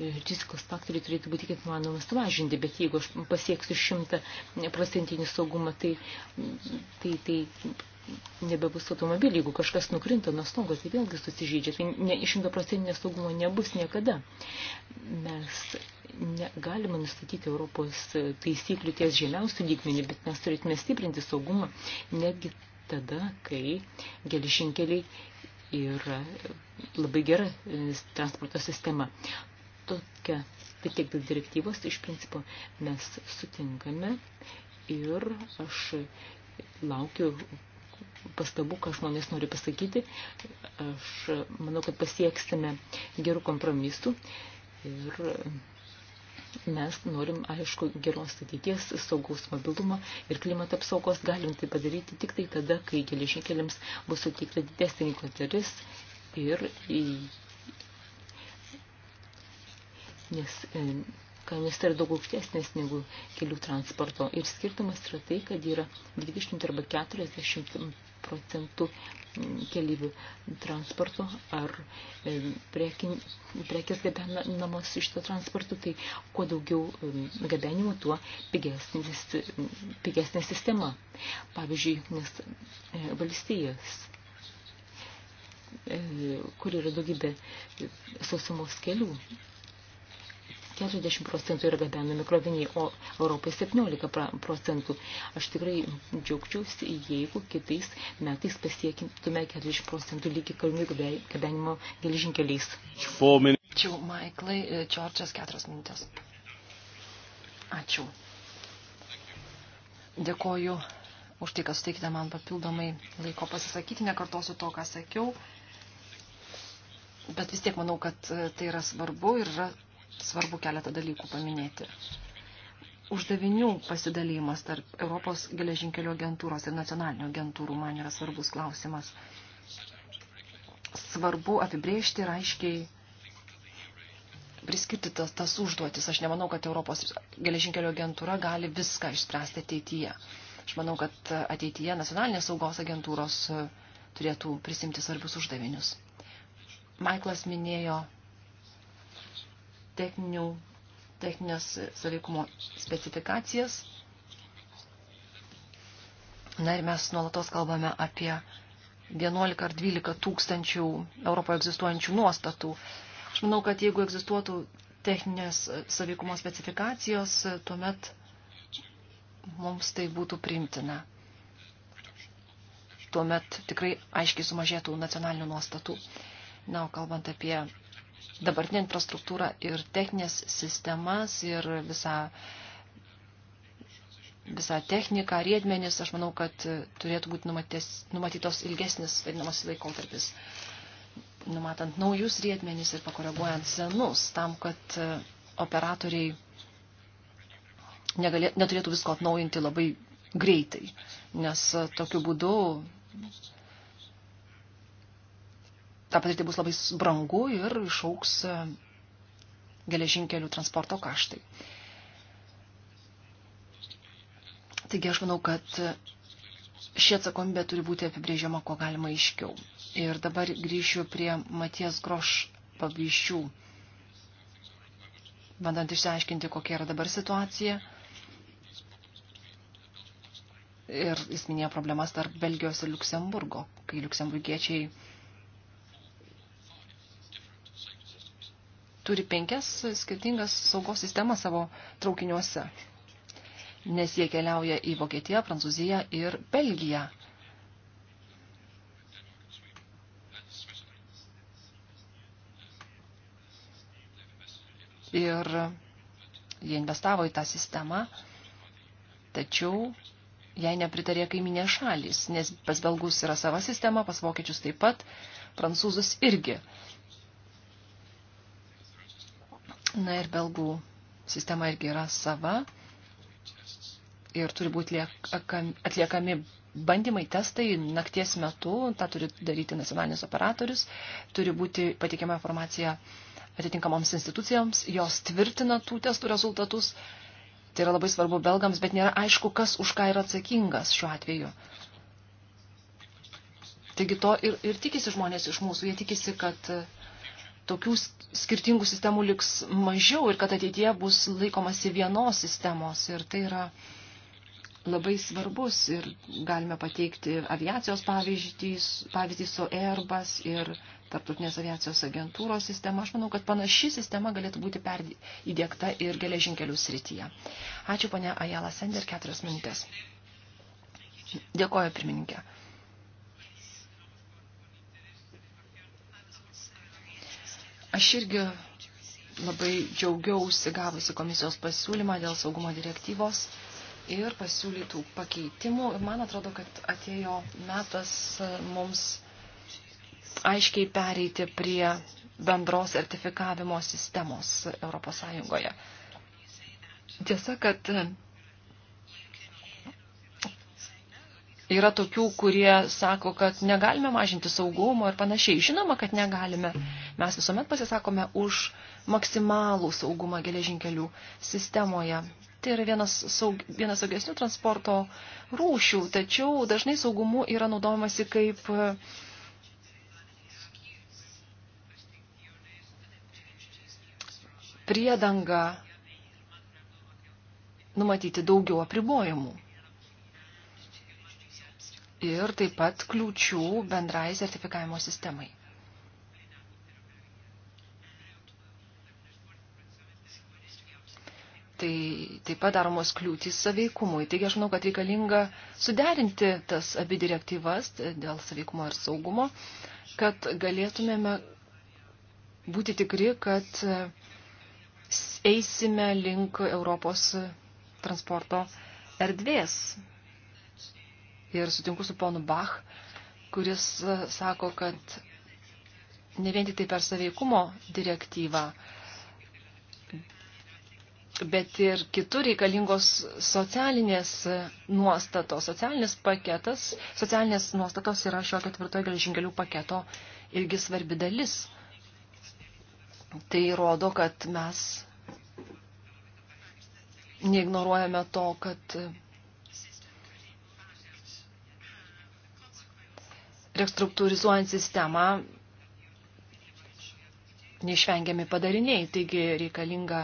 e, rizikos faktoriai turėtų būti kiek manoma sumažinti, bet jeigu aš pasieksiu šimtą procentinį saugumą, tai, tai, tai nebebus automobilį, jeigu kažkas nukrinta nuo stogos, tai vėlgi susižydžia, tai ne, šimto procentinio saugumo nebus niekada. Mes negalime nustatyti Europos taisyklių ties žemiausių lygmenį, bet mes turėtume stiprinti saugumą netgi tada, kai gelišinkeliai ir labai gera e, transporto sistema. Tokia, tai tiek dėl direktyvos, iš principo mes sutinkame ir aš laukiu pastabų, ką žmonės nori pasakyti. Aš manau, kad pasieksime gerų kompromisų ir Mes norim, aišku, geros ateities, saugaus mobilumo ir klimato apsaugos galim tai padaryti tik tai tada, kai geležinkeliams bus suteikta didesnė rinkos dalis ir į... Nes e, kainos yra daug aukštesnės negu kelių transporto. Ir skirtumas yra tai, kad yra 20 arba 40 procentų mm, keliaivių transporto ar e, prekės gabenamos iš to transporto, tai kuo daugiau mm, gabenimų, tuo pigesnis, mm, pigesnė sistema. Pavyzdžiui, nes valstijas e, kur yra daugybė e, sausumos kelių 40 procentų yra gabenami kroviniai, o Europai 17 procentų. Aš tikrai džiaugčiausi, jeigu kitais metais pasiekintume 40 procentų lygį kalnių gabenimo geležinkeliais. Ačiū, Maiklai. Čorčias, keturias minutės. Ačiū. Dėkoju už tai, kad suteikite man papildomai laiko pasisakyti, nekartosiu to, ką sakiau. Bet vis tiek manau, kad e, tai yra svarbu ir yra svarbu keletą dalykų paminėti. Uždavinių pasidalymas tarp Europos geležinkelio agentūros ir nacionalinio agentūrų man yra svarbus klausimas. Svarbu apibrėžti ir aiškiai priskirti tas, tas užduotis. Aš nemanau, kad Europos geležinkelio agentūra gali viską išspręsti ateityje. Aš manau, kad ateityje nacionalinės saugos agentūros turėtų prisimti svarbius uždavinius. Maiklas minėjo techninių, techninės saveikumo specifikacijas. Na ir mes nuolatos kalbame apie 11 ar 12 tūkstančių Europoje egzistuojančių nuostatų. Aš manau, kad jeigu egzistuotų techninės saveikumo specifikacijos, tuomet mums tai būtų primtina. Tuomet tikrai aiškiai sumažėtų nacionalinių nuostatų. Na, o kalbant apie dabartinę infrastruktūrą ir techninės sistemas ir visą, visą techniką, riedmenis, aš manau, kad turėtų būti numatės, numatytos ilgesnis vadinamas laikotarpis, numatant naujus riedmenis ir pakoreguojant senus, tam, kad e, operatoriai negalė, neturėtų visko atnaujinti labai greitai, nes e, tokiu būdu tą patirtį tai bus labai brangu ir išauks e, geležinkelių transporto kaštai. Taigi aš manau, kad e, ši atsakomybė turi būti apibrėžiama, ko galima aiškiau. Ir dabar grįšiu prie Maties Groš pavyzdžių, bandant išsiaiškinti, kokia yra dabar situacija. Ir jis minėjo problemas tarp Belgijos ir Luksemburgo, kai liuksemburgiečiai turi penkias skirtingas saugos sistemas savo traukiniuose, nes jie keliauja į Vokietiją, Prancūziją ir Belgiją. Ir jie investavo į tą sistemą, tačiau jai nepritarė kaiminė šalis, nes pas belgus yra sava sistema, pas vokiečius taip pat, prancūzus irgi. Na ir belgų sistema irgi yra sava ir turi būti atliekami bandymai, testai nakties metu, tą turi daryti nacionalinis operatorius, turi būti pateikiama informacija atitinkamoms institucijoms, jos tvirtina tų testų rezultatus. Tai yra labai svarbu belgams, bet nėra aišku, kas už ką yra atsakingas šiuo atveju. Taigi to ir, ir tikisi žmonės iš mūsų. Jie tikisi, kad uh, tokių skirtingų sistemų liks mažiau ir kad ateitie bus laikomasi vienos sistemos. Ir tai yra labai svarbus ir galime pateikti aviacijos pavyzdį su Airbus ir Tarptautinės aviacijos agentūros sistema. Aš manau, kad panaši sistema galėtų būti įdėkta ir geležinkelių srityje. Ačiū, ponia Ajala Sender, keturias minutės. Dėkoju, pirmininkė. Aš irgi labai džiaugiausi gavusi komisijos pasiūlymą dėl saugumo direktyvos ir pasiūlytų pakeitimų. Ir man atrodo, kad atėjo metas e, mums aiškiai pereiti prie bendros sertifikavimo sistemos Europos Sąjungoje. Tiesa, kad Yra tokių, kurie sako, kad negalime mažinti saugumo ir panašiai. Žinoma, kad negalime. Mes visuomet pasisakome už maksimalų saugumą geležinkelių sistemoje. Tai yra vienas, saug, vienas saugesnių transporto rūšių, tačiau dažnai saugumu yra naudojamasi kaip priedanga numatyti daugiau apribojimų ir taip pat kliūčių bendrai sertifikavimo sistemai. Tai taip pat daromos kliūtys saveikumui. Taigi aš manau, kad reikalinga suderinti tas abi direktyvas dėl saveikumo ir saugumo, kad galėtumėme būti tikri, kad eisime link Europos transporto erdvės ir sutinku su ponu Bach, kuris e, sako, kad ne vien tik tai per saveikumo direktyvą, bet ir kitur reikalingos socialinės nuostatos. Socialinis paketas, socialinės nuostatos yra šio ketvirtojo geležinkelių paketo irgi svarbi dalis. Tai rodo, kad mes neignoruojame to, kad restruktūrizuojant sistemą neišvengiami padariniai, taigi reikalinga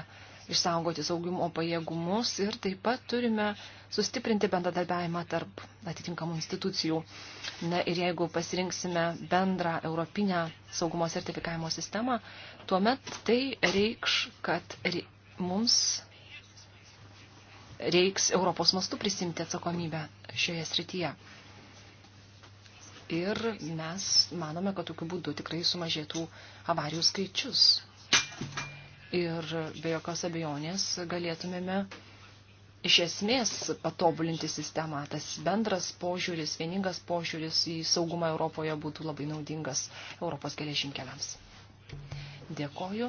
išsaugoti saugumo pajėgumus ir taip pat turime sustiprinti bendradarbiavimą tarp atitinkamų institucijų. Na ir jeigu pasirinksime bendrą europinę saugumo sertifikavimo sistemą, tuomet tai reikš, kad re... mums reiks Europos mastu prisimti atsakomybę šioje srityje ir mes manome, kad tokiu būdu tikrai sumažėtų avarijų skaičius. Ir be jokios abejonės galėtumėme iš esmės patobulinti sistemą. Tas bendras požiūris, vieningas požiūris į saugumą Europoje būtų labai naudingas Europos geležinkeliams. Dėkoju.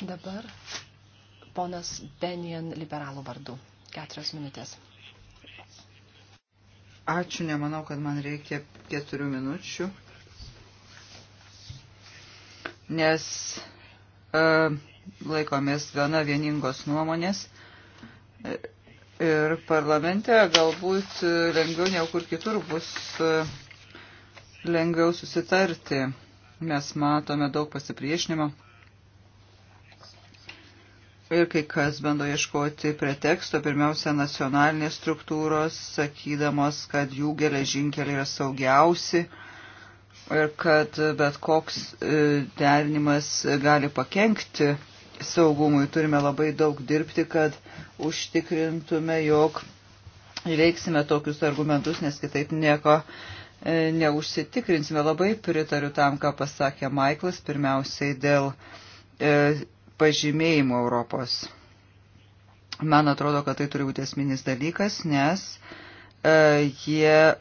Dabar ponas Benjen liberalų vardu. Keturios minutės. Ačiū, nemanau, kad man reikia keturių minučių, nes e, laikomės gana vieningos nuomonės. E, ir parlamente galbūt lengviau, ne kur kitur bus e, lengviau susitarti. Mes matome daug pasipriešinimo. Ir kai kas bando ieškoti preteksto, pirmiausia, nacionalinės struktūros, sakydamos, kad jų geležinkeliai yra saugiausi ir kad bet koks e, derinimas gali pakenkti saugumui. Turime labai daug dirbti, kad užtikrintume, jog įveiksime tokius argumentus, nes kitaip nieko e, neužsitikrinsime. Labai pritariu tam, ką pasakė Maiklas, pirmiausiai dėl e, pažymėjimų Europos. Man atrodo, kad tai turi būti esminis dalykas, nes e, jie e,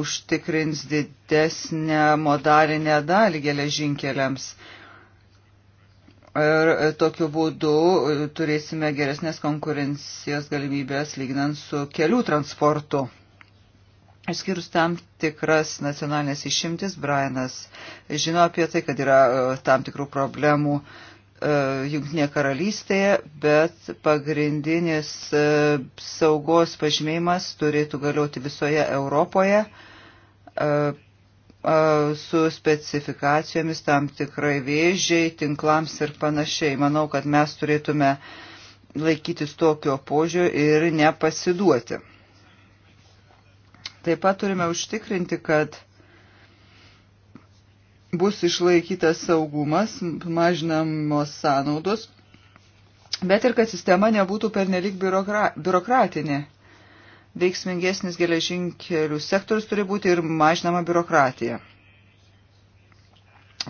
užtikrins didesnę modalinę dalį geležinkeliams. Ir e, tokiu būdu turėsime geresnės konkurencijos galimybės lyginant su kelių transportu. Išskyrus tam tikras nacionalinės išimtis, Brianas žino apie tai, kad yra tam tikrų problemų uh, E, Junktinėje karalystėje, bet pagrindinis e, saugos pažymėjimas turėtų galioti visoje Europoje e, su specifikacijomis tam tikrai vėžiai, tinklams ir panašiai. Manau, kad mes turėtume laikytis tokio požiūrio ir nepasiduoti. Taip pat turime užtikrinti, kad bus išlaikytas saugumas, mažinamos sąnaudos, bet ir kad sistema nebūtų pernelik biurokra biurokratinė. Veiksmingesnis geležinkelių sektorius turi būti ir mažinama biurokratija.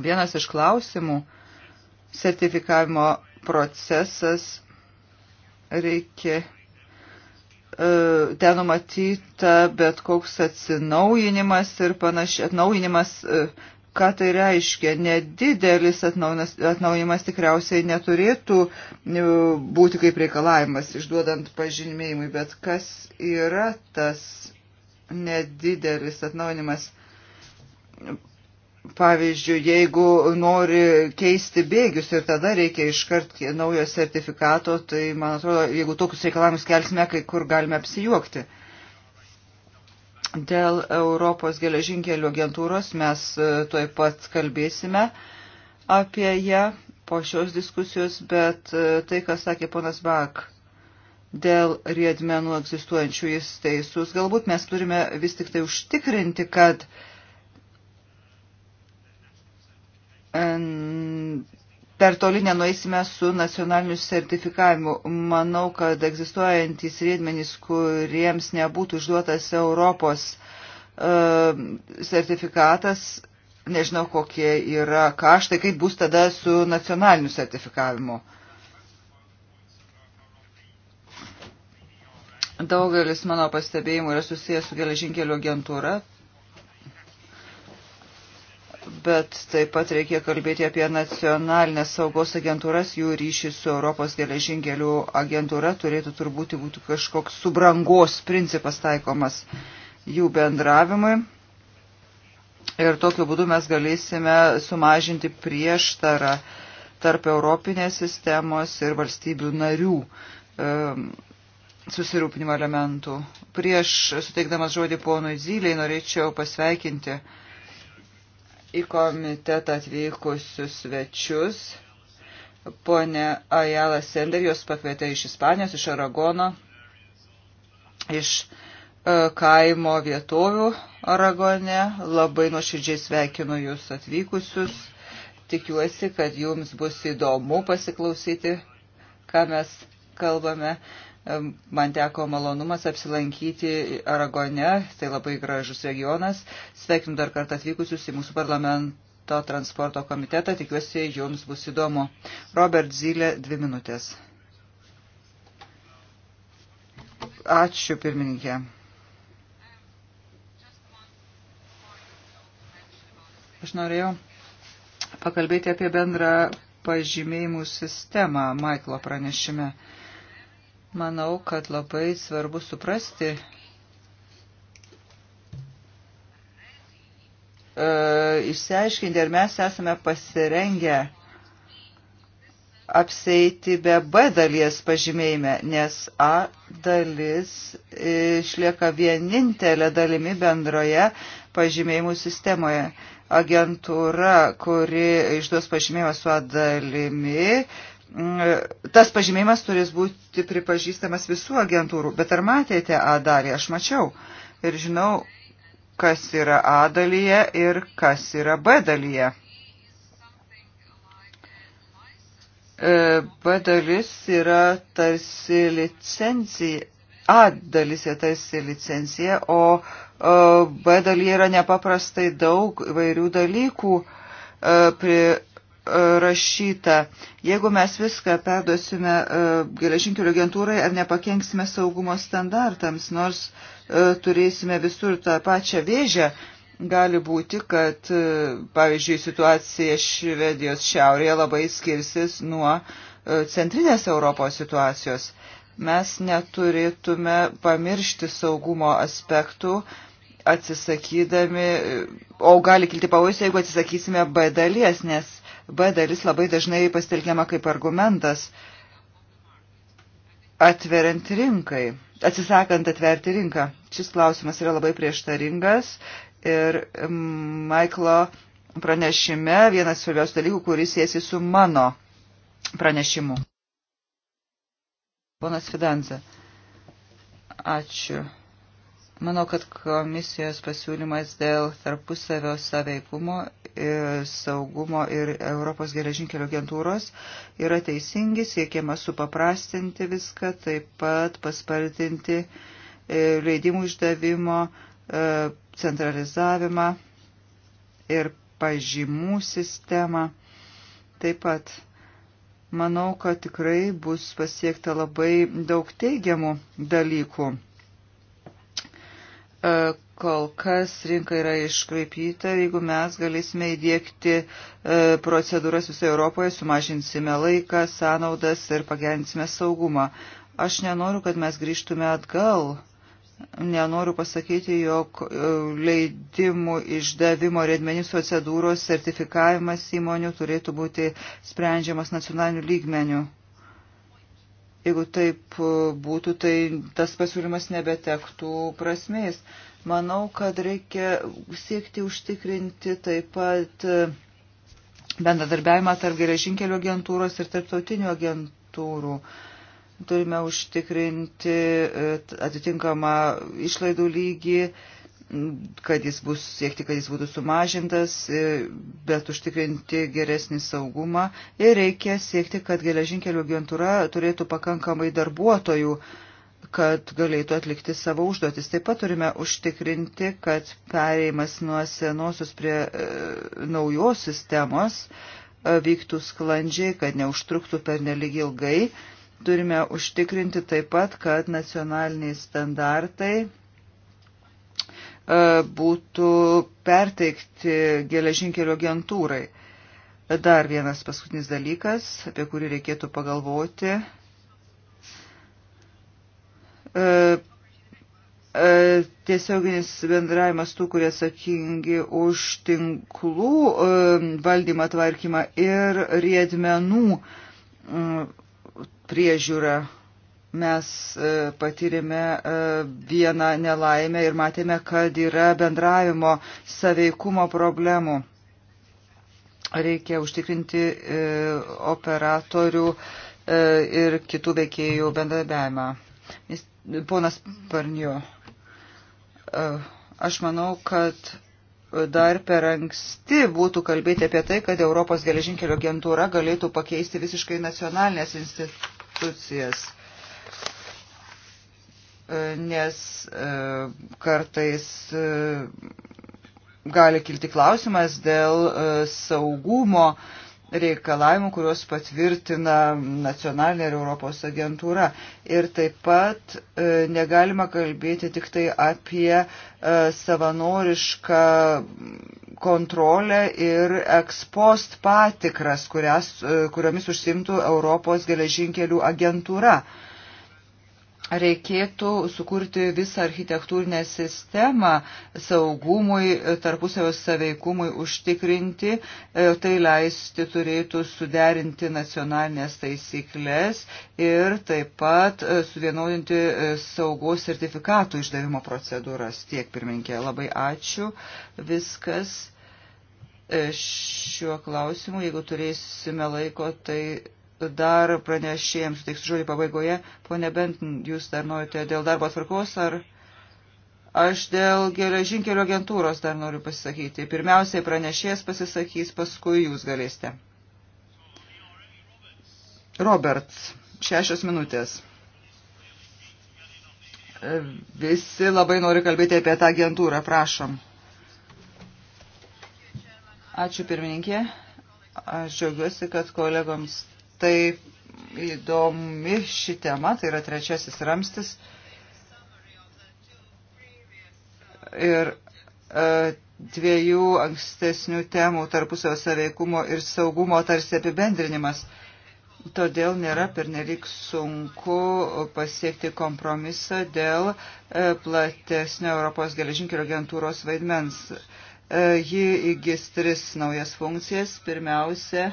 Vienas iš klausimų - sertifikavimo procesas reikia e, ten numatyta bet koks atsinaujinimas ir panašiai, atnaujinimas e, ką tai reiškia. Nedidelis atnaujimas tikriausiai neturėtų e, būti kaip reikalavimas išduodant pažymėjimui, bet kas yra tas nedidelis atnaujinimas? Pavyzdžiui, jeigu nori keisti bėgius ir tada reikia iškart naujo sertifikato, tai man atrodo, jeigu tokius reikalavimus kelsime, kai kur galime apsijuokti. Uh, Dėl Europos geležinkelių agentūros mes e, tuoj pat kalbėsime apie ją po šios diskusijos, bet e, tai, kas sakė ponas Bak, dėl riedmenų egzistuojančių jis teisus, galbūt mes turime vis tik tai užtikrinti, kad e, per toli nenueisime su nacionaliniu sertifikavimu. Manau, kad egzistuojantys riedmenys, kuriems nebūtų išduotas Europos uh, sertifikatas, nežinau, kokie yra kaštai, kaip bus tada su nacionaliniu sertifikavimu. Daugelis mano pastebėjimų yra susijęs su geležinkelio agentūra, bet taip pat reikia kalbėti apie nacionalinės saugos agentūras, jų ryšys su Europos geležinkelių agentūra turėtų turbūt būti kažkoks subrangos principas taikomas jų bendravimui. Ir tokiu būdu mes galėsime sumažinti prieštarą tarp Europinės sistemos ir valstybių narių susirūpinimo elementų. Prieš suteikdamas žodį ponui Zyliai norėčiau pasveikinti uh, į komitetą atvykusius svečius. Pone Ajala Sender juos pakvietė iš Ispanijos, iš Aragono, iš e, kaimo vietovių Aragone. Labai nuoširdžiai sveikinu jūs atvykusius. Tikiuosi, kad jums bus įdomu pasiklausyti, ką mes kalbame. Man teko malonumas apsilankyti Aragone, tai labai gražus regionas. Sveikinu dar kartą atvykusius į mūsų parlamento transporto komitetą, tikiuosi jums bus įdomu. Robert Zylė, dvi minutės. Ačiū pirmininkė. Aš norėjau pakalbėti apie bendrą pažymėjimų sistemą Maiklo pranešime. Uh, Manau, kad labai svarbu suprasti e, išsiaiškinti, ar mes esame pasirengę apseiti be B dalies pažymėjime, nes A dalis išlieka vienintelė dalimi bendroje pažymėjimų sistemoje. Agentūra, kuri išduos pažymėjimą su A dalimi, uh, Mm, tas pažymėjimas turės būti pripažįstamas visų agentūrų. Bet ar matėte A dalį? Aš mačiau ir žinau, kas yra A dalyje ir kas yra B dalyje. E, B dalis yra tarsi licencija, A dalis yra tarsi licencija, o B dalyje yra nepaprastai daug įvairių dalykų. E, pri rašyta, jeigu mes viską perduosime e, geležinkelio agentūrai, ar nepakenksime saugumo standartams, nors e, turėsime visur tą pačią vėžę, gali būti, kad, e, pavyzdžiui, situacija Švedijos šiaurėje labai skirsis nuo centrinės Europos situacijos. Mes neturėtume pamiršti saugumo aspektų, atsisakydami, o gali kilti pavojus, jeigu atsisakysime B dalies, nes B dalis labai dažnai pasitelkiama kaip argumentas atveriant rinkai, atsisakant atverti rinką. Šis klausimas yra labai prieštaringas ir Maiklo pranešime vienas svarbiausių dalykų, kuris sėsi su mano pranešimu. Ponas Fidanza. Ačiū. Manau, kad komisijos pasiūlymas dėl tarpusavio saveikumo e, saugumo ir Europos geležinkelio agentūros yra teisingi, siekiama supaprastinti viską, taip pat paspartinti e, leidimų išdavimo, e, centralizavimą ir pažymų sistemą. Taip pat manau, kad tikrai bus pasiekta labai daug teigiamų dalykų. E, kol kas rinka yra iškraipyta, jeigu mes galėsime įdėkti e, procedūras visoje Europoje, sumažinsime laiką, sąnaudas ir pagerinsime saugumą. Aš nenoriu, kad mes grįžtume atgal. Nenoriu pasakyti, jog e, leidimų išdavimo redmenys procedūros sertifikavimas įmonių turėtų būti sprendžiamas nacionaliniu lygmeniu. Jeigu taip e, būtų, tai tas pasiūlymas nebetektų prasmės. Manau, kad reikia siekti užtikrinti taip pat e, bendradarbiavimą tarp geležinkelio agentūros ir tarptautinių agentūrų. Turime užtikrinti e, atitinkamą išlaidų lygį kad jis bus siekti, kad jis būtų sumažintas, e, bet užtikrinti geresnį saugumą. Ir reikia siekti, kad geležinkelių agentūra turėtų pakankamai darbuotojų, kad galėtų atlikti savo užduotis. Taip pat turime užtikrinti, kad pereimas nuo senosios prie e, naujos sistemos e, vyktų sklandžiai, kad neužtruktų per nelig ilgai. Turime užtikrinti taip pat, kad nacionaliniai standartai E, būtų perteikti geležinkelio agentūrai. Dar vienas paskutinis dalykas, apie kurį reikėtų pagalvoti. E, e, tiesioginis bendravimas tų, kurie atsakingi už tinklų valdymą, tvarkymą ir riedmenų priežiūrą mes e, patyrėme e, vieną nelaimę ir matėme, kad yra bendravimo saveikumo problemų. Reikia užtikrinti e, operatorių ir kitų veikėjų bendradarbiavimą. Ponas Parnio, aš manau, kad dar per anksti būtų kalbėti apie tai, kad Europos geležinkelio agentūra galėtų pakeisti visiškai nacionalinės institucijas nes e, kartais e, gali kilti klausimas dėl e, saugumo reikalavimų, kuriuos patvirtina nacionalinė ir Europos agentūra. Ir taip pat negalima kalbėti tik tai apie savanorišką kontrolę ir ekspost patikras, kurias, kuriomis užsimtų Europos geležinkelių agentūra reikėtų sukurti visą architektūrinę sistemą saugumui, tarpusavio saveikumui užtikrinti. E, tai leisti turėtų suderinti nacionalinės taisyklės ir taip pat e, suvienodinti e, saugos sertifikatų išdavimo procedūras. Tiek, pirminkė, labai ačiū. Viskas šiuo klausimu, jeigu turėsime laiko, tai dar pranešėjams suteiksiu žodį pabaigoje. Pone Bent, jūs dar norite dėl darbo tvarkos ar aš dėl geležinkelio agentūros dar noriu pasisakyti. Pirmiausiai pranešėjas pasisakys, paskui jūs galėsite. Roberts, šešios minutės. Visi labai nori kalbėti apie tą agentūrą, prašom. Ačiū pirmininkė. Aš džiaugiuosi, kad kolegoms tai įdomi ši tema, tai yra trečiasis ramstis. Ir e, dviejų ankstesnių temų tarpusio saveikumo ir saugumo tarsi apibendrinimas. Todėl nėra pernelyg sunku pasiekti kompromisą dėl e, platesnio Europos geležinkelio agentūros vaidmens. E, ji įgis tris naujas funkcijas. Pirmiausia,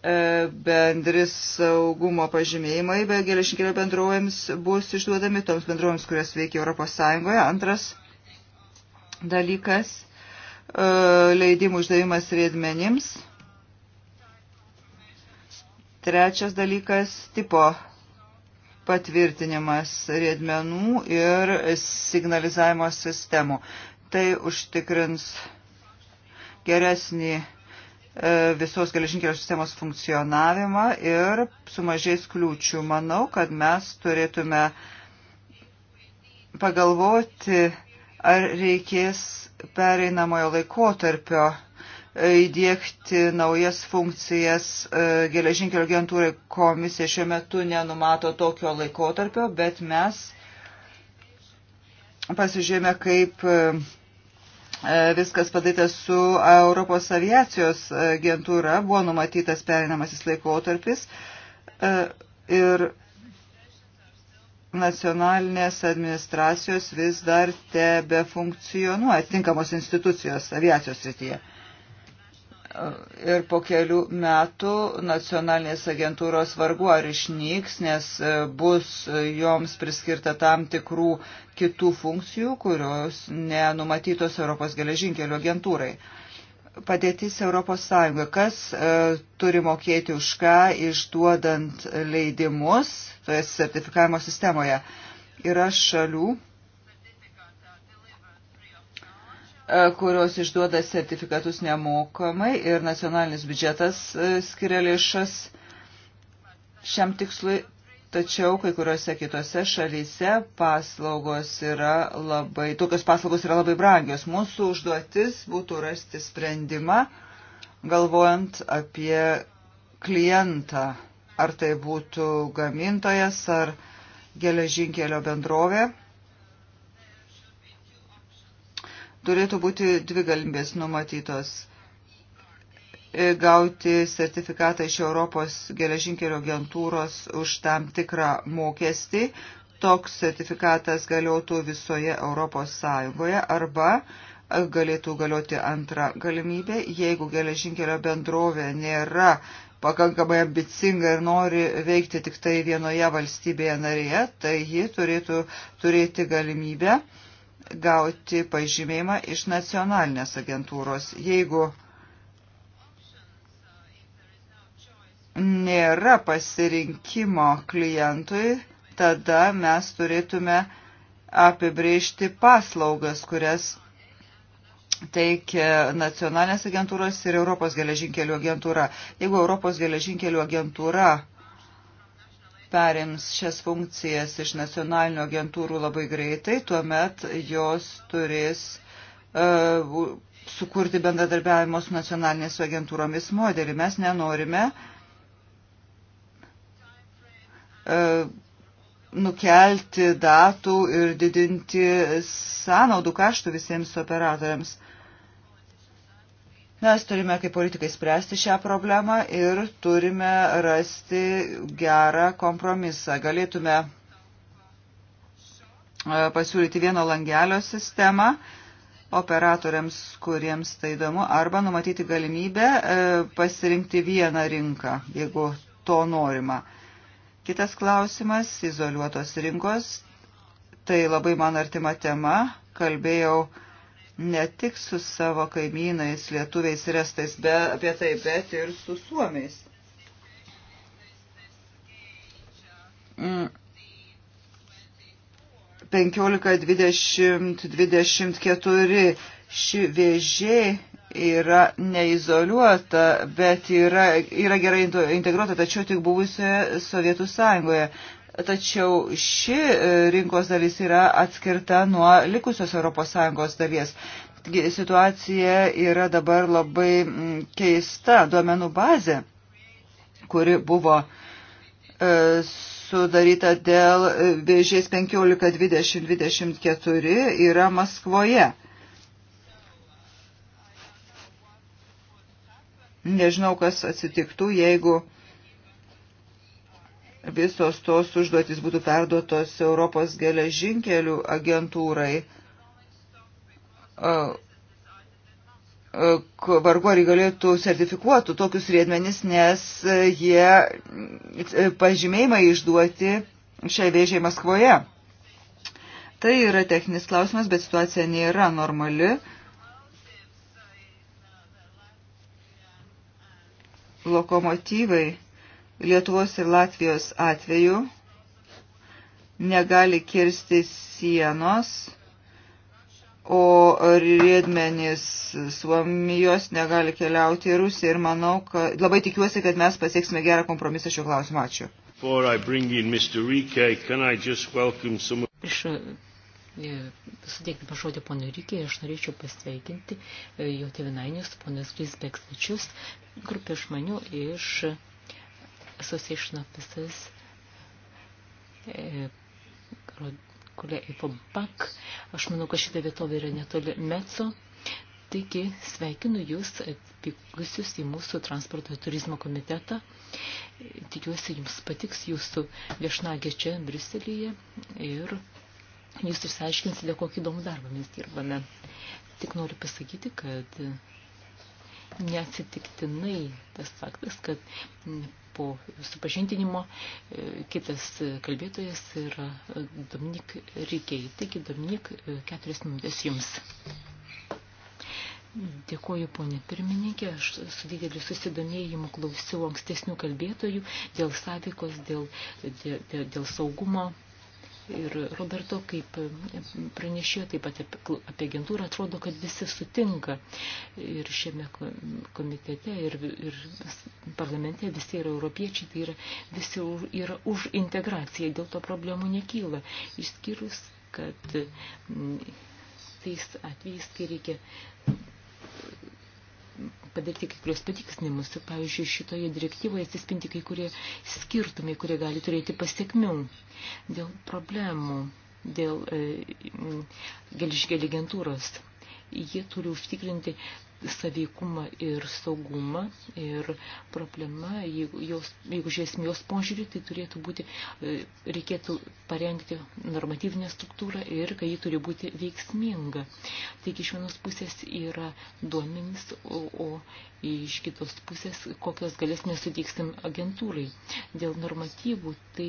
E, bendri saugumo pažymėjimai be geležinkelio bendrovėms bus išduodami toms bendrovėms, kurios veikia Europos Sąjungoje. Antras dalykas e, – leidimų išdavimas riedmenims. Trečias dalykas – tipo patvirtinimas riedmenų ir signalizavimo sistemų. Tai užtikrins geresnį E, visos geležinkelio sistemos funkcionavimą ir sumažės kliūčių. Manau, kad mes turėtume pagalvoti, ar reikės pereinamojo laikotarpio įdėkti naujas funkcijas e, geležinkelio agentūrai. Komisija šiuo metu nenumato tokio laikotarpio, bet mes pasižiūrėjome, kaip e, E, viskas padaryta su Europos aviacijos agentūra, buvo numatytas perinamasis laikotarpis e, ir nacionalinės administracijos vis dar tebe funkcionuoja tinkamos institucijos aviacijos srityje. Ir po kelių metų nacionalinės agentūros vargu ar išnyks, nes e, bus joms priskirta tam tikrų kitų funkcijų, kurios nenumatytos Europos geležinkelio agentūrai. Padėtis Europos Sąjunga. Kas e, turi mokėti už ką išduodant leidimus toje sertifikavimo sistemoje? Yra šalių, E, kurios išduoda sertifikatus nemokamai ir nacionalinis biudžetas e, skiria lėšas šiam tikslui, tačiau kai kuriuose kitose šalyse paslaugos yra labai, tokios paslaugos yra labai brangios. Mūsų užduotis būtų rasti sprendimą, galvojant apie klientą, ar tai būtų gamintojas, ar geležinkelio bendrovė. turėtų būti dvi galimybės numatytos e, gauti sertifikatą iš Europos geležinkelio agentūros už tam tikrą mokestį. Toks sertifikatas galiotų visoje Europos Sąjungoje arba e, galėtų galioti antrą galimybę, jeigu geležinkelio bendrovė nėra pakankamai ambicinga ir nori veikti tik tai vienoje valstybėje narėje, tai ji turėtų turėti galimybę uh, gauti pažymėjimą iš nacionalinės agentūros. Jeigu nėra pasirinkimo klientui, tada mes turėtume apibrėžti paslaugas, kurias teikia nacionalinės agentūros ir Europos geležinkelių agentūra. Jeigu Europos geležinkelių agentūra perims šias funkcijas iš nacionalinių agentūrų labai greitai, tuomet jos turės uh, sukurti bendradarbiavimo su nacionalinės agentūromis modelį. Mes nenorime uh, nukelti datų ir didinti sąnaudų kaštų visiems operatoriams. Uh, Mes turime kaip politikai spręsti šią problemą ir turime rasti gerą kompromisą. Galėtume e, pasiūlyti vieno langelio sistemą operatoriams, kuriems tai įdomu, arba numatyti galimybę e, pasirinkti vieną rinką, jeigu to norima. Kitas klausimas - izoliuotos rinkos. Tai labai man artima tema. Kalbėjau ne tik su savo kaimynais, lietuviais ir estais be, apie tai, bet ir su suomiais. Mm. 15-20-24 ši vėžė yra neizoliuota, bet yra, yra gerai integruota, tačiau tik buvusioje Sovietų sąjungoje tačiau ši e, rinkos dalis yra atskirta nuo likusios ES dalies. Situacija yra dabar labai mm, keista duomenų bazė, kuri buvo e, sudaryta dėl e, vėžės 15-20-24 yra Maskvoje. Nežinau, kas atsitiktų, jeigu uh, visos tos užduotis būtų perduotos Europos geležinkelių agentūrai. Vargu ar galėtų sertifikuotų tokius riedmenis, nes e, jie e, pažymėjimai išduoti šiai vėžiai Maskvoje. Tai yra techninis klausimas, bet situacija nėra normali. Lokomotyvai Lietuvos ir Latvijos atveju negali kirsti sienos, o riedmenys Suomijos negali keliauti į Rusiją. Ir manau, kad labai tikiuosi, kad mes pasieksime gerą kompromisą šiuo klausimu. Ačiū. Prieš e, sudėkime žodį ponui Rykiai, aš norėčiau pasveikinti e, jo tėvinainius, ponas Grisbek Svečius, grupė žmonių iš, manių, iš Association Officers, kurie įpabak. E, Aš manau, kad šita vietovė yra netoli Meco. Taigi sveikinu Jūs atvykusius į mūsų transporto turizmo komitetą. Tikiuosi, Jums patiks Jūsų viešnagė čia, Briuselyje ir Jūs išsiaiškinsite, kokį įdomų darbą mes dirbame. Tik noriu pasakyti, kad neatsitiktinai tas faktas, kad po supažintinimo. E, kitas kalbėtojas yra e, Dominik Reikiai. Taigi, Dominik, e, keturias minutės jums. Dėkuoju, ponė pirmininkė. Aš su dideliu susidomėjimu klausiau ankstesnių kalbėtojų dėl savykos, dėl, dėl, dėl saugumo ir Roberto kaip pranešėjo, taip pat apie agentūrą, atrodo, kad visi sutinka ir šiame komitete, ir, ir parlamente visi yra europiečiai, tai yra, visi yra už integraciją, dėl to problemų nekyla, išskyrus, kad tais atvejais, kai reikia padaryti kai kurios patiksnimus. Pavyzdžiui, šitoje direktyvoje atsispinti kai kurie skirtumai, kurie gali turėti pasiekmių dėl problemų, dėl e, geliškelių agentūros. Jie turi užtikrinti saveikumą ir saugumą. Ir problema, jeigu, jos, jeigu žiūrėsim jos požiūrį, tai turėtų būti, e, reikėtų parengti normatyvinę struktūrą ir kad ji turi būti veiksminga. Taigi iš vienos pusės yra duomenys, o, o iš kitos pusės kokios galės nesuteiksim agentūrai. Dėl normatyvų tai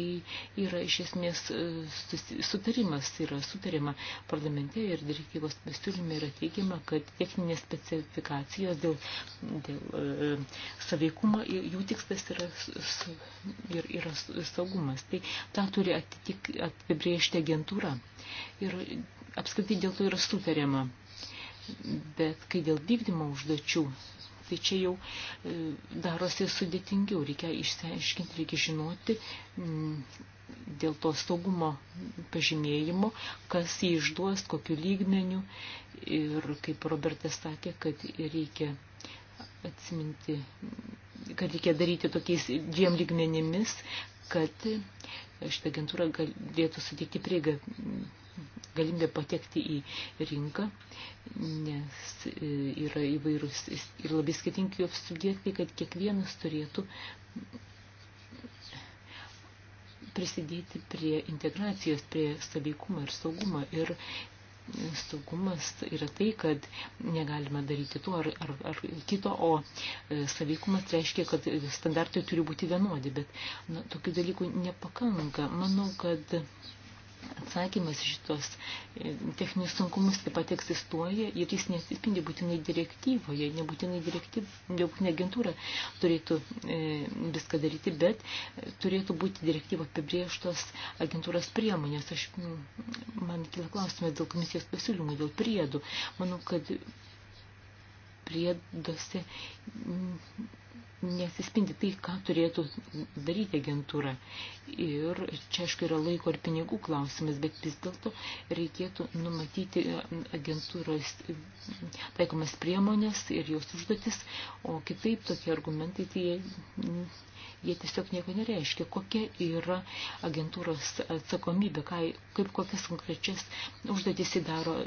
yra iš esmės e, sutarimas, yra sutarima parlamente ir direktyvos pasiūlyme yra teigiama, kad techninės specifikacijos specifikacijos, dėl, dėl e, saveikumo, jų tikslas yra, ir, yra saugumas. Tai tą turi atitik, apibriežti agentūra. Ir apskritai dėl to yra sutariama. Bet kai dėl vykdymo užduočių, tai čia jau e, darosi sudėtingiau, reikia išsiaiškinti, reikia žinoti, dėl to saugumo pažymėjimo, kas jį išduos, kokiu lygmeniu. Ir kaip Robertas sakė, kad reikia atsiminti, kad reikia daryti tokiais dviem lygmenimis, kad šitą agentūrą galėtų suteikti prieigą galimybę patekti į rinką, nes e, yra įvairūs ir labai skirtingi subjektai, kad kiekvienas turėtų prisidėti prie integracijos, prie saveikumo ir saugumo. Ir saugumas yra tai, kad negalima daryti to ar, ar, ar kito, o e, saveikumas reiškia, kad standartai turi būti vienodi, bet na, tokių dalykų nepakanka. Manau, kad atsakymas šitos e, techninius sunkumus taip pat egzistuoja ir jis nesispindi būtinai direktyvoje, nebūtinai direktyv, nebūtinai agentūra turėtų e, viską daryti, bet e, turėtų būti direktyvo apibrieštos agentūros priemonės. Aš, man kila klausimas dėl komisijos pasiūlymų, dėl priedų. Manau, kad prieduose nesispindi tai, ką turėtų daryti agentūra. Ir čia, aišku, yra laiko ir pinigų klausimas, bet vis dėlto reikėtų numatyti e, agentūros e, taikomas priemonės ir jos užduotis, o kitaip tokie argumentai, tai jie, jie tiesiog nieko nereiškia. Kokia yra agentūros atsakomybė, kai, kaip kokias konkrečias užduotis įdaro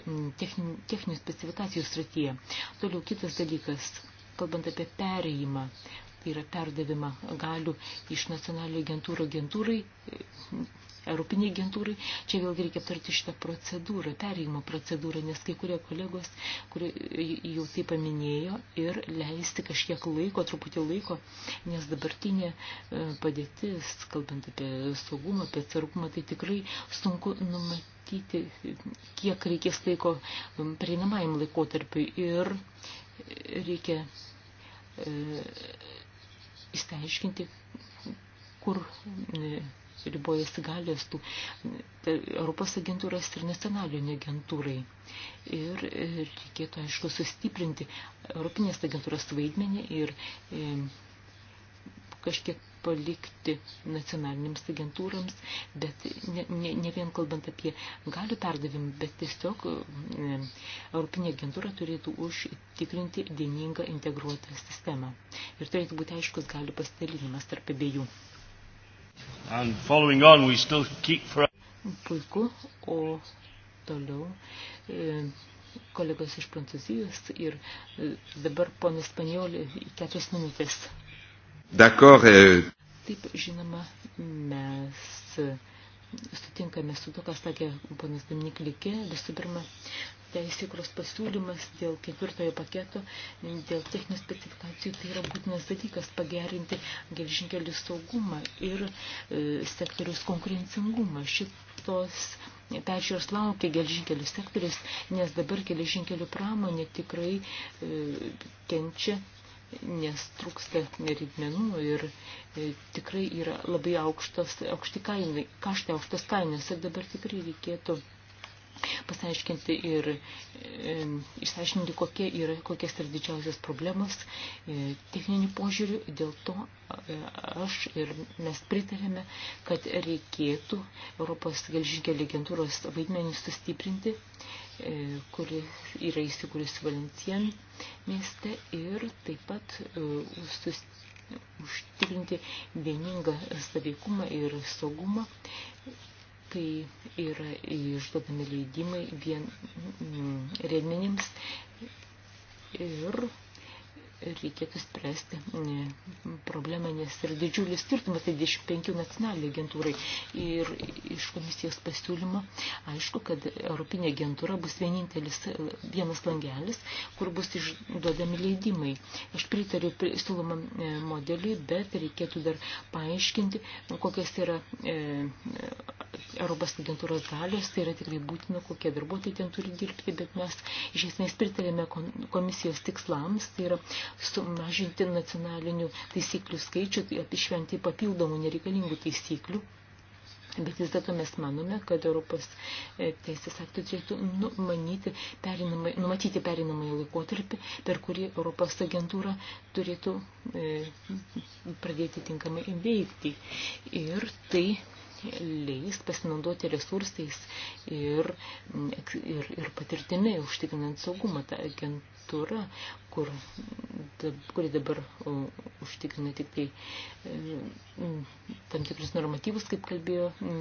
techninių, techninių specifikacijų srityje. Toliau kitas dalykas kalbant apie perėjimą, tai yra perdavimą galių iš nacionalinių agentūrų agentūrai, Europiniai agentūrai. Čia vėlgi reikia aptarti šitą procedūrą, perėjimo procedūrą, nes kai kurie kolegos, kurie jau tai paminėjo, ir leisti kažkiek laiko, truputį laiko, nes dabartinė e, padėtis, kalbant apie saugumą, apie atsargumą, tai tikrai sunku numatyti nustatyti, kiek reikės laiko prieinamajam laikotarpiu ir reikia e, įsiaiškinti, kur e, ribojasi galės tų e, Europos agentūros ir nacionalinių agentūrai. Ir e, reikėtų, aišku, sustiprinti Europinės agentūros vaidmenį ir kažkiek palikti nacionalinėms agentūrams, bet ne, ne, ne vien kalbant apie galių perdavimą, bet tiesiog e, Europinė agentūra turėtų užtikrinti vieningą integruotą sistemą. Ir turėtų būti aiškus galių pasidalinimas tarp abiejų. On, keep... Puiku, o toliau. E, kolegos iš Prancūzijos ir e, dabar ponas Paniolį keturias minutės. D'accord. Eh... Taip, žinoma, mes sutinkame su to, ką sakė panas Dominik Likė, visų pirma, teisėkros pasiūlymas dėl ketvirtojo paketo, dėl techninių specifikacijų, tai yra būtinas dalykas pagerinti gelžinkelių saugumą ir e, sektorius konkurencingumą. Šitos peržiūros laukia gelžinkelių sektorius, nes dabar gelžinkelių pramonė tikrai e, kenčia nes trūksta neridmenų ir e, tikrai yra labai aukštos, aukšti kainai, kaštai aukštos kainos ir dabar tikrai reikėtų pasiaiškinti ir e, išsiaiškinti, kokie yra, kokias yra didžiausias problemas e, techninių požiūrių. Dėl to e, aš ir mes pritarėme, kad reikėtų Europos gelžinkelių agentūros vaidmenį sustiprinti. E, E, kuris yra įsikūrusi Valencien mieste ir taip pat e, sus, užtikrinti vieningą saveikumą ir saugumą, kai yra išduodami leidimai vien, mm, redmenims ir reikėtų spręsti problemą, nes yra didžiulis skirtumas 25 tai nacionaliniai agentūrai. Ir iš komisijos pasiūlymo aišku, kad Europinė agentūra bus vienintelis vienas langelis, kur bus išduodami leidimai. Aš pritariu siūlomam e, modeliui, bet reikėtų dar paaiškinti, kokias yra e, Europos agentūros galios, tai yra tikrai būtina, kokie darbuotojai ten turi dirbti, bet mes iš esmės pritarėme komisijos tikslams, tai yra sumažinti nacionalinių taisyklių skaičių, tai apišventi papildomų nereikalingų taisyklių. Bet vis dėlto mes manome, kad Europos e, teisės aktų turėtų numanyti, perinamai, numatyti perinamąjį laikotarpį, per kurį Europos agentūra turėtų e, pradėti tinkamai veikti. Ir tai leis pasinaudoti resursais ir, ir, ir patirtimi, užtikrinant saugumą. Ta agent, kultūra, kur, kuri dabar užtikrina tik tai e, tam tikrus normatyvus, kaip kalbėjo e,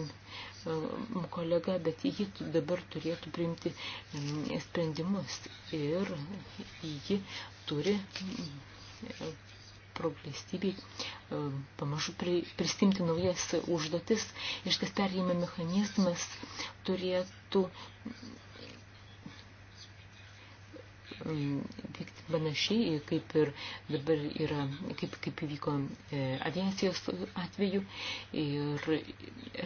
kolega, bet ji dabar turėtų priimti e, sprendimus ir ji turi progresyviai pamažu pri, pristimti naujas užduotis ir tas perėjimo mechanizmas turėtų vykti panašiai, kaip ir dabar yra, kaip, kaip įvyko e, aviacijos atveju ir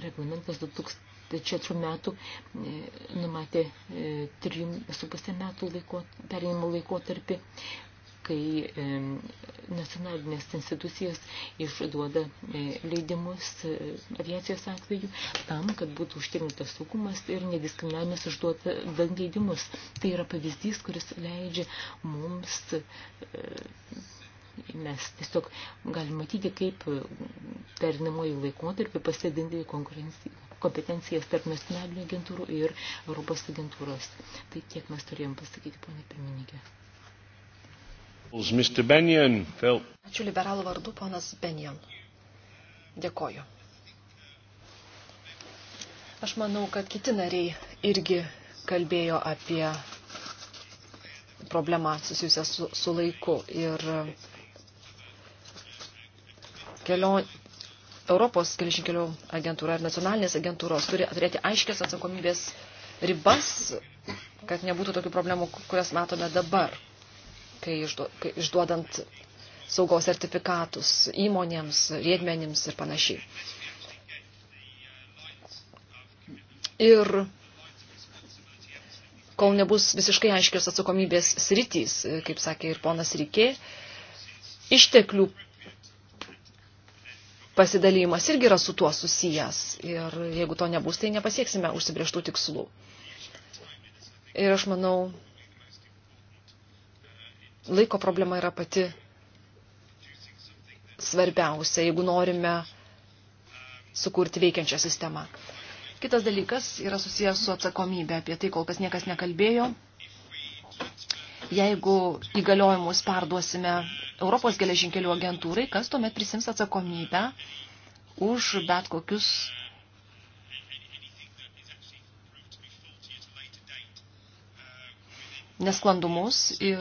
reglamentas 2003 metų e, numatė 3,5 e, metų laiko, perinimo laikotarpį kai e, nacionalinės institucijos išduoda e, leidimus e, aviacijos atveju tam, kad būtų užtikrintas saugumas ir nediskriminavimas išduodant leidimus. Tai yra pavyzdys, kuris leidžia mums mes tiesiog galime matyti, kaip perinamoji laikotarpį pasidinti kompetencijas tarp nacionalinių agentūrų ir Europos agentūros. Tai tiek mes turėjom pasakyti, ponė pirmininkė. Ačiū liberalų vardu, ponas Benjon. Dėkoju. Aš manau, kad kiti nariai irgi kalbėjo apie problemą susijusią su, su laiku ir kelion, Europos geležinkelių agentūra ir nacionalinės agentūros turi turėti aiškias atsakomybės ribas, kad nebūtų tokių problemų, kurias matome dabar kai, išduo, kai išduodant saugos sertifikatus įmonėms, riedmenims ir panašiai. Ir kol nebus visiškai aiškios atsakomybės sritys, kaip sakė ir ponas Rykė, išteklių pasidalymas irgi yra su tuo susijęs. Ir jeigu to nebus, tai nepasieksime užsibrieštų tikslų. Ir aš manau, laiko problema yra pati svarbiausia, jeigu norime sukurti veikiančią sistemą. Kitas dalykas yra susijęs su atsakomybė, apie tai kol kas niekas nekalbėjo. Jeigu įgaliojimus perduosime Europos geležinkelių agentūrai, kas tuomet prisims atsakomybę už bet kokius nesklandumus ir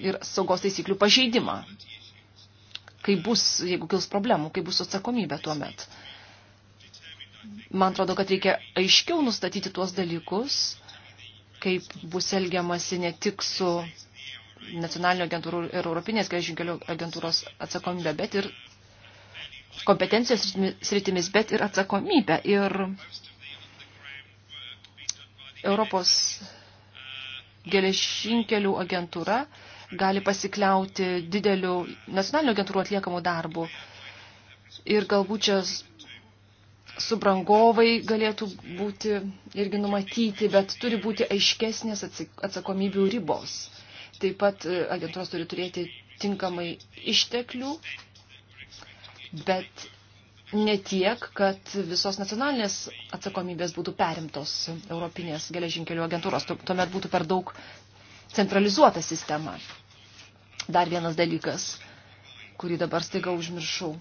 ir saugos taisyklių pažeidimą. Kai bus, jeigu kils problemų, kai bus atsakomybė tuo met. Man atrodo, kad reikia aiškiau nustatyti tuos dalykus, kaip bus elgiamasi ne tik su nacionalinio agentūrų ir Europinės geležinkelio agentūros atsakomybė, bet ir kompetencijos sritimis, bet ir atsakomybė. Ir Europos geležinkelių agentūra gali pasikliauti dideliu nacionalinių agentūrų atliekamų darbų. Ir galbūt čia subrangovai galėtų būti irgi numatyti, bet turi būti aiškesnės atsakomybių ribos. Taip pat e, agentūros turi turėti tinkamai išteklių, bet ne tiek, kad visos nacionalinės atsakomybės būtų perimtos Europinės geležinkelių agentūros. Tuomet būtų per daug centralizuota sistema. Dar vienas dalykas, kurį dabar staiga užmiršau.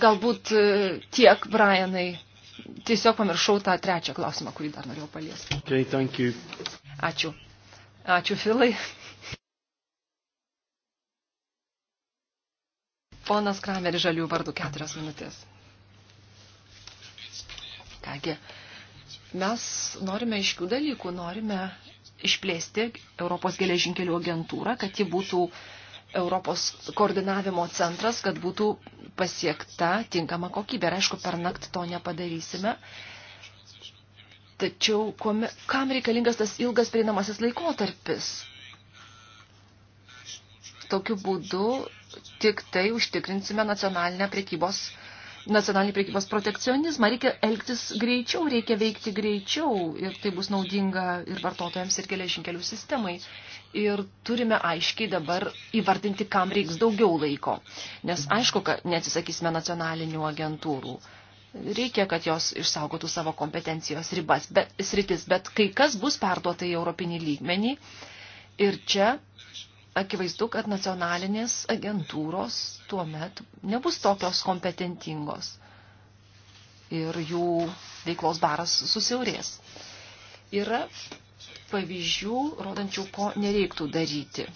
Galbūt e, tiek, Brianai. Tiesiog pamiršau tą trečią klausimą, kurį dar norėjau paliesti. Okay, thank you. Ačiū. Ačiū, Filai. Ponas Krameris žalių vardu keturias minutės. Kągi, mes norime iškių dalykų, norime išplėsti Europos geležinkelių agentūrą, kad ji būtų Europos koordinavimo centras, kad būtų pasiekta tinkama kokybė. Ir aišku, per naktį to nepadarysime. Tačiau kuome, kam reikalingas tas ilgas prieinamasis laikotarpis? Tokiu būdu tik tai užtikrinsime nacionalinę prekybos nacionalinį priekybos protekcionizmą. Reikia elgtis greičiau, reikia veikti greičiau ir tai bus naudinga ir vartotojams, ir geležinkelių sistemai. Ir turime aiškiai dabar įvardinti, kam reiks daugiau laiko. Nes aišku, kad neatsisakysime nacionalinių agentūrų. Reikia, kad jos išsaugotų savo kompetencijos ribas, bet, sritis, bet kai kas bus perduota į europinį lygmenį. Ir čia akivaizdu, kad nacionalinės agentūros tuo met nebus tokios kompetentingos ir jų veiklos baras susiaurės. Yra pavyzdžių, rodančių, ko nereiktų daryti.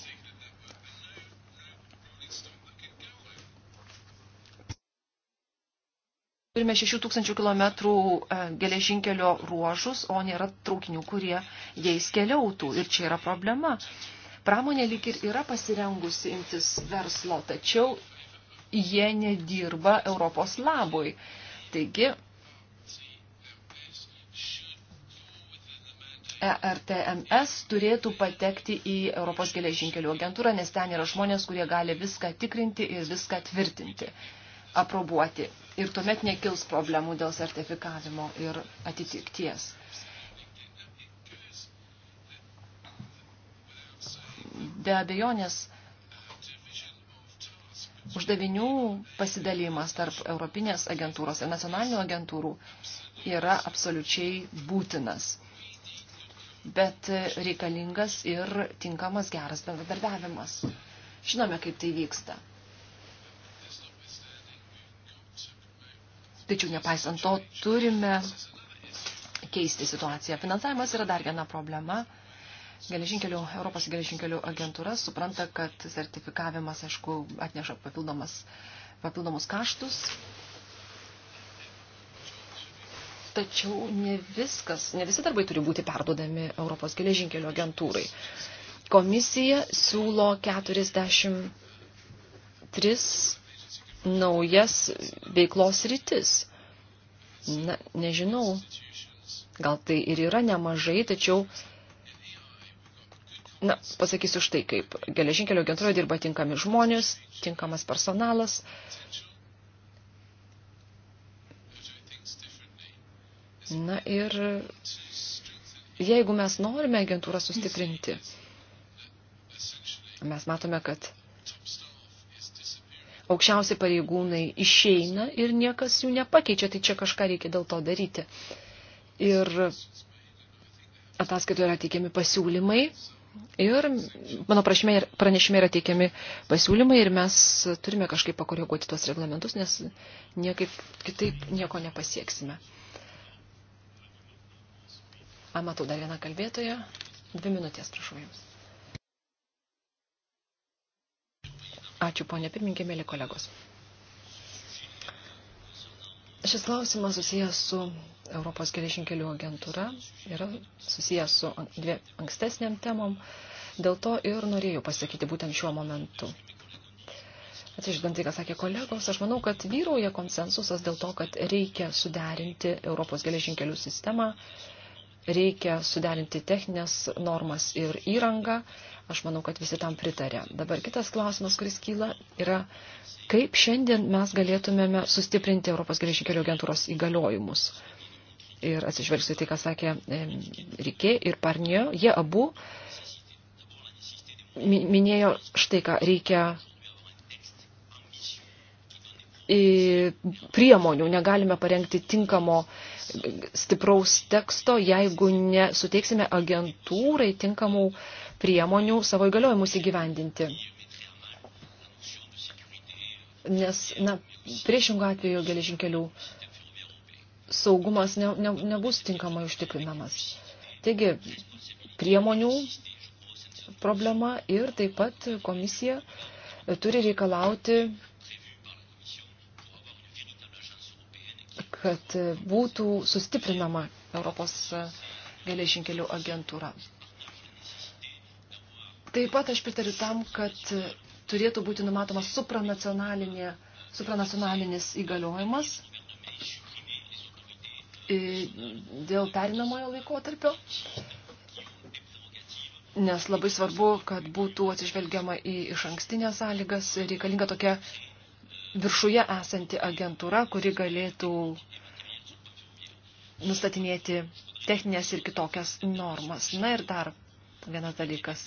Turime 6000 km e, geležinkelio ruožus, o nėra traukinių, kurie jais keliautų. Ir čia yra problema pramonė lyg ir yra pasirengusi imtis verslo, tačiau jie nedirba Europos labui. Taigi, ERTMS turėtų patekti į Europos geležinkelių agentūrą, nes ten yra žmonės, kurie gali viską tikrinti ir viską tvirtinti, aprobuoti. Ir tuomet nekils problemų dėl sertifikavimo ir atitikties. be abejonės uždavinių pasidalimas tarp Europinės agentūros ir nacionalinių agentūrų yra absoliučiai būtinas, bet reikalingas ir tinkamas geras bendradarbiavimas. Žinome, kaip tai vyksta. Tačiau nepaisant to, turime keisti situaciją. Finansavimas yra dar viena problema – Geležinkelių, Europos geležinkelių agentūra supranta, kad sertifikavimas, aišku, atneša papildomas, papildomus kaštus. Tačiau ne viskas, ne visi darbai turi būti perduodami Europos geležinkelių agentūrai. Komisija siūlo 43 naujas veiklos rytis. Na, nežinau, gal tai ir yra nemažai, tačiau Na, pasakysiu štai kaip. Geležinkelio agentūroje dirba tinkami žmonės, tinkamas personalas. Na ir jeigu mes norime agentūrą sustiprinti, mes matome, kad aukščiausi pareigūnai išeina ir niekas jų nepakeičia, tai čia kažką reikia dėl to daryti. Ir ataskaitoje yra teikiami pasiūlymai, Ir mano prašymė, pranešime yra teikiami pasiūlymai ir mes turime kažkaip pakoreguoti tuos reglamentus, nes niekaip kitaip nieko nepasieksime. A, matau dar vieną kalbėtoją. Dvi minutės, prašau Jums. Ačiū, ponė pirminkė, mėly kolegos. Šis klausimas susijęs su Europos geležinkelių agentūra, yra susijęs su ankstesniam temom, dėl to ir norėjau pasakyti būtent šiuo momentu. Atsižvelgiant tai, ką sakė kolegos, aš manau, kad vyrauja konsensusas dėl to, kad reikia suderinti Europos geležinkelių sistemą reikia suderinti techninės normas ir įrangą. Aš manau, kad visi tam pritarė. Dabar kitas klausimas, kuris kyla, yra, kaip šiandien mes galėtumėme sustiprinti Europos geležinkelių agentūros įgaliojimus. Ir atsižvelgsiu tai, ką sakė Rikė ir Parnio, jie abu minėjo štai ką reikia priemonių, negalime parengti tinkamo uh, stipraus teksto, jeigu nesuteiksime agentūrai tinkamų priemonių savo įgaliojimus įgyvendinti. Nes, na, priešingų atveju geležinkelių saugumas ne, ne, nebus tinkamai užtikrinamas. Taigi, priemonių problema ir taip pat komisija turi reikalauti kad būtų sustiprinama Europos geležinkelių agentūra. Taip pat aš pritariu tam, kad turėtų būti numatomas supranacionalinis įgaliojimas e, dėl perinamojo laikotarpio, nes labai svarbu, kad būtų atsižvelgiama į iš ankstinės sąlygas, reikalinga tokia viršuje esanti agentūra, kuri galėtų nustatinėti techninės ir kitokias normas. Na ir dar vienas dalykas.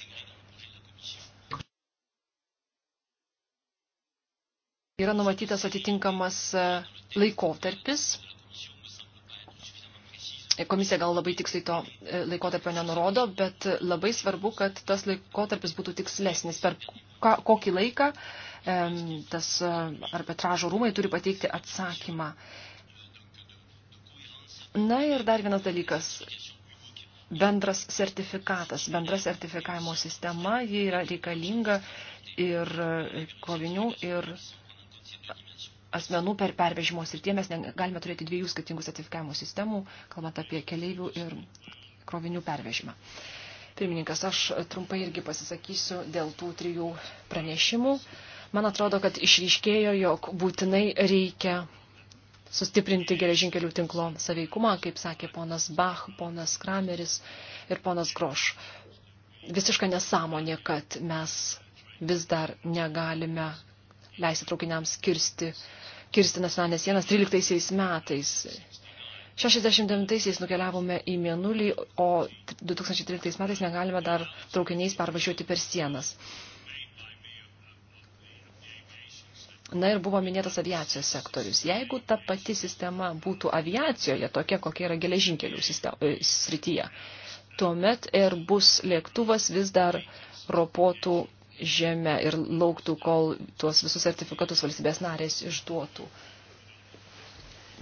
Yra numatytas atitinkamas e, laikotarpis. Komisija gal labai tiksliai to e, laikotarpio nenurodo, bet labai svarbu, kad tas laikotarpis būtų tikslesnis, per kokį laiką uh, tas e, arbitražo rūmai turi pateikti atsakymą. Na ir dar vienas dalykas. Bendras sertifikatas, bendra sertifikavimo sistema, ji yra reikalinga ir krovinių, ir asmenų per pervežimo srityje mes galime turėti dviejų skirtingų sertifikavimo sistemų, kalbant apie keleivių ir krovinių pervežimą. Pirmininkas, aš trumpai irgi pasisakysiu dėl tų trijų pranešimų. Uh, Man atrodo, kad išryškėjo, jog būtinai reikia sustiprinti geležinkelių tinklo saveikumą, kaip sakė ponas Bach, ponas Krameris ir ponas Groš. Visiška nesąmonė, kad mes vis dar negalime leisti traukiniams kirsti, kirsti nacionalinės sienas 13 metais. 69-aisiais nukeliavome į Mėnulį, o 2013 metais negalime dar traukiniais pervažiuoti per sienas. Na ir buvo minėtas aviacijos sektorius. Jeigu ta pati sistema būtų aviacijoje, tokia kokia yra geležinkelių e, srityje, tuomet Airbus lėktuvas vis dar ropotų žemę ir lauktų, kol tuos visus sertifikatus valstybės narės išduotų.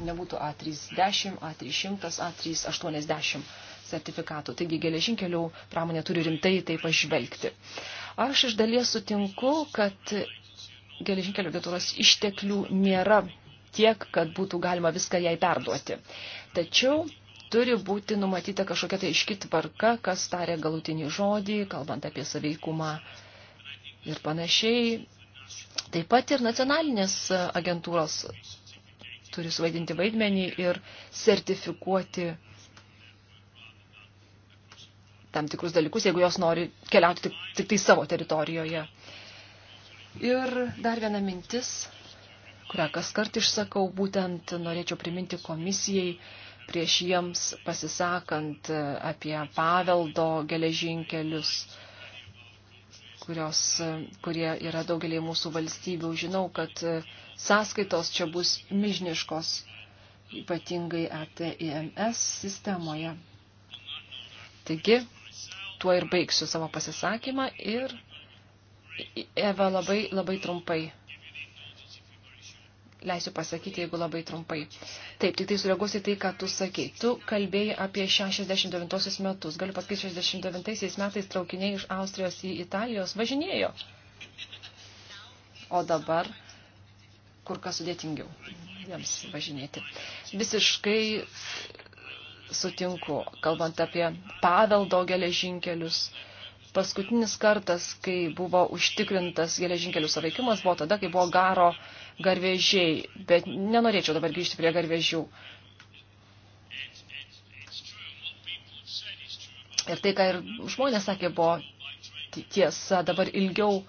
Nebūtų A310, A300, A380 sertifikatų. Taigi geležinkelių pramonė turi rimtai tai pažvelgti. Aš iš dalies sutinku, kad geležinkelio vietovės išteklių nėra tiek, kad būtų galima viską jai perduoti. Tačiau turi būti numatyta kažkokia tai iški tvarka, kas tarė galutinį žodį, kalbant apie saveikumą ir panašiai. Taip pat ir nacionalinės agentūros turi suvaidinti vaidmenį ir sertifikuoti tam tikrus dalykus, jeigu jos nori keliauti tik, tik tai savo teritorijoje. Ir dar viena mintis, kurią kas kart išsakau, būtent norėčiau priminti komisijai prieš jiems pasisakant e, apie paveldo geležinkelius kurios, e, kurie yra daugeliai mūsų valstybių. Žinau, kad e, sąskaitos čia bus milžiniškos, ypatingai ATIMS sistemoje. Taigi, tuo ir baigsiu savo pasisakymą ir Eva, labai, labai trumpai. Leisiu pasakyti, jeigu labai trumpai. Taip, tik tai sureaguosiu tai, ką tu sakei. Tu kalbėjai apie 69 metus. Galiu pasakyti, 69 metais traukiniai iš Austrijos į Italijos važinėjo. O dabar kur kas sudėtingiau jiems važinėti. Visiškai sutinku, kalbant apie paveldo geležinkelius. žinkelius Paskutinis kartas, kai buvo užtikrintas geležinkelių saveikimas, buvo tada, kai buvo garo garvežiai, bet nenorėčiau dabar grįžti prie garvežių. Ir tai, ką ir žmonės sakė, buvo tiesa, dabar ilgiau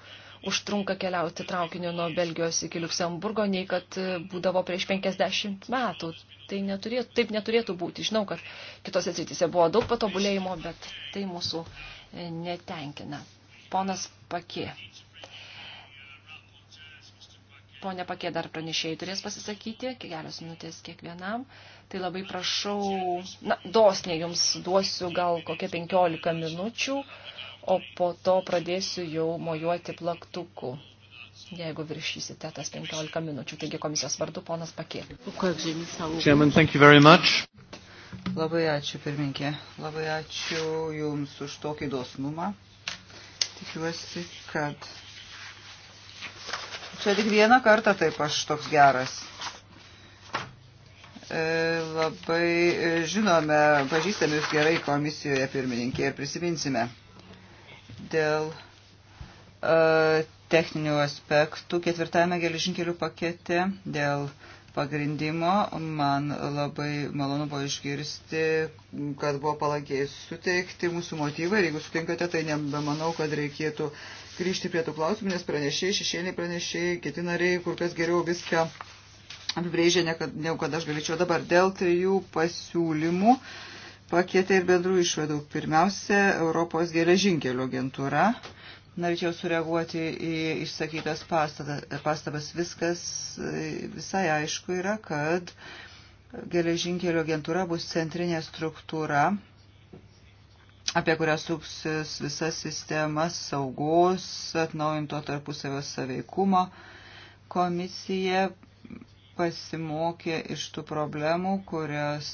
užtrunka keliauti traukiniu nuo Belgijos iki Luksemburgo, nei kad būdavo prieš 50 metų. Tai neturėtų, taip neturėtų būti. Žinau, kad kitose srityse buvo daug patobulėjimo, bet tai mūsų netenkina. Ponas Pakė. Pone Pakė dar pranešėjai turės pasisakyti, kelios minutės kiekvienam. Tai labai prašau, na, dosniai jums duosiu gal kokie 15 minučių, o po to pradėsiu jau mojuoti plaktuku, jeigu viršysite tas 15 minučių. Taigi komisijos vardu ponas Pakė. Chairman, thank you very much. Labai ačiū, pirminkė. Labai ačiū Jums už tokį dosnumą. Tikiuosi, kad. Čia tik vieną kartą taip aš toks geras. E, labai žinome, pažįstame Jūs gerai komisijoje pirmininkė ir prisiminsime dėl e, techninių aspektų ketvirtame geležinkelių pakete, dėl e, pagrindimo. Man labai malonu buvo išgirsti, kad buvo palankiai suteikti mūsų motyvai. Ir jeigu sutinkate, tai nebemanau, kad reikėtų grįžti prie tų klausimų, nes pranešėjai, šešėliai pranešėjai, kiti nariai kur kas geriau viską apibrėžė, negu kad aš galėčiau dabar. Dėl trijų pasiūlymų pakėtė ir bendrų išvadų. Pirmiausia, Europos geležinkelių agentūra. Norėčiau sureaguoti į išsakytas pastabas. Viskas e, visai aišku yra, kad geležinkelio agentūra bus centrinė struktūra, apie kurią suksis visa sistema saugos, atnaujinto tarpusavio saveikumo. Komisija pasimokė iš tų problemų, kurios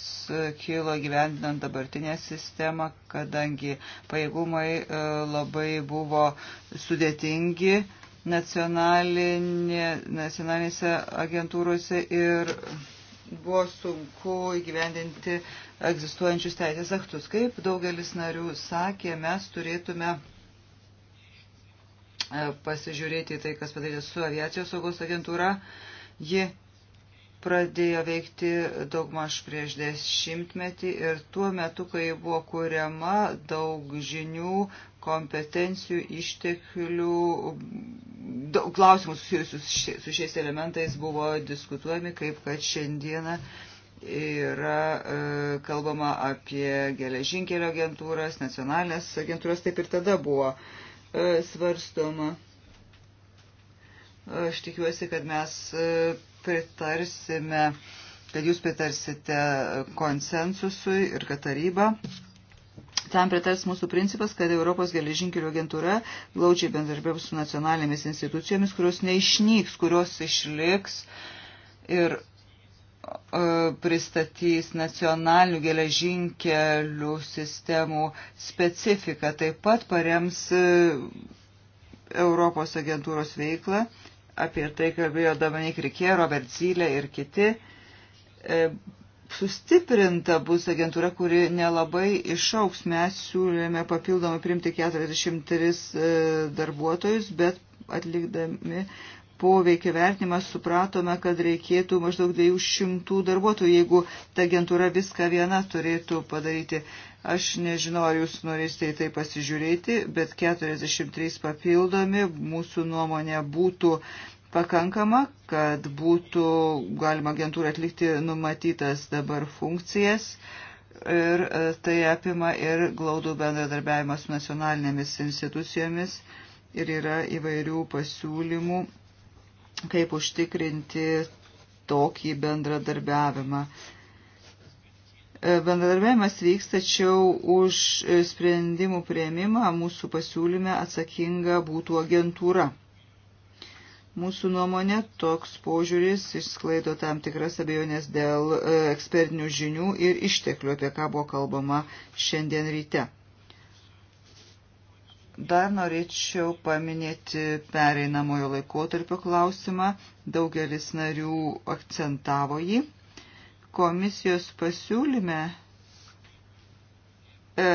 kilo gyvendinant dabartinę sistemą, kadangi pajėgumai e, labai buvo sudėtingi nacionalinėse agentūrose ir buvo sunku įgyvendinti egzistuojančius teisės aktus. Kaip daugelis narių sakė, mes turėtume e, pasižiūrėti tai, kas padarė su aviacijos saugos agentūra. Ji pradėjo veikti daugmaž prieš dešimtmetį ir tuo metu, kai buvo kuriama daug žinių, kompetencijų, išteklių, daug klausimų susijusių su šiais elementais buvo diskutuojami, kaip kad šiandieną yra e, kalbama apie geležinkelio agentūras, nacionalinės agentūras, taip ir tada buvo e, svarstoma. Aš tikiuosi, kad mes e, pritarsime, kad jūs pritarsite konsensusui ir kad taryba. Tam pritars mūsų principas, kad Europos geležinkelių agentūra glaučiai bendarbiaus su nacionalinėmis institucijomis, kurios neišnyks, kurios išliks ir e, pristatys nacionalinių geležinkelių sistemų specifiką, taip pat parems e, Europos agentūros veiklą apie tai kalbėjo Dominik Rikė, Robert Zylė ir kiti. E, sustiprinta bus agentūra, kuri nelabai išauks. Mes siūlėme papildomai primti 43 e, darbuotojus, bet atlikdami poveikį vertinimą supratome, kad reikėtų maždaug 200 darbuotojų, jeigu ta agentūra viską viena turėtų padaryti. Aš nežinau, ar jūs norėsite į tai pasižiūrėti, bet 43 papildomi mūsų nuomonė būtų pakankama, kad būtų galima agentūrą atlikti numatytas dabar funkcijas. Ir e, tai apima ir glaudų bendradarbiavimą su nacionalinėmis institucijomis ir yra įvairių pasiūlymų, kaip užtikrinti tokį bendradarbiavimą. Bendradarbiavimas vyks, tačiau už sprendimų prieimimą mūsų pasiūlyme atsakinga būtų agentūra. Mūsų nuomonė toks požiūris išsklaido tam tikras abejonės dėl e, ekspertinių žinių ir išteklių, apie ką buvo kalbama šiandien ryte. Dar norėčiau paminėti pereinamojo laikotarpio klausimą. Daugelis narių akcentavo jį komisijos pasiūlyme e, e,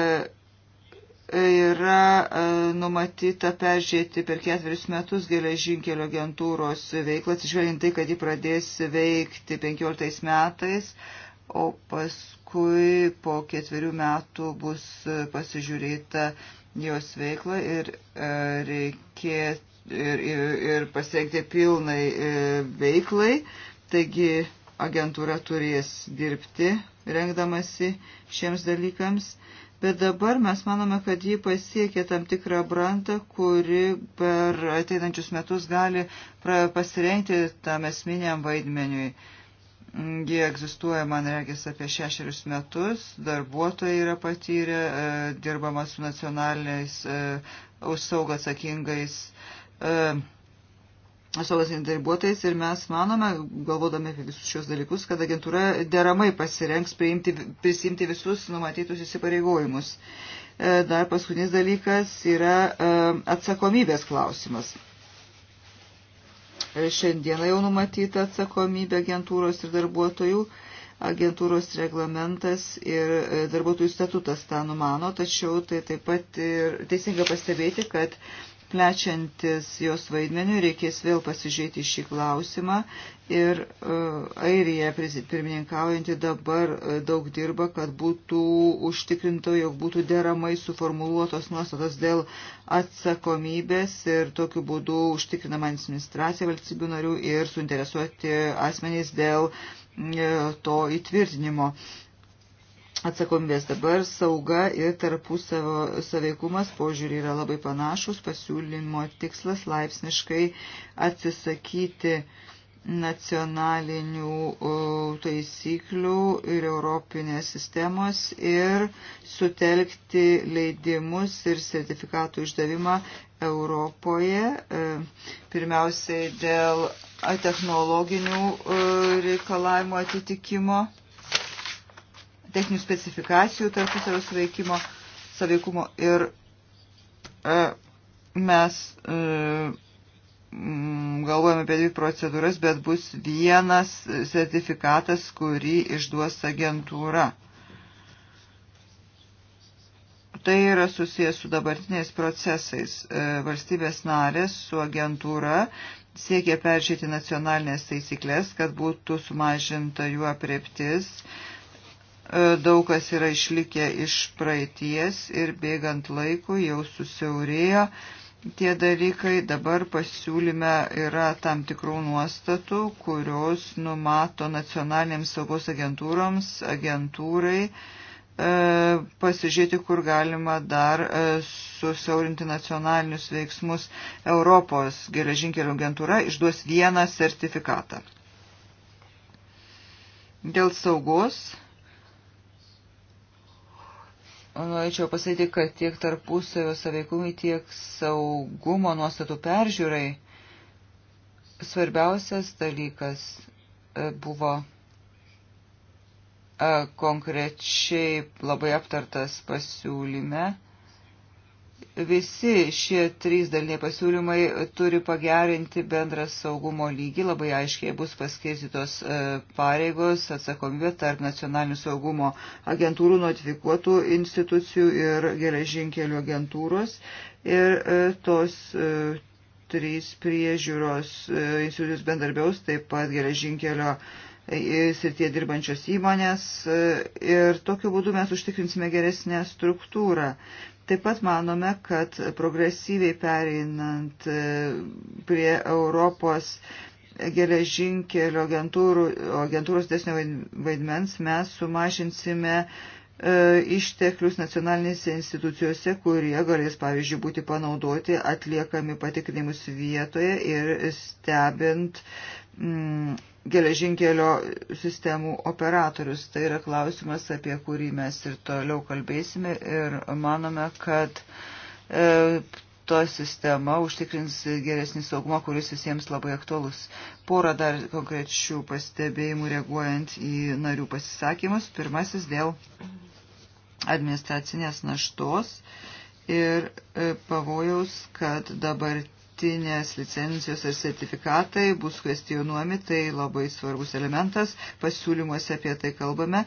yra e, numatyta peržiūrėti per ketverius metus geležinkelio agentūros veiklą, atsižvelgiant tai, kad ji pradės veikti 15 metais, o paskui po ketverių metų bus pasižiūrėta jos veikla ir reikės ir, ir, ir pasiekti pilnai veiklai. Taigi agentūra turės dirbti, rengdamasi šiems dalykams, bet dabar mes manome, kad ji pasiekė tam tikrą brandą, kuri per ateinančius metus gali pasirengti tam esminiam vaidmeniui. Jie egzistuoja, man reikės, apie šešerius metus, darbuotojai yra patyrę, e, dirbama su nacionaliniais, e, už saugą atsakingais e, saugosiniais darbuotojais ir mes manome, galvodami apie visus šios dalykus, kad agentūra deramai pasirengs priimti, prisimti visus numatytus įsipareigojimus. E, dar paskutinis dalykas yra e, atsakomybės klausimas. E, šiandieną jau numatyta atsakomybė agentūros ir darbuotojų. Agentūros reglamentas ir darbuotojų statutas tą numano, tačiau tai taip pat ir teisinga pastebėti, kad plečiantis jos vaidmeniu, reikės vėl pasižiūrėti šį klausimą ir uh, Airija pirmininkaujanti dabar uh, daug dirba, kad būtų užtikrinta, jog būtų deramai suformuluotos nuostatos dėl atsakomybės ir tokiu būdu užtikrinama administracija valstybių narių ir suinteresuoti asmenys dėl uh, to įtvirtinimo. Uh, atsakomybės dabar sauga ir tarpusavo saveikumas požiūrį yra labai panašus, pasiūlymo tikslas laipsniškai atsisakyti nacionalinių taisyklių ir europinės sistemos ir sutelkti leidimus ir sertifikatų išdavimą Europoje, e, pirmiausiai dėl technologinių e, reikalavimų atitikimo techninių specifikacijų tarpusavio suveikimo, saveikumo ir e, mes e, galvojame apie dvi procedūras, bet bus vienas sertifikatas, kurį išduos agentūra. Tai yra susijęs su dabartiniais procesais. E, valstybės narės su agentūra siekia peržiūrėti nacionalinės taisyklės, kad būtų sumažinta jų apreptis E, daug kas yra išlikę iš praeities ir bėgant laiku jau susiaurėjo tie dalykai. Dabar pasiūlyme yra tam tikrų nuostatų, kurios numato nacionalinėms saugos agentūroms, agentūrai e, pasižiūrėti, kur galima dar e, susiaurinti nacionalinius veiksmus. Europos geležinkelio agentūra išduos vieną sertifikatą. Dėl saugos norėčiau pasakyti, kad tiek tarpusavio saveikumai, tiek saugumo nuostatų peržiūrai svarbiausias dalykas e, buvo e, konkrečiai labai aptartas pasiūlyme Visi šie trys daliniai pasiūlymai turi pagerinti bendrą saugumo lygį, labai aiškiai bus paskirstytos e, pareigos, atsakomybė tarp nacionalinių saugumo agentūrų, notifikuotų institucijų ir geležinkelių agentūros. Ir e, tos e, trys priežiūros institucijos bendarbiaus, taip pat geležinkelio agentūros srityje dirbančios įmonės e, ir tokiu būdu mes užtikrinsime geresnę struktūrą. Taip pat manome, kad progresyviai pereinant e, prie Europos geležinkelio agentūrų, agentūros desnio vaidmens mes sumažinsime e, išteklius nacionalinėse institucijose, kurie galės, pavyzdžiui, būti panaudoti atliekami patikrinimus vietoje ir stebint mm, geležinkelio sistemų operatorius. Tai yra klausimas, apie kurį mes ir toliau kalbėsime ir manome, kad e, to sistema užtikrins geresnį saugumą, kuris visiems labai aktuolus. Porą dar konkrečių pastebėjimų reaguojant į narių pasisakymus. Pirmasis dėl administracinės naštos ir e, pavojaus, kad dabar dabartinės licencijos ar sertifikatai bus kvestionuomi, tai labai svarbus elementas, pasiūlymuose apie tai kalbame.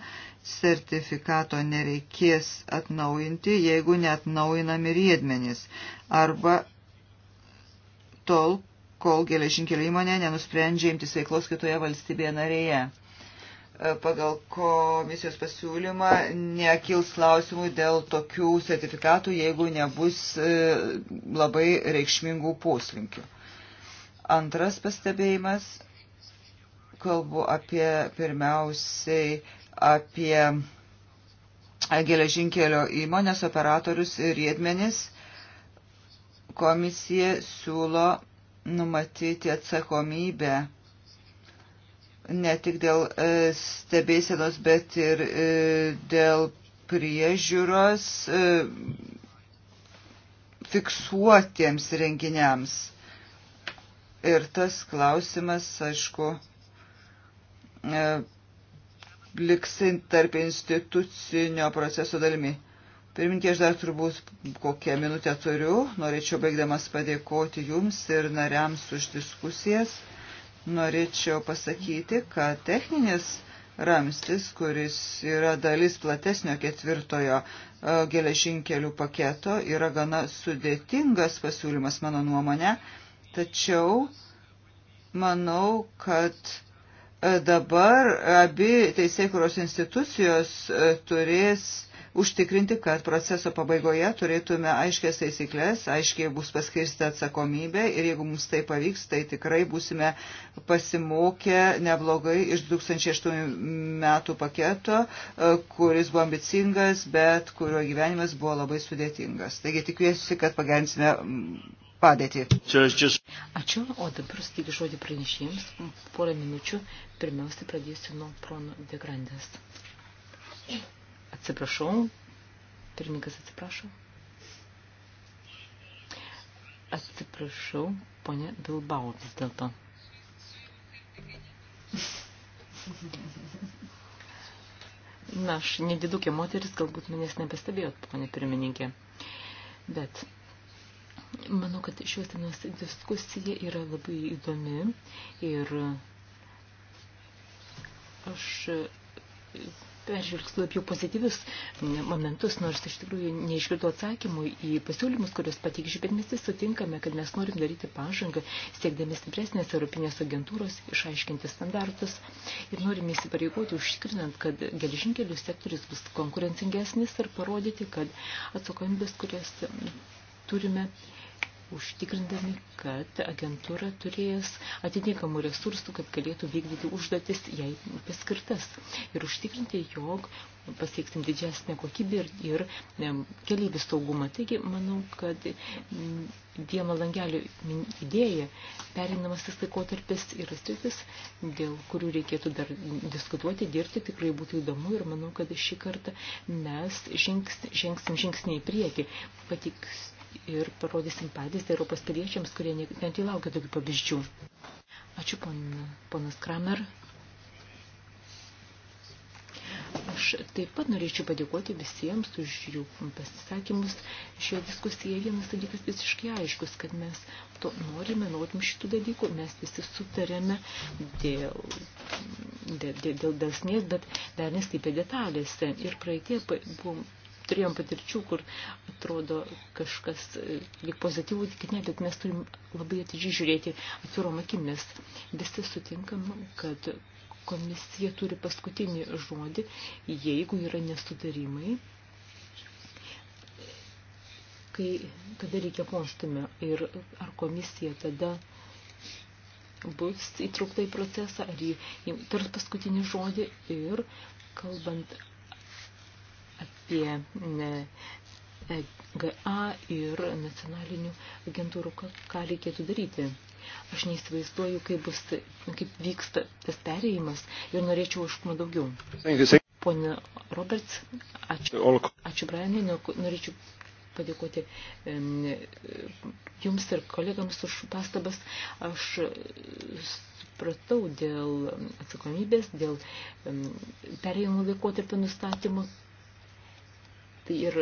Sertifikato nereikės atnaujinti, jeigu neatnaujinami riedmenys arba tol, kol geležinkelio įmonė nenusprendžia imtis veiklos kitoje valstybėje narėje. E, pagal komisijos pasiūlymą nekils klausimų dėl tokių sertifikatų, jeigu nebus e, labai reikšmingų poslinkių. Antras pastebėjimas, kalbu apie pirmiausiai apie geležinkelio įmonės operatorius ir riedmenis. Komisija siūlo numatyti atsakomybę ne tik dėl e, stebėsienos, bet ir e, dėl priežiūros e, fiksuotiems renginiams. Ir tas klausimas, aišku, liksint tarp institucinio proceso dalimi. Pirminkė, aš dar turbūt kokią minutę turiu. Norėčiau baigdamas padėkoti Jums ir nariams už diskusijas norėčiau pasakyti, kad techninis ramstis, kuris yra dalis platesnio ketvirtojo e, geležinkelių paketo, yra gana sudėtingas pasiūlymas mano nuomonė, tačiau manau, kad e, dabar abi teisėkuros institucijos e, turės užtikrinti, kad proceso pabaigoje turėtume aiškės taisyklės, aiškiai bus paskirsta atsakomybė ir jeigu mums tai pavyks, tai tikrai būsime pasimokę neblogai iš 2008 metų paketo, e, kuris buvo ambicingas, bet kurio gyvenimas buvo labai sudėtingas. Taigi tikiuosi, kad pagerinsime mm, padėtį. Ačiū, o dabar sutikiu žodį pranešėjams. Porą minučių. Pirmiausia, pradėsiu nuo prono degrandės. Atsiprašau. Pirmininkas atsiprašo. Atsiprašau, ponė Bilbao vis dėlto. Na, aš nedidukė moteris, galbūt manęs nepastebėjot, ponė pirmininkė. Bet manau, kad šios dienos diskusija yra labai įdomi ir aš peržvelgsiu apie pozityvius momentus, nors iš tikrųjų neišgirdau atsakymų į pasiūlymus, kuriuos pateikžiu, bet mes sutinkame, kad mes norim daryti pažangą, siekdami stipresnės Europinės agentūros, išaiškinti standartus ir norim įsipareigoti užtikrinant, kad geležinkelių sektorius bus konkurencingesnis ir parodyti, kad atsakomybės, kurias turime, užtikrindami, kad agentūra turės atitinkamų resursų, kad galėtų vykdyti užduotis jai paskirtas ir užtikrinti, jog pasieksim didesnę kokybę ir, ir keliaivių saugumą. Taigi, manau, kad vieno langelio idėja, perinamasis laikotarpis yra sritis, dėl kurių reikėtų dar diskutuoti, dirbti, tikrai būtų įdomu ir manau, kad šį kartą mes žings, žingsim žingsnį į priekį. Patiks, ir parodysim pavyzdį Europos piliečiams, kurie net įlaukia tokių pavyzdžių. Ačiū, pon, ponas Kramer. Aš taip pat norėčiau padėkoti visiems už jų pasisakymus. Šioje diskusijoje vienas dalykas visiškai aiškus, kad mes to norime, norim šitų dalykų, mes visi sutarėme dėl, dėl, dėl, dėl dėlsnės, bet dar neskaipe detalėse. Ir praeitie buvom turėjom patirčių, kur atrodo kažkas e, lyg pozityvų, tik ne, bet mes turim labai atidžiai žiūrėti atvirom akimis. Visi sutinkam, kad komisija turi paskutinį žodį, jeigu yra nesutarimai, kai tada reikia postumio ir ar komisija tada bus įtraukta į procesą, ar į tars paskutinį žodį ir kalbant apie e GA ir nacionalinių agentūrų, ką reikėtų daryti. Aš neįsivaizduoju, kaip, bus, kaip vyksta tas perėjimas ir norėčiau užkumo daugiau. Pone Roberts, ačiū, ačiū Brianai, norėčiau padėkoti jums ir kolegams už pastabas. Aš supratau dėl atsakomybės, dėl perėjimo laikotarpio nustatymo, Tai ir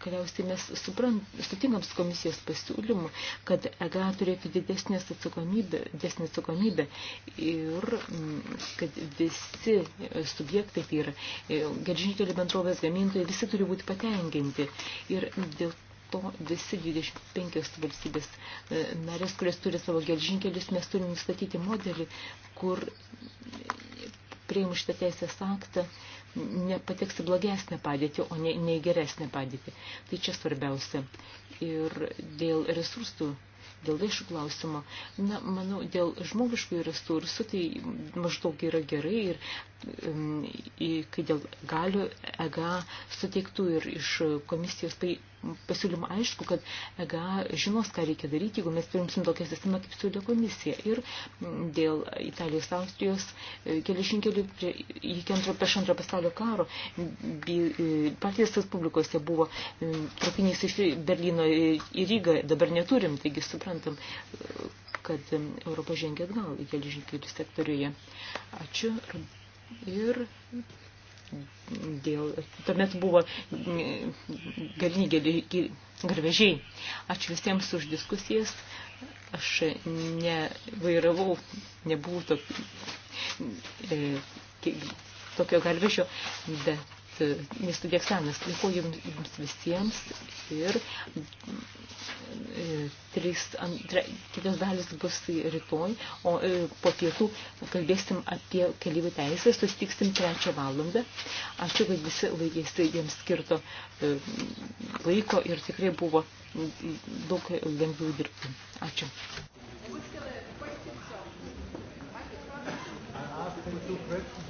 galiausiai tai mes sutinkam su komisijos pasiūlymu, kad EGA turėtų didesnę atsakomybę, didesnę atsakomybę ir kad visi subjektai, tai yra e, geržininkelių bendrovės gamintojai, visi turi būti patenkinti. Ir dėl to visi 25 valstybės e, narės, kurios turi savo gelžinkelius, mes turime nustatyti modelį, kur prieimu šitą teisės aktą, nepateks į blogesnę padėtį, o ne, ne į geresnę padėtį. Tai čia svarbiausia. Ir dėl resursų, dėl lėšų klausimo, na, manau, dėl žmogiškų resursų tai maždaug yra gerai ir, ir um, kai dėl galių EGA suteiktų ir iš komisijos tai pasiūlymą aišku, kad EGA žinos, ką reikia daryti, jeigu mes priimsim tokią sistemą, kaip siūlė komisija. Ir mm, dėl Italijos, Austrijos e, geležinkelių iki antro, prieš antro pasaulio karo partijos e, Respublikose buvo e, traukinys iš Berlyno į Rygą, dabar neturim, taigi suprantam, kad Europa žengia atgal geležinkelių sektoriuje. Ačiū ir dėl, tuomet buvo galiniai garvežiai. Ačiū visiems už diskusijas. Aš nevairavau, nebuvau to, e, tokio garvežio, bet E, miestų dėksanas. Dėkuoju jums visiems ir e, trys, antra, kitos dalis bus rytoj, o e, po pietų kalbėsim apie keliaivių teisę, susitiksim trečią valandą. Ačiū, kad visi laikėsi jiems skirto laiko ir tikrai buvo daug lengviau dirbti. Ačiū. Thank you.